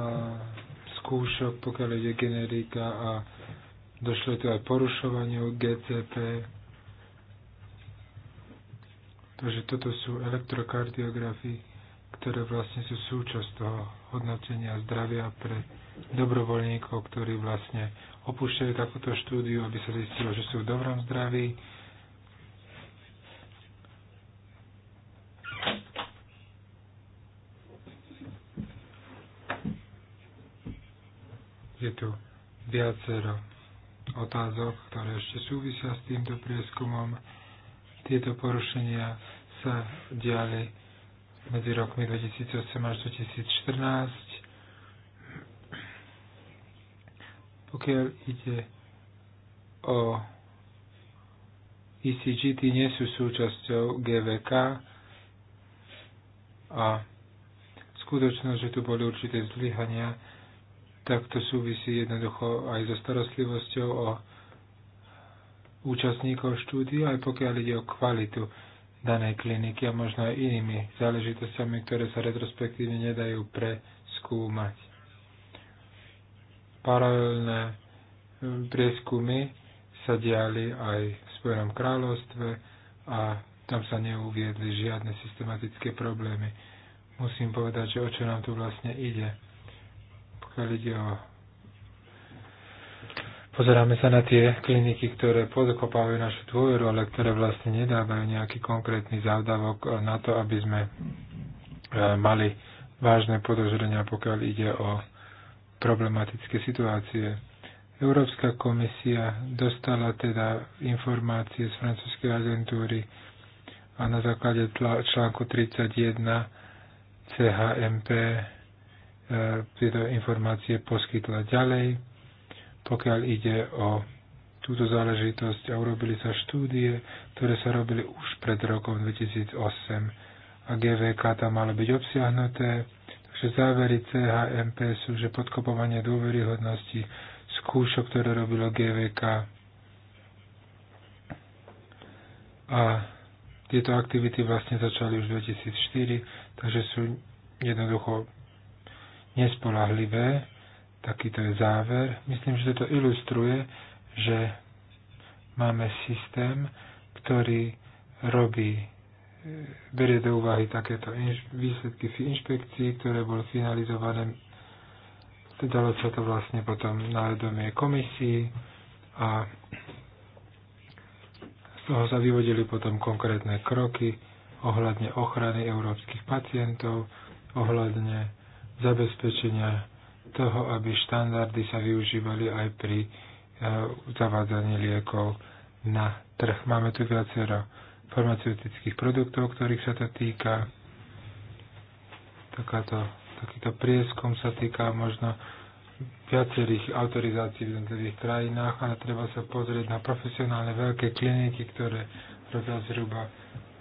skúšok, pokiaľ ide generika a došlo tu aj porušovaniu GCP. Takže toto sú elektrokardiografie, ktoré vlastne sú súčasť toho hodnotenia zdravia pre dobrovoľníkov, ktorí vlastne opúšťajú takúto štúdiu, aby sa zistilo, že sú v dobrom zdraví. Je tu viacero otázok, ktoré ešte súvisia s týmto prieskumom. Tieto porušenia sa diali medzi rokmi 2008 až 2014 Pokiaľ ide o ECG, tí nie sú súčasťou GVK a skutočnosť, že tu boli určité zlyhania, tak to súvisí jednoducho aj so starostlivosťou o účastníkov štúdia, aj pokiaľ ide o kvalitu danej kliniky a možno aj inými záležitostiami, ktoré sa retrospektívne nedajú preskúmať paralelné eh, prieskumy sa diali aj v Spojenom kráľovstve a tam sa neuviedli žiadne systematické problémy. Musím povedať, že o čo nám tu vlastne ide. Pokiaľ ide o... Pozeráme sa na tie kliniky, ktoré podkopávajú našu dôveru, ale ktoré vlastne nedávajú nejaký konkrétny závdavok na to, aby sme eh, mali vážne podozrenia, pokiaľ ide o problematické situácie. Európska komisia dostala teda informácie z francúzskej agentúry a na základe článku 31 CHMP e, tieto informácie poskytla ďalej. Pokiaľ ide o túto záležitosť a urobili sa štúdie, ktoré sa robili už pred rokom 2008 a GVK tam malo byť obsiahnuté Takže závery CHMP sú, že podkopovanie dôveryhodnosti skúšok, ktoré robilo GVK a tieto aktivity vlastne začali už v 2004, takže sú jednoducho nespolahlivé. Takýto je záver. Myslím, že to ilustruje, že máme systém, ktorý robí berie do úvahy takéto inš- výsledky inšpekcií, ktoré boli finalizované. Dalo sa to vlastne potom na vedomie komisii a z toho sa vyvodili potom konkrétne kroky ohľadne ochrany európskych pacientov, ohľadne zabezpečenia toho, aby štandardy sa využívali aj pri eh, zavádzaní liekov na trh. Máme tu viacero farmaceutických produktov, ktorých sa to týka. Takáto, takýto prieskum sa týka možno viacerých autorizácií v jednotlivých krajinách, ale treba sa pozrieť na profesionálne veľké kliniky, ktoré robia zhruba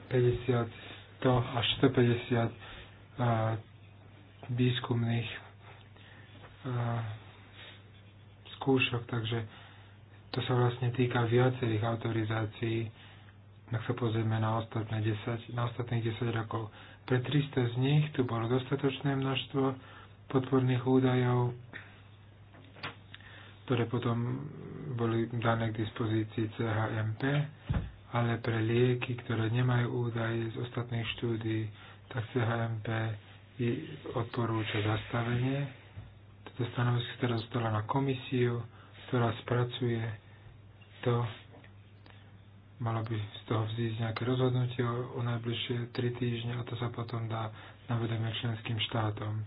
50, 100 až 150 a, výskumných a, skúšok, takže to sa vlastne týka viacerých autorizácií ak sa pozrieme na, ostatné 10, na ostatných 10 rokov. Pre 300 z nich tu bolo dostatočné množstvo podporných údajov, ktoré potom boli dané k dispozícii CHMP, ale pre lieky, ktoré nemajú údaje z ostatných štúdií, tak CHMP odporúča zastavenie. Toto stanovisko teraz zostala na komisiu, ktorá spracuje to, malo by z toho vzísť nejaké rozhodnutie o, o najbližšie tri týždne a to sa potom dá na vedomie členským štátom.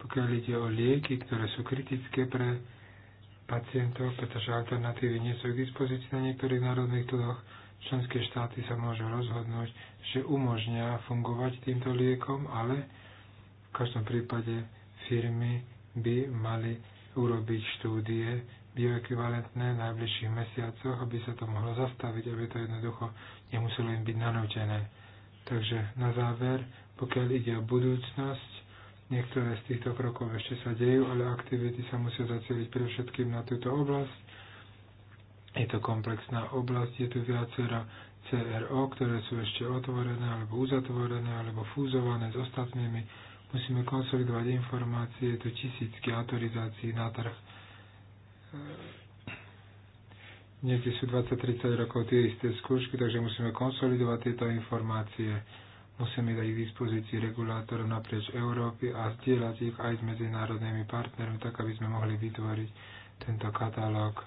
Pokiaľ ide o lieky, ktoré sú kritické pre pacientov, pretože alternatívy nie sú k dispozícii na niektorých národných trhoch, členské štáty sa môžu rozhodnúť, že umožnia fungovať týmto liekom, ale v každom prípade firmy by mali urobiť štúdie, bioekvivalentné v najbližších mesiacoch, aby sa to mohlo zastaviť, aby to jednoducho nemuselo im byť nanútené. Takže na záver, pokiaľ ide o budúcnosť, niektoré z týchto krokov ešte sa dejú, ale aktivity sa musia zacieliť pre všetkým na túto oblasť. Je to komplexná oblasť, je tu viacero CRO, ktoré sú ešte otvorené alebo uzatvorené alebo fúzované s ostatnými. Musíme konsolidovať informácie, je tu tisícky autorizácií na trh niekde sú 20-30 rokov tie isté skúšky, takže musíme konsolidovať tieto informácie. Musíme dať k dispozícii regulátorom naprieč Európy a zdieľať ich aj s medzinárodnými partnermi, tak aby sme mohli vytvoriť tento katalóg e,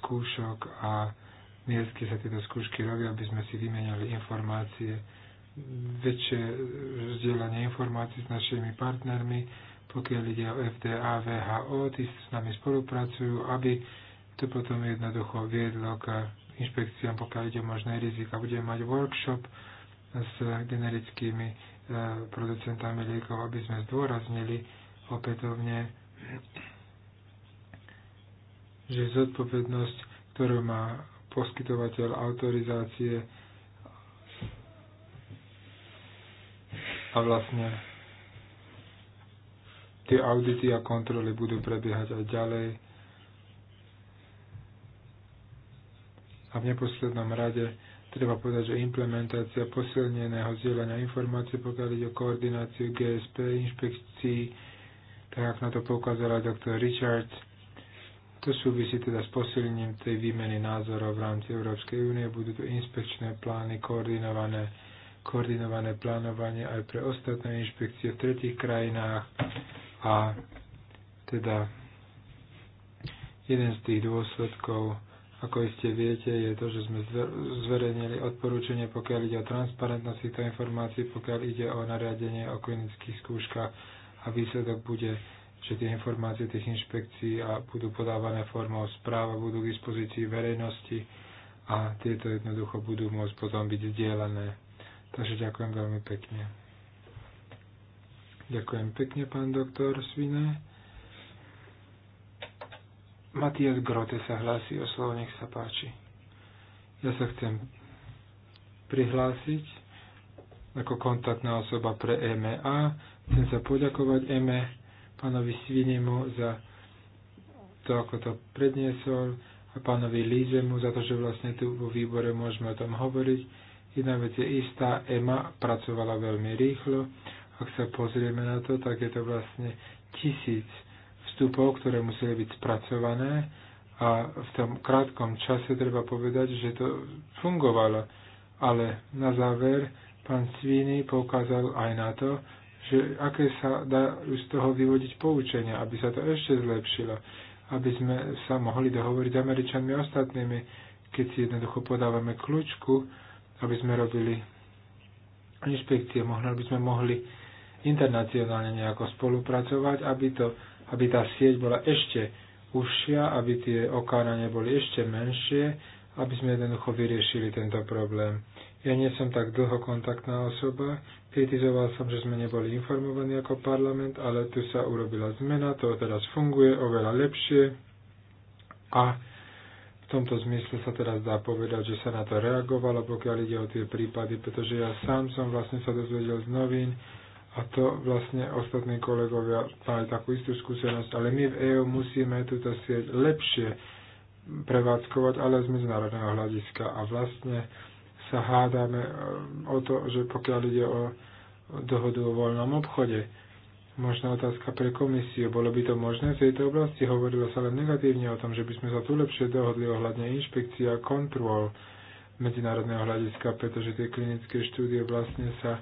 skúšok a miest, kde sa tieto skúšky robia, aby sme si vymenili informácie, väčšie vzdielanie informácií s našimi partnermi pokiaľ ide o FDA, VHO, tí s nami spolupracujú, aby to potom jednoducho viedlo k inšpekciám, pokiaľ ide o možné rizika. Budeme mať workshop s generickými e, producentami liekov, aby sme zdôraznili opätovne, že zodpovednosť, ktorú má poskytovateľ autorizácie a vlastne tie audity a kontroly budú prebiehať aj ďalej. A v neposlednom rade treba povedať, že implementácia posilneného zdieľania informácií, pokiaľ ide o koordináciu GSP, inšpekcií, tak ako na to poukázala doktor Richard, to súvisí teda s posilnením tej výmeny názorov v rámci Európskej únie. Budú tu inšpekčné plány koordinované koordinované plánovanie aj pre ostatné inšpekcie v tretich krajinách, a teda jeden z tých dôsledkov, ako iste viete, je to, že sme zverejnili odporúčanie, pokiaľ ide o transparentnosť týchto informácií, pokiaľ ide o nariadenie o klinických skúškach a výsledok bude, že tie informácie tých inšpekcií a budú podávané formou správ a budú k dispozícii verejnosti a tieto jednoducho budú môcť potom byť zdieľané. Takže ďakujem veľmi pekne. Ďakujem pekne, pán doktor Svine. Matias Grote sa hlási o slovo, nech sa páči. Ja sa chcem prihlásiť ako kontaktná osoba pre EMA. Chcem sa poďakovať EME, pánovi Svinemu za to, ako to predniesol a pánovi Lízemu za to, že vlastne tu vo výbore môžeme o tom hovoriť. Jedna vec je istá, EMA pracovala veľmi rýchlo ak sa pozrieme na to, tak je to vlastne tisíc vstupov, ktoré museli byť spracované a v tom krátkom čase treba povedať, že to fungovalo. Ale na záver pán Svíny poukázal aj na to, že aké sa dá z toho vyvodiť poučenia, aby sa to ešte zlepšilo, aby sme sa mohli dohovoriť s Američanmi ostatnými, keď si jednoducho podávame kľúčku, aby sme robili inšpekcie, mohli, aby sme mohli internacionálne nejako spolupracovať, aby, to, aby tá sieť bola ešte užšia, aby tie okánania boli ešte menšie, aby sme jednoducho vyriešili tento problém. Ja nie som tak dlho kontaktná osoba, kritizoval som, že sme neboli informovaní ako parlament, ale tu sa urobila zmena, to teraz funguje oveľa lepšie a v tomto zmysle sa teraz dá povedať, že sa na to reagovalo, pokiaľ ide o tie prípady, pretože ja sám som vlastne sa dozvedel z novín, a to vlastne ostatní kolegovia mali takú istú skúsenosť, ale my v EU musíme túto sieť lepšie prevádzkovať, ale z medzinárodného hľadiska. A vlastne sa hádame e, o to, že pokiaľ ide o dohodu o voľnom obchode, možná otázka pre komisiu, bolo by to možné v tejto oblasti? Hovorilo sa len negatívne o tom, že by sme sa tu lepšie dohodli ohľadne inšpekcia a kontrol medzinárodného hľadiska, pretože tie klinické štúdie vlastne sa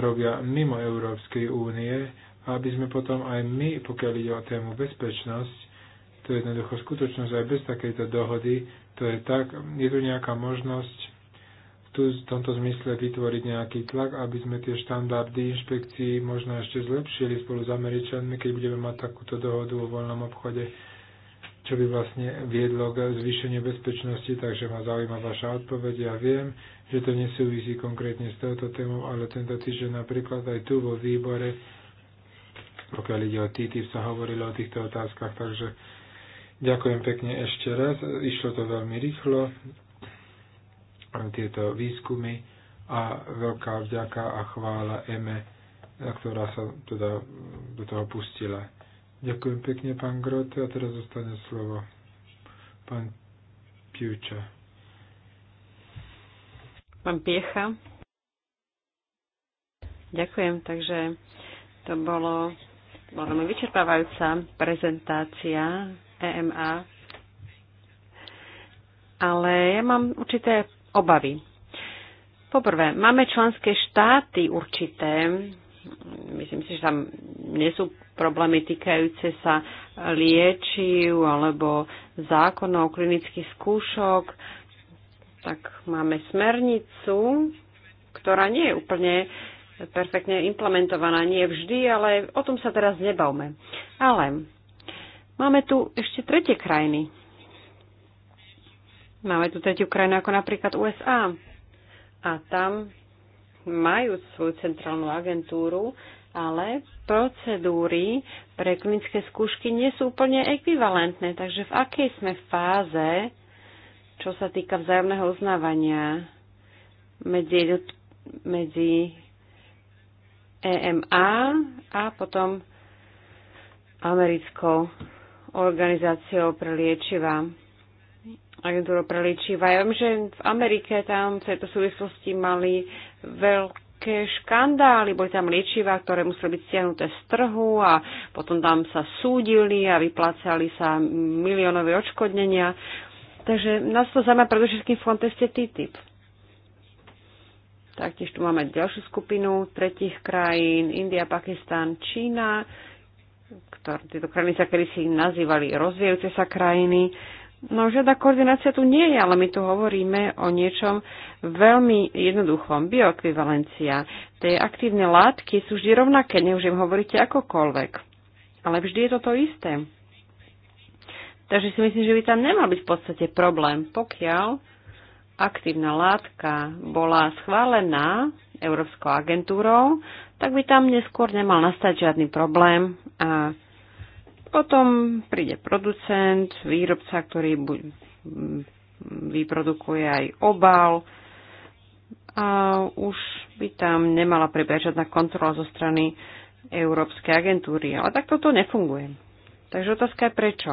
robia mimo Európskej únie aby sme potom aj my, pokiaľ ide o tému bezpečnosť, to je jednoducho skutočnosť aj bez takejto dohody, to je tak, je tu nejaká možnosť tu v tomto zmysle vytvoriť nejaký tlak, aby sme tie štandardy inšpekcií možno ešte zlepšili spolu s Američanmi, keď budeme mať takúto dohodu o voľnom obchode čo by vlastne viedlo k zvýšeniu bezpečnosti, takže ma zaujíma vaša odpoveď. Ja viem, že to nesúvisí konkrétne s touto témou, ale tento týždeň napríklad aj tu vo výbore, pokiaľ ide o TTIP, sa hovorilo o týchto otázkach, takže ďakujem pekne ešte raz. Išlo to veľmi rýchlo, tieto výskumy a veľká vďaka a chvála Eme, ktorá sa teda do toho pustila. Ďakujem pekne, pán Grote, a teraz zostane slovo pán Piuča. Pán Piecha. Ďakujem, takže to bolo, bolo veľmi vyčerpávajúca prezentácia EMA. Ale ja mám určité obavy. Poprvé, máme členské štáty určité, myslím si, že tam nie sú problémy týkajúce sa liečiv alebo zákonov klinických skúšok, tak máme smernicu, ktorá nie je úplne perfektne implementovaná, nie vždy, ale o tom sa teraz nebavme. Ale máme tu ešte tretie krajiny. Máme tu tretiu krajinu ako napríklad USA. A tam majú svoju centrálnu agentúru, ale procedúry pre klinické skúšky nie sú úplne ekvivalentné. Takže v akej sme fáze, čo sa týka vzájomného uznávania medzi, medzi EMA a potom americkou organizáciou pre liečiva, agentúrou pre liečiva. Ja viem, že v Amerike tam v tejto súvislosti mali veľkú obrovské škandály, boli tam liečiva, ktoré museli byť stiahnuté z trhu a potom tam sa súdili a vyplácali sa miliónové odškodnenia. Takže nás to zaujíma predovšetkým v kontexte TTIP. Taktiež tu máme ďalšiu skupinu tretich krajín, India, Pakistan, Čína, ktoré, tieto krajiny sa kedysi nazývali rozvíjajúce sa krajiny. No žiadna koordinácia tu nie je, ale my tu hovoríme o niečom veľmi jednoduchom. Bioekvivalencia. Tie aktívne látky sú vždy rovnaké, neuž im hovoríte akokoľvek. Ale vždy je to to isté. Takže si myslím, že by tam nemal byť v podstate problém, pokiaľ aktívna látka bola schválená Európskou agentúrou, tak by tam neskôr nemal nastať žiadny problém a potom príde producent, výrobca, ktorý vyprodukuje aj obal a už by tam nemala prebiehať žiadna kontrola zo strany Európskej agentúry. Ale takto to nefunguje. Takže otázka je prečo.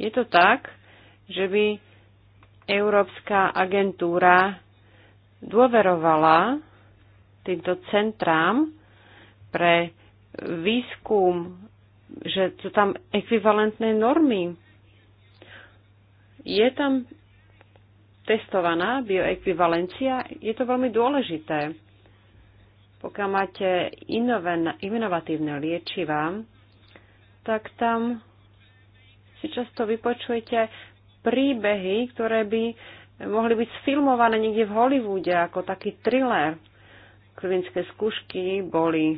Je to tak, že by Európska agentúra dôverovala týmto centrám, pre výskum, že sú tam ekvivalentné normy. Je tam testovaná bioekvivalencia, je to veľmi dôležité. Pokiaľ máte inovatívne liečivá, tak tam si často vypočujete príbehy, ktoré by mohli byť sfilmované niekde v Hollywoode ako taký thriller. Klinické skúšky boli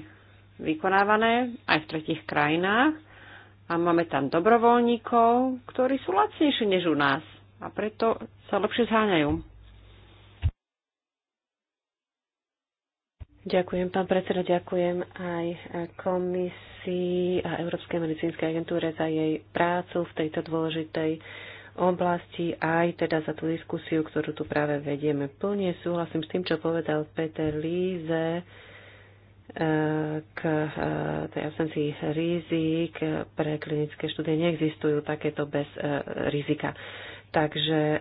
vykonávané aj v tretich krajinách a máme tam dobrovoľníkov, ktorí sú lacnejšie než u nás a preto sa lepšie zháňajú. Ďakujem, pán predseda, ďakujem aj komisii a Európskej medicínskej agentúre za jej prácu v tejto dôležitej oblasti, aj teda za tú diskusiu, ktorú tu práve vedieme. Plne súhlasím s tým, čo povedal Peter Líze k e, tej absencii rizik pre klinické štúdie neexistujú takéto bez e, rizika. Takže e,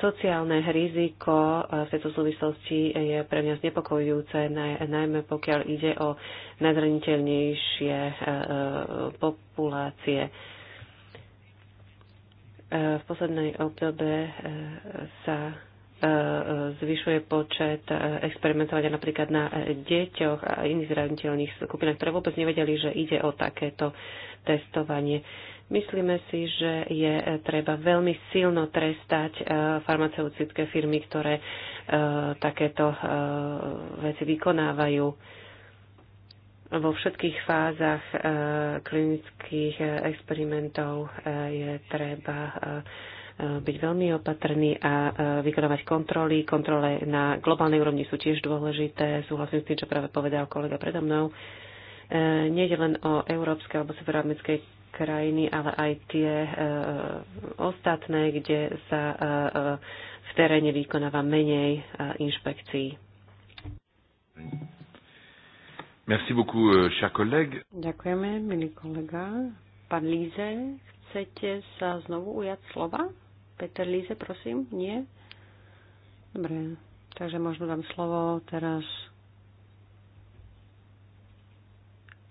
sociálne riziko v tejto súvislosti je pre mňa znepokojujúce, najmä pokiaľ ide o najzraniteľnejšie populácie. V poslednej obdobe sa E, zvyšuje počet e, experimentovania napríklad na e, deťoch a iných zraniteľných skupinách, ktoré vôbec nevedeli, že ide o takéto testovanie. Myslíme si, že je treba veľmi silno trestať farmaceutické firmy, ktoré takéto veci vykonávajú vo všetkých fázach klinických experimentov je treba byť veľmi opatrní a e, vykonávať kontroly. Kontrole na globálnej úrovni sú tiež dôležité. Súhlasím s tým, čo práve povedal kolega predo mnou. E, nejde len o európske alebo severoamerické krajiny, ale aj tie e, ostatné, kde sa v teréne vykonáva menej inšpekcií. Merci beaucoup, euh, cher collègue. Ďakujeme, milý kolega. Pán Líze, chcete sa znovu ujať slova? Peter Líze, prosím? Nie? Dobre, takže možno dám slovo teraz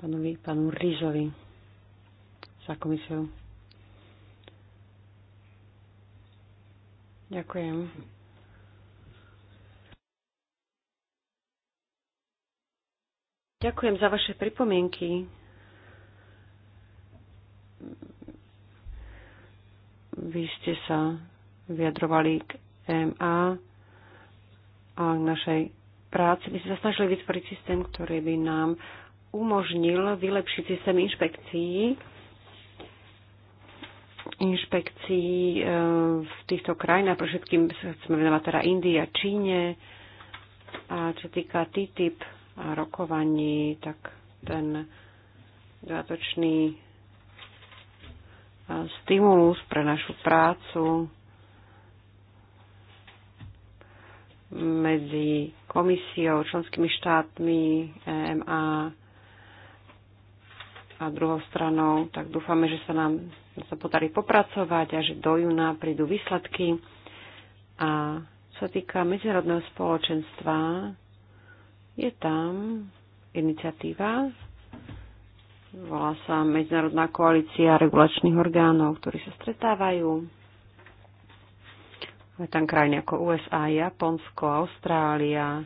pánovi, panu Rízovi za komisiu. Ďakujem. Ďakujem za vaše pripomienky. Vy ste sa vyjadrovali k MA a k našej práci. My sme sa snažili vytvoriť systém, ktorý by nám umožnil vylepšiť systém inšpekcií, inšpekcií e, v týchto krajinách, pre všetkým sme venovať teda Indii a Číne. A čo týka TTIP a rokovaní, tak ten dodatočný stimulus pre našu prácu medzi komisiou, členskými štátmi, EMA a druhou stranou, tak dúfame, že sa nám sa podarí popracovať a že do júna prídu výsledky. A čo sa týka medzinárodného spoločenstva, je tam iniciatíva Volá sa Medzinárodná koalícia regulačných orgánov, ktorí sa stretávajú. Je tam krajiny ako USA, Japonsko, Austrália,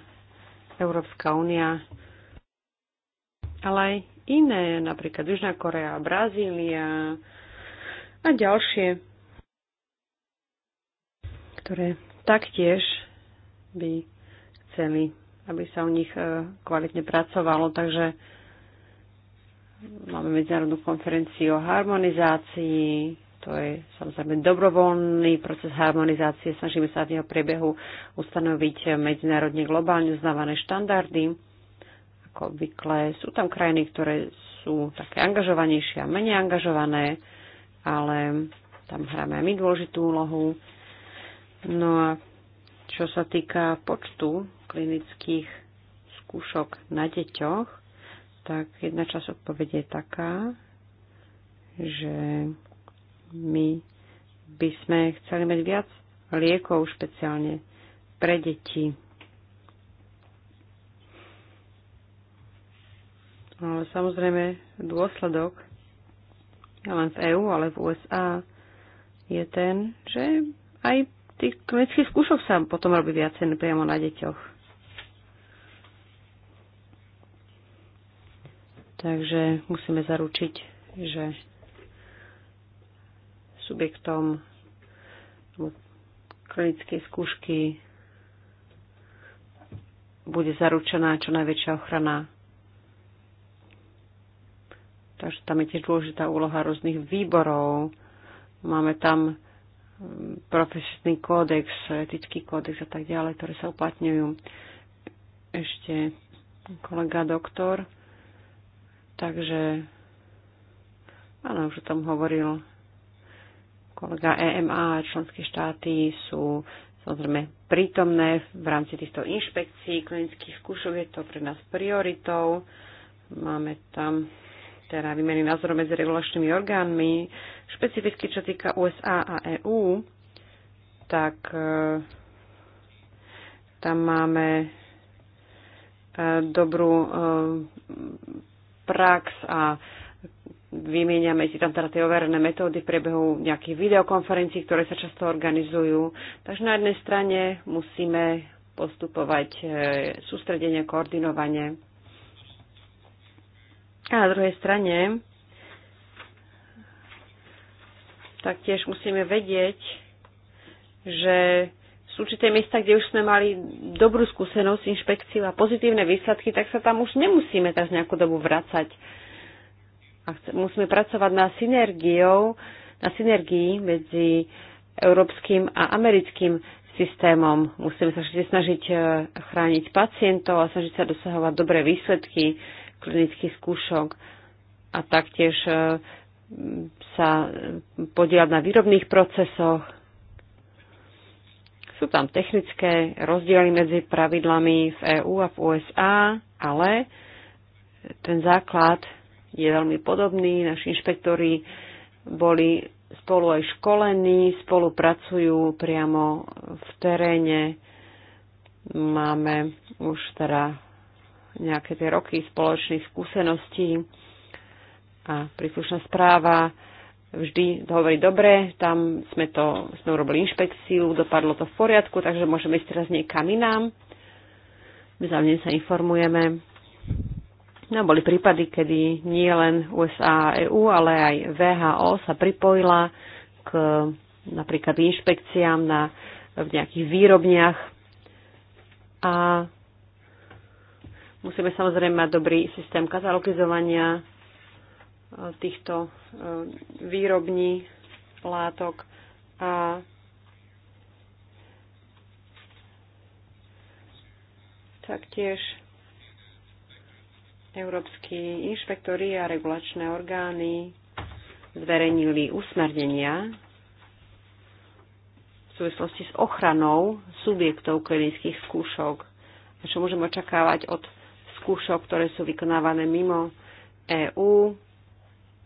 Európska únia, ale aj iné, napríklad Južná Korea, Brazília a ďalšie, ktoré taktiež by chceli, aby sa u nich eh, kvalitne pracovalo. Takže Máme medzinárodnú konferenciu o harmonizácii, to je samozrejme dobrovoľný proces harmonizácie, snažíme sa v jeho priebehu ustanoviť medzinárodne globálne uznávané štandardy. Ako obvykle sú tam krajiny, ktoré sú také angažovanejšie a menej angažované, ale tam hráme aj my dôležitú úlohu. No a čo sa týka počtu klinických skúšok na deťoch, tak jedna časť odpovede je taká, že my by sme chceli mať viac liekov špeciálne pre deti. Ale samozrejme dôsledok len v EÚ, ale v USA je ten, že aj tých klinických skúšok sa potom robí viacej priamo na deťoch. Takže musíme zaručiť, že subjektom klinickej skúšky bude zaručená čo najväčšia ochrana. Takže tam je tiež dôležitá úloha rôznych výborov. Máme tam mm, profesionálny kódex, etický kódex a tak ďalej, ktoré sa uplatňujú. Ešte kolega doktor Takže, áno, už o tom hovoril kolega EMA, členské štáty sú samozrejme prítomné v rámci týchto inšpekcií klinických skúšok. Je to pre nás prioritou. Máme tam teda výmeny názorov medzi regulačnými orgánmi. Špecificky, čo týka USA a EÚ, tak e, tam máme e, dobrú e, prax a vymieňame si tam teda tie overené metódy v priebehu nejakých videokonferencií, ktoré sa často organizujú. Takže na jednej strane musíme postupovať e, sústredenie, koordinovanie. A na druhej strane taktiež musíme vedieť, že sú určité miesta, kde už sme mali dobrú skúsenosť inšpekciu a pozitívne výsledky, tak sa tam už nemusíme teraz nejakú dobu vracať. A chce, musíme pracovať na synergiou, na synergii medzi európskym a americkým systémom. Musíme sa všetci snažiť e, chrániť pacientov a snažiť sa dosahovať dobré výsledky klinických skúšok a taktiež e, sa e, podielať na výrobných procesoch sú tam technické rozdiely medzi pravidlami v EÚ a v USA, ale ten základ je veľmi podobný. Naši inšpektori boli spolu aj školení, spolupracujú priamo v teréne. Máme už teda nejaké tie roky spoločných skúseností a príslušná správa vždy hovorí dobre, tam sme to, sme urobili inšpekciu, dopadlo to v poriadku, takže môžeme ísť teraz niekam inám. za sa informujeme. No, boli prípady, kedy nie len USA a EU, ale aj VHO sa pripojila k napríklad inšpekciám na, v nejakých výrobniach. A musíme samozrejme mať dobrý systém katalogizovania týchto e, výrobní látok a taktiež európsky inšpektory a regulačné orgány zverejnili usmernenia v súvislosti s ochranou subjektov klinických skúšok. A čo môžeme očakávať od skúšok, ktoré sú vykonávané mimo EÚ,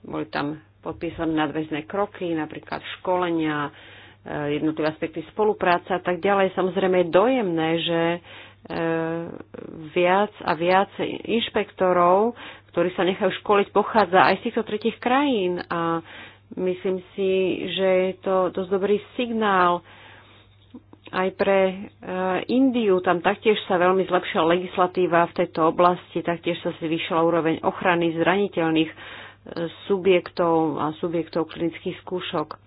boli tam podpísané nadväzné kroky, napríklad školenia, e, jednotlivé aspekty spolupráce a tak ďalej. Samozrejme je dojemné, že e, viac a viac inšpektorov, ktorí sa nechajú školiť, pochádza aj z týchto tretich krajín a myslím si, že je to dosť dobrý signál aj pre e, Indiu. Tam taktiež sa veľmi zlepšila legislatíva v tejto oblasti, taktiež sa zvýšila úroveň ochrany zraniteľných subjektov a subjektov klinických skúšok.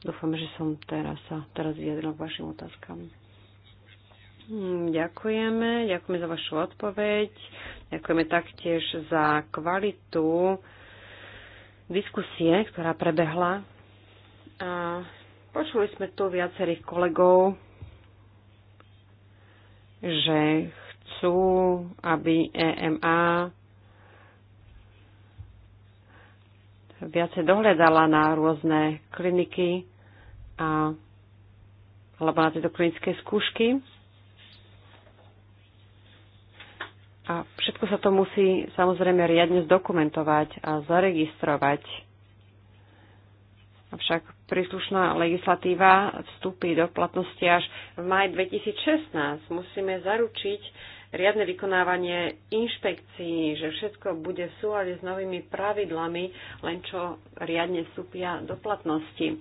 Dúfam, že som teraz sa teraz vyjadrila k vašim otázkam. Hm, ďakujeme, ďakujeme za vašu odpoveď, ďakujeme taktiež za kvalitu diskusie, ktorá prebehla. A počuli sme tu viacerých kolegov, že chcú, aby EMA viacej dohľadala na rôzne kliniky a, alebo na tieto klinické skúšky. A všetko sa to musí samozrejme riadne zdokumentovať a zaregistrovať. Avšak príslušná legislatíva vstúpi do platnosti až v maj 2016. Musíme zaručiť, riadne vykonávanie inšpekcií, že všetko bude v súlade s novými pravidlami, len čo riadne vstúpia do platnosti.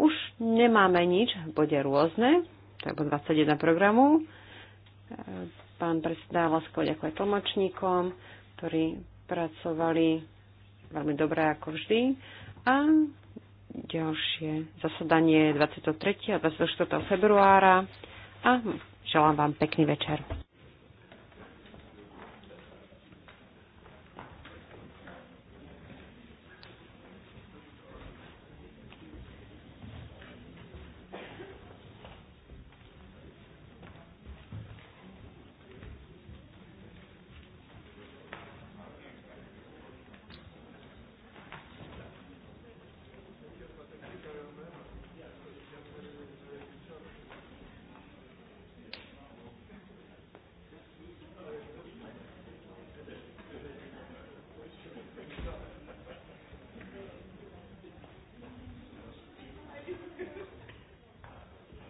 Už nemáme nič bude rôzne, to je 21 programu. Pán predseda Lasko ďakuje tlmočníkom, ktorí pracovali veľmi dobre ako vždy. A ďalšie zasadanie 23. a 24. februára a želám vám pekný večer.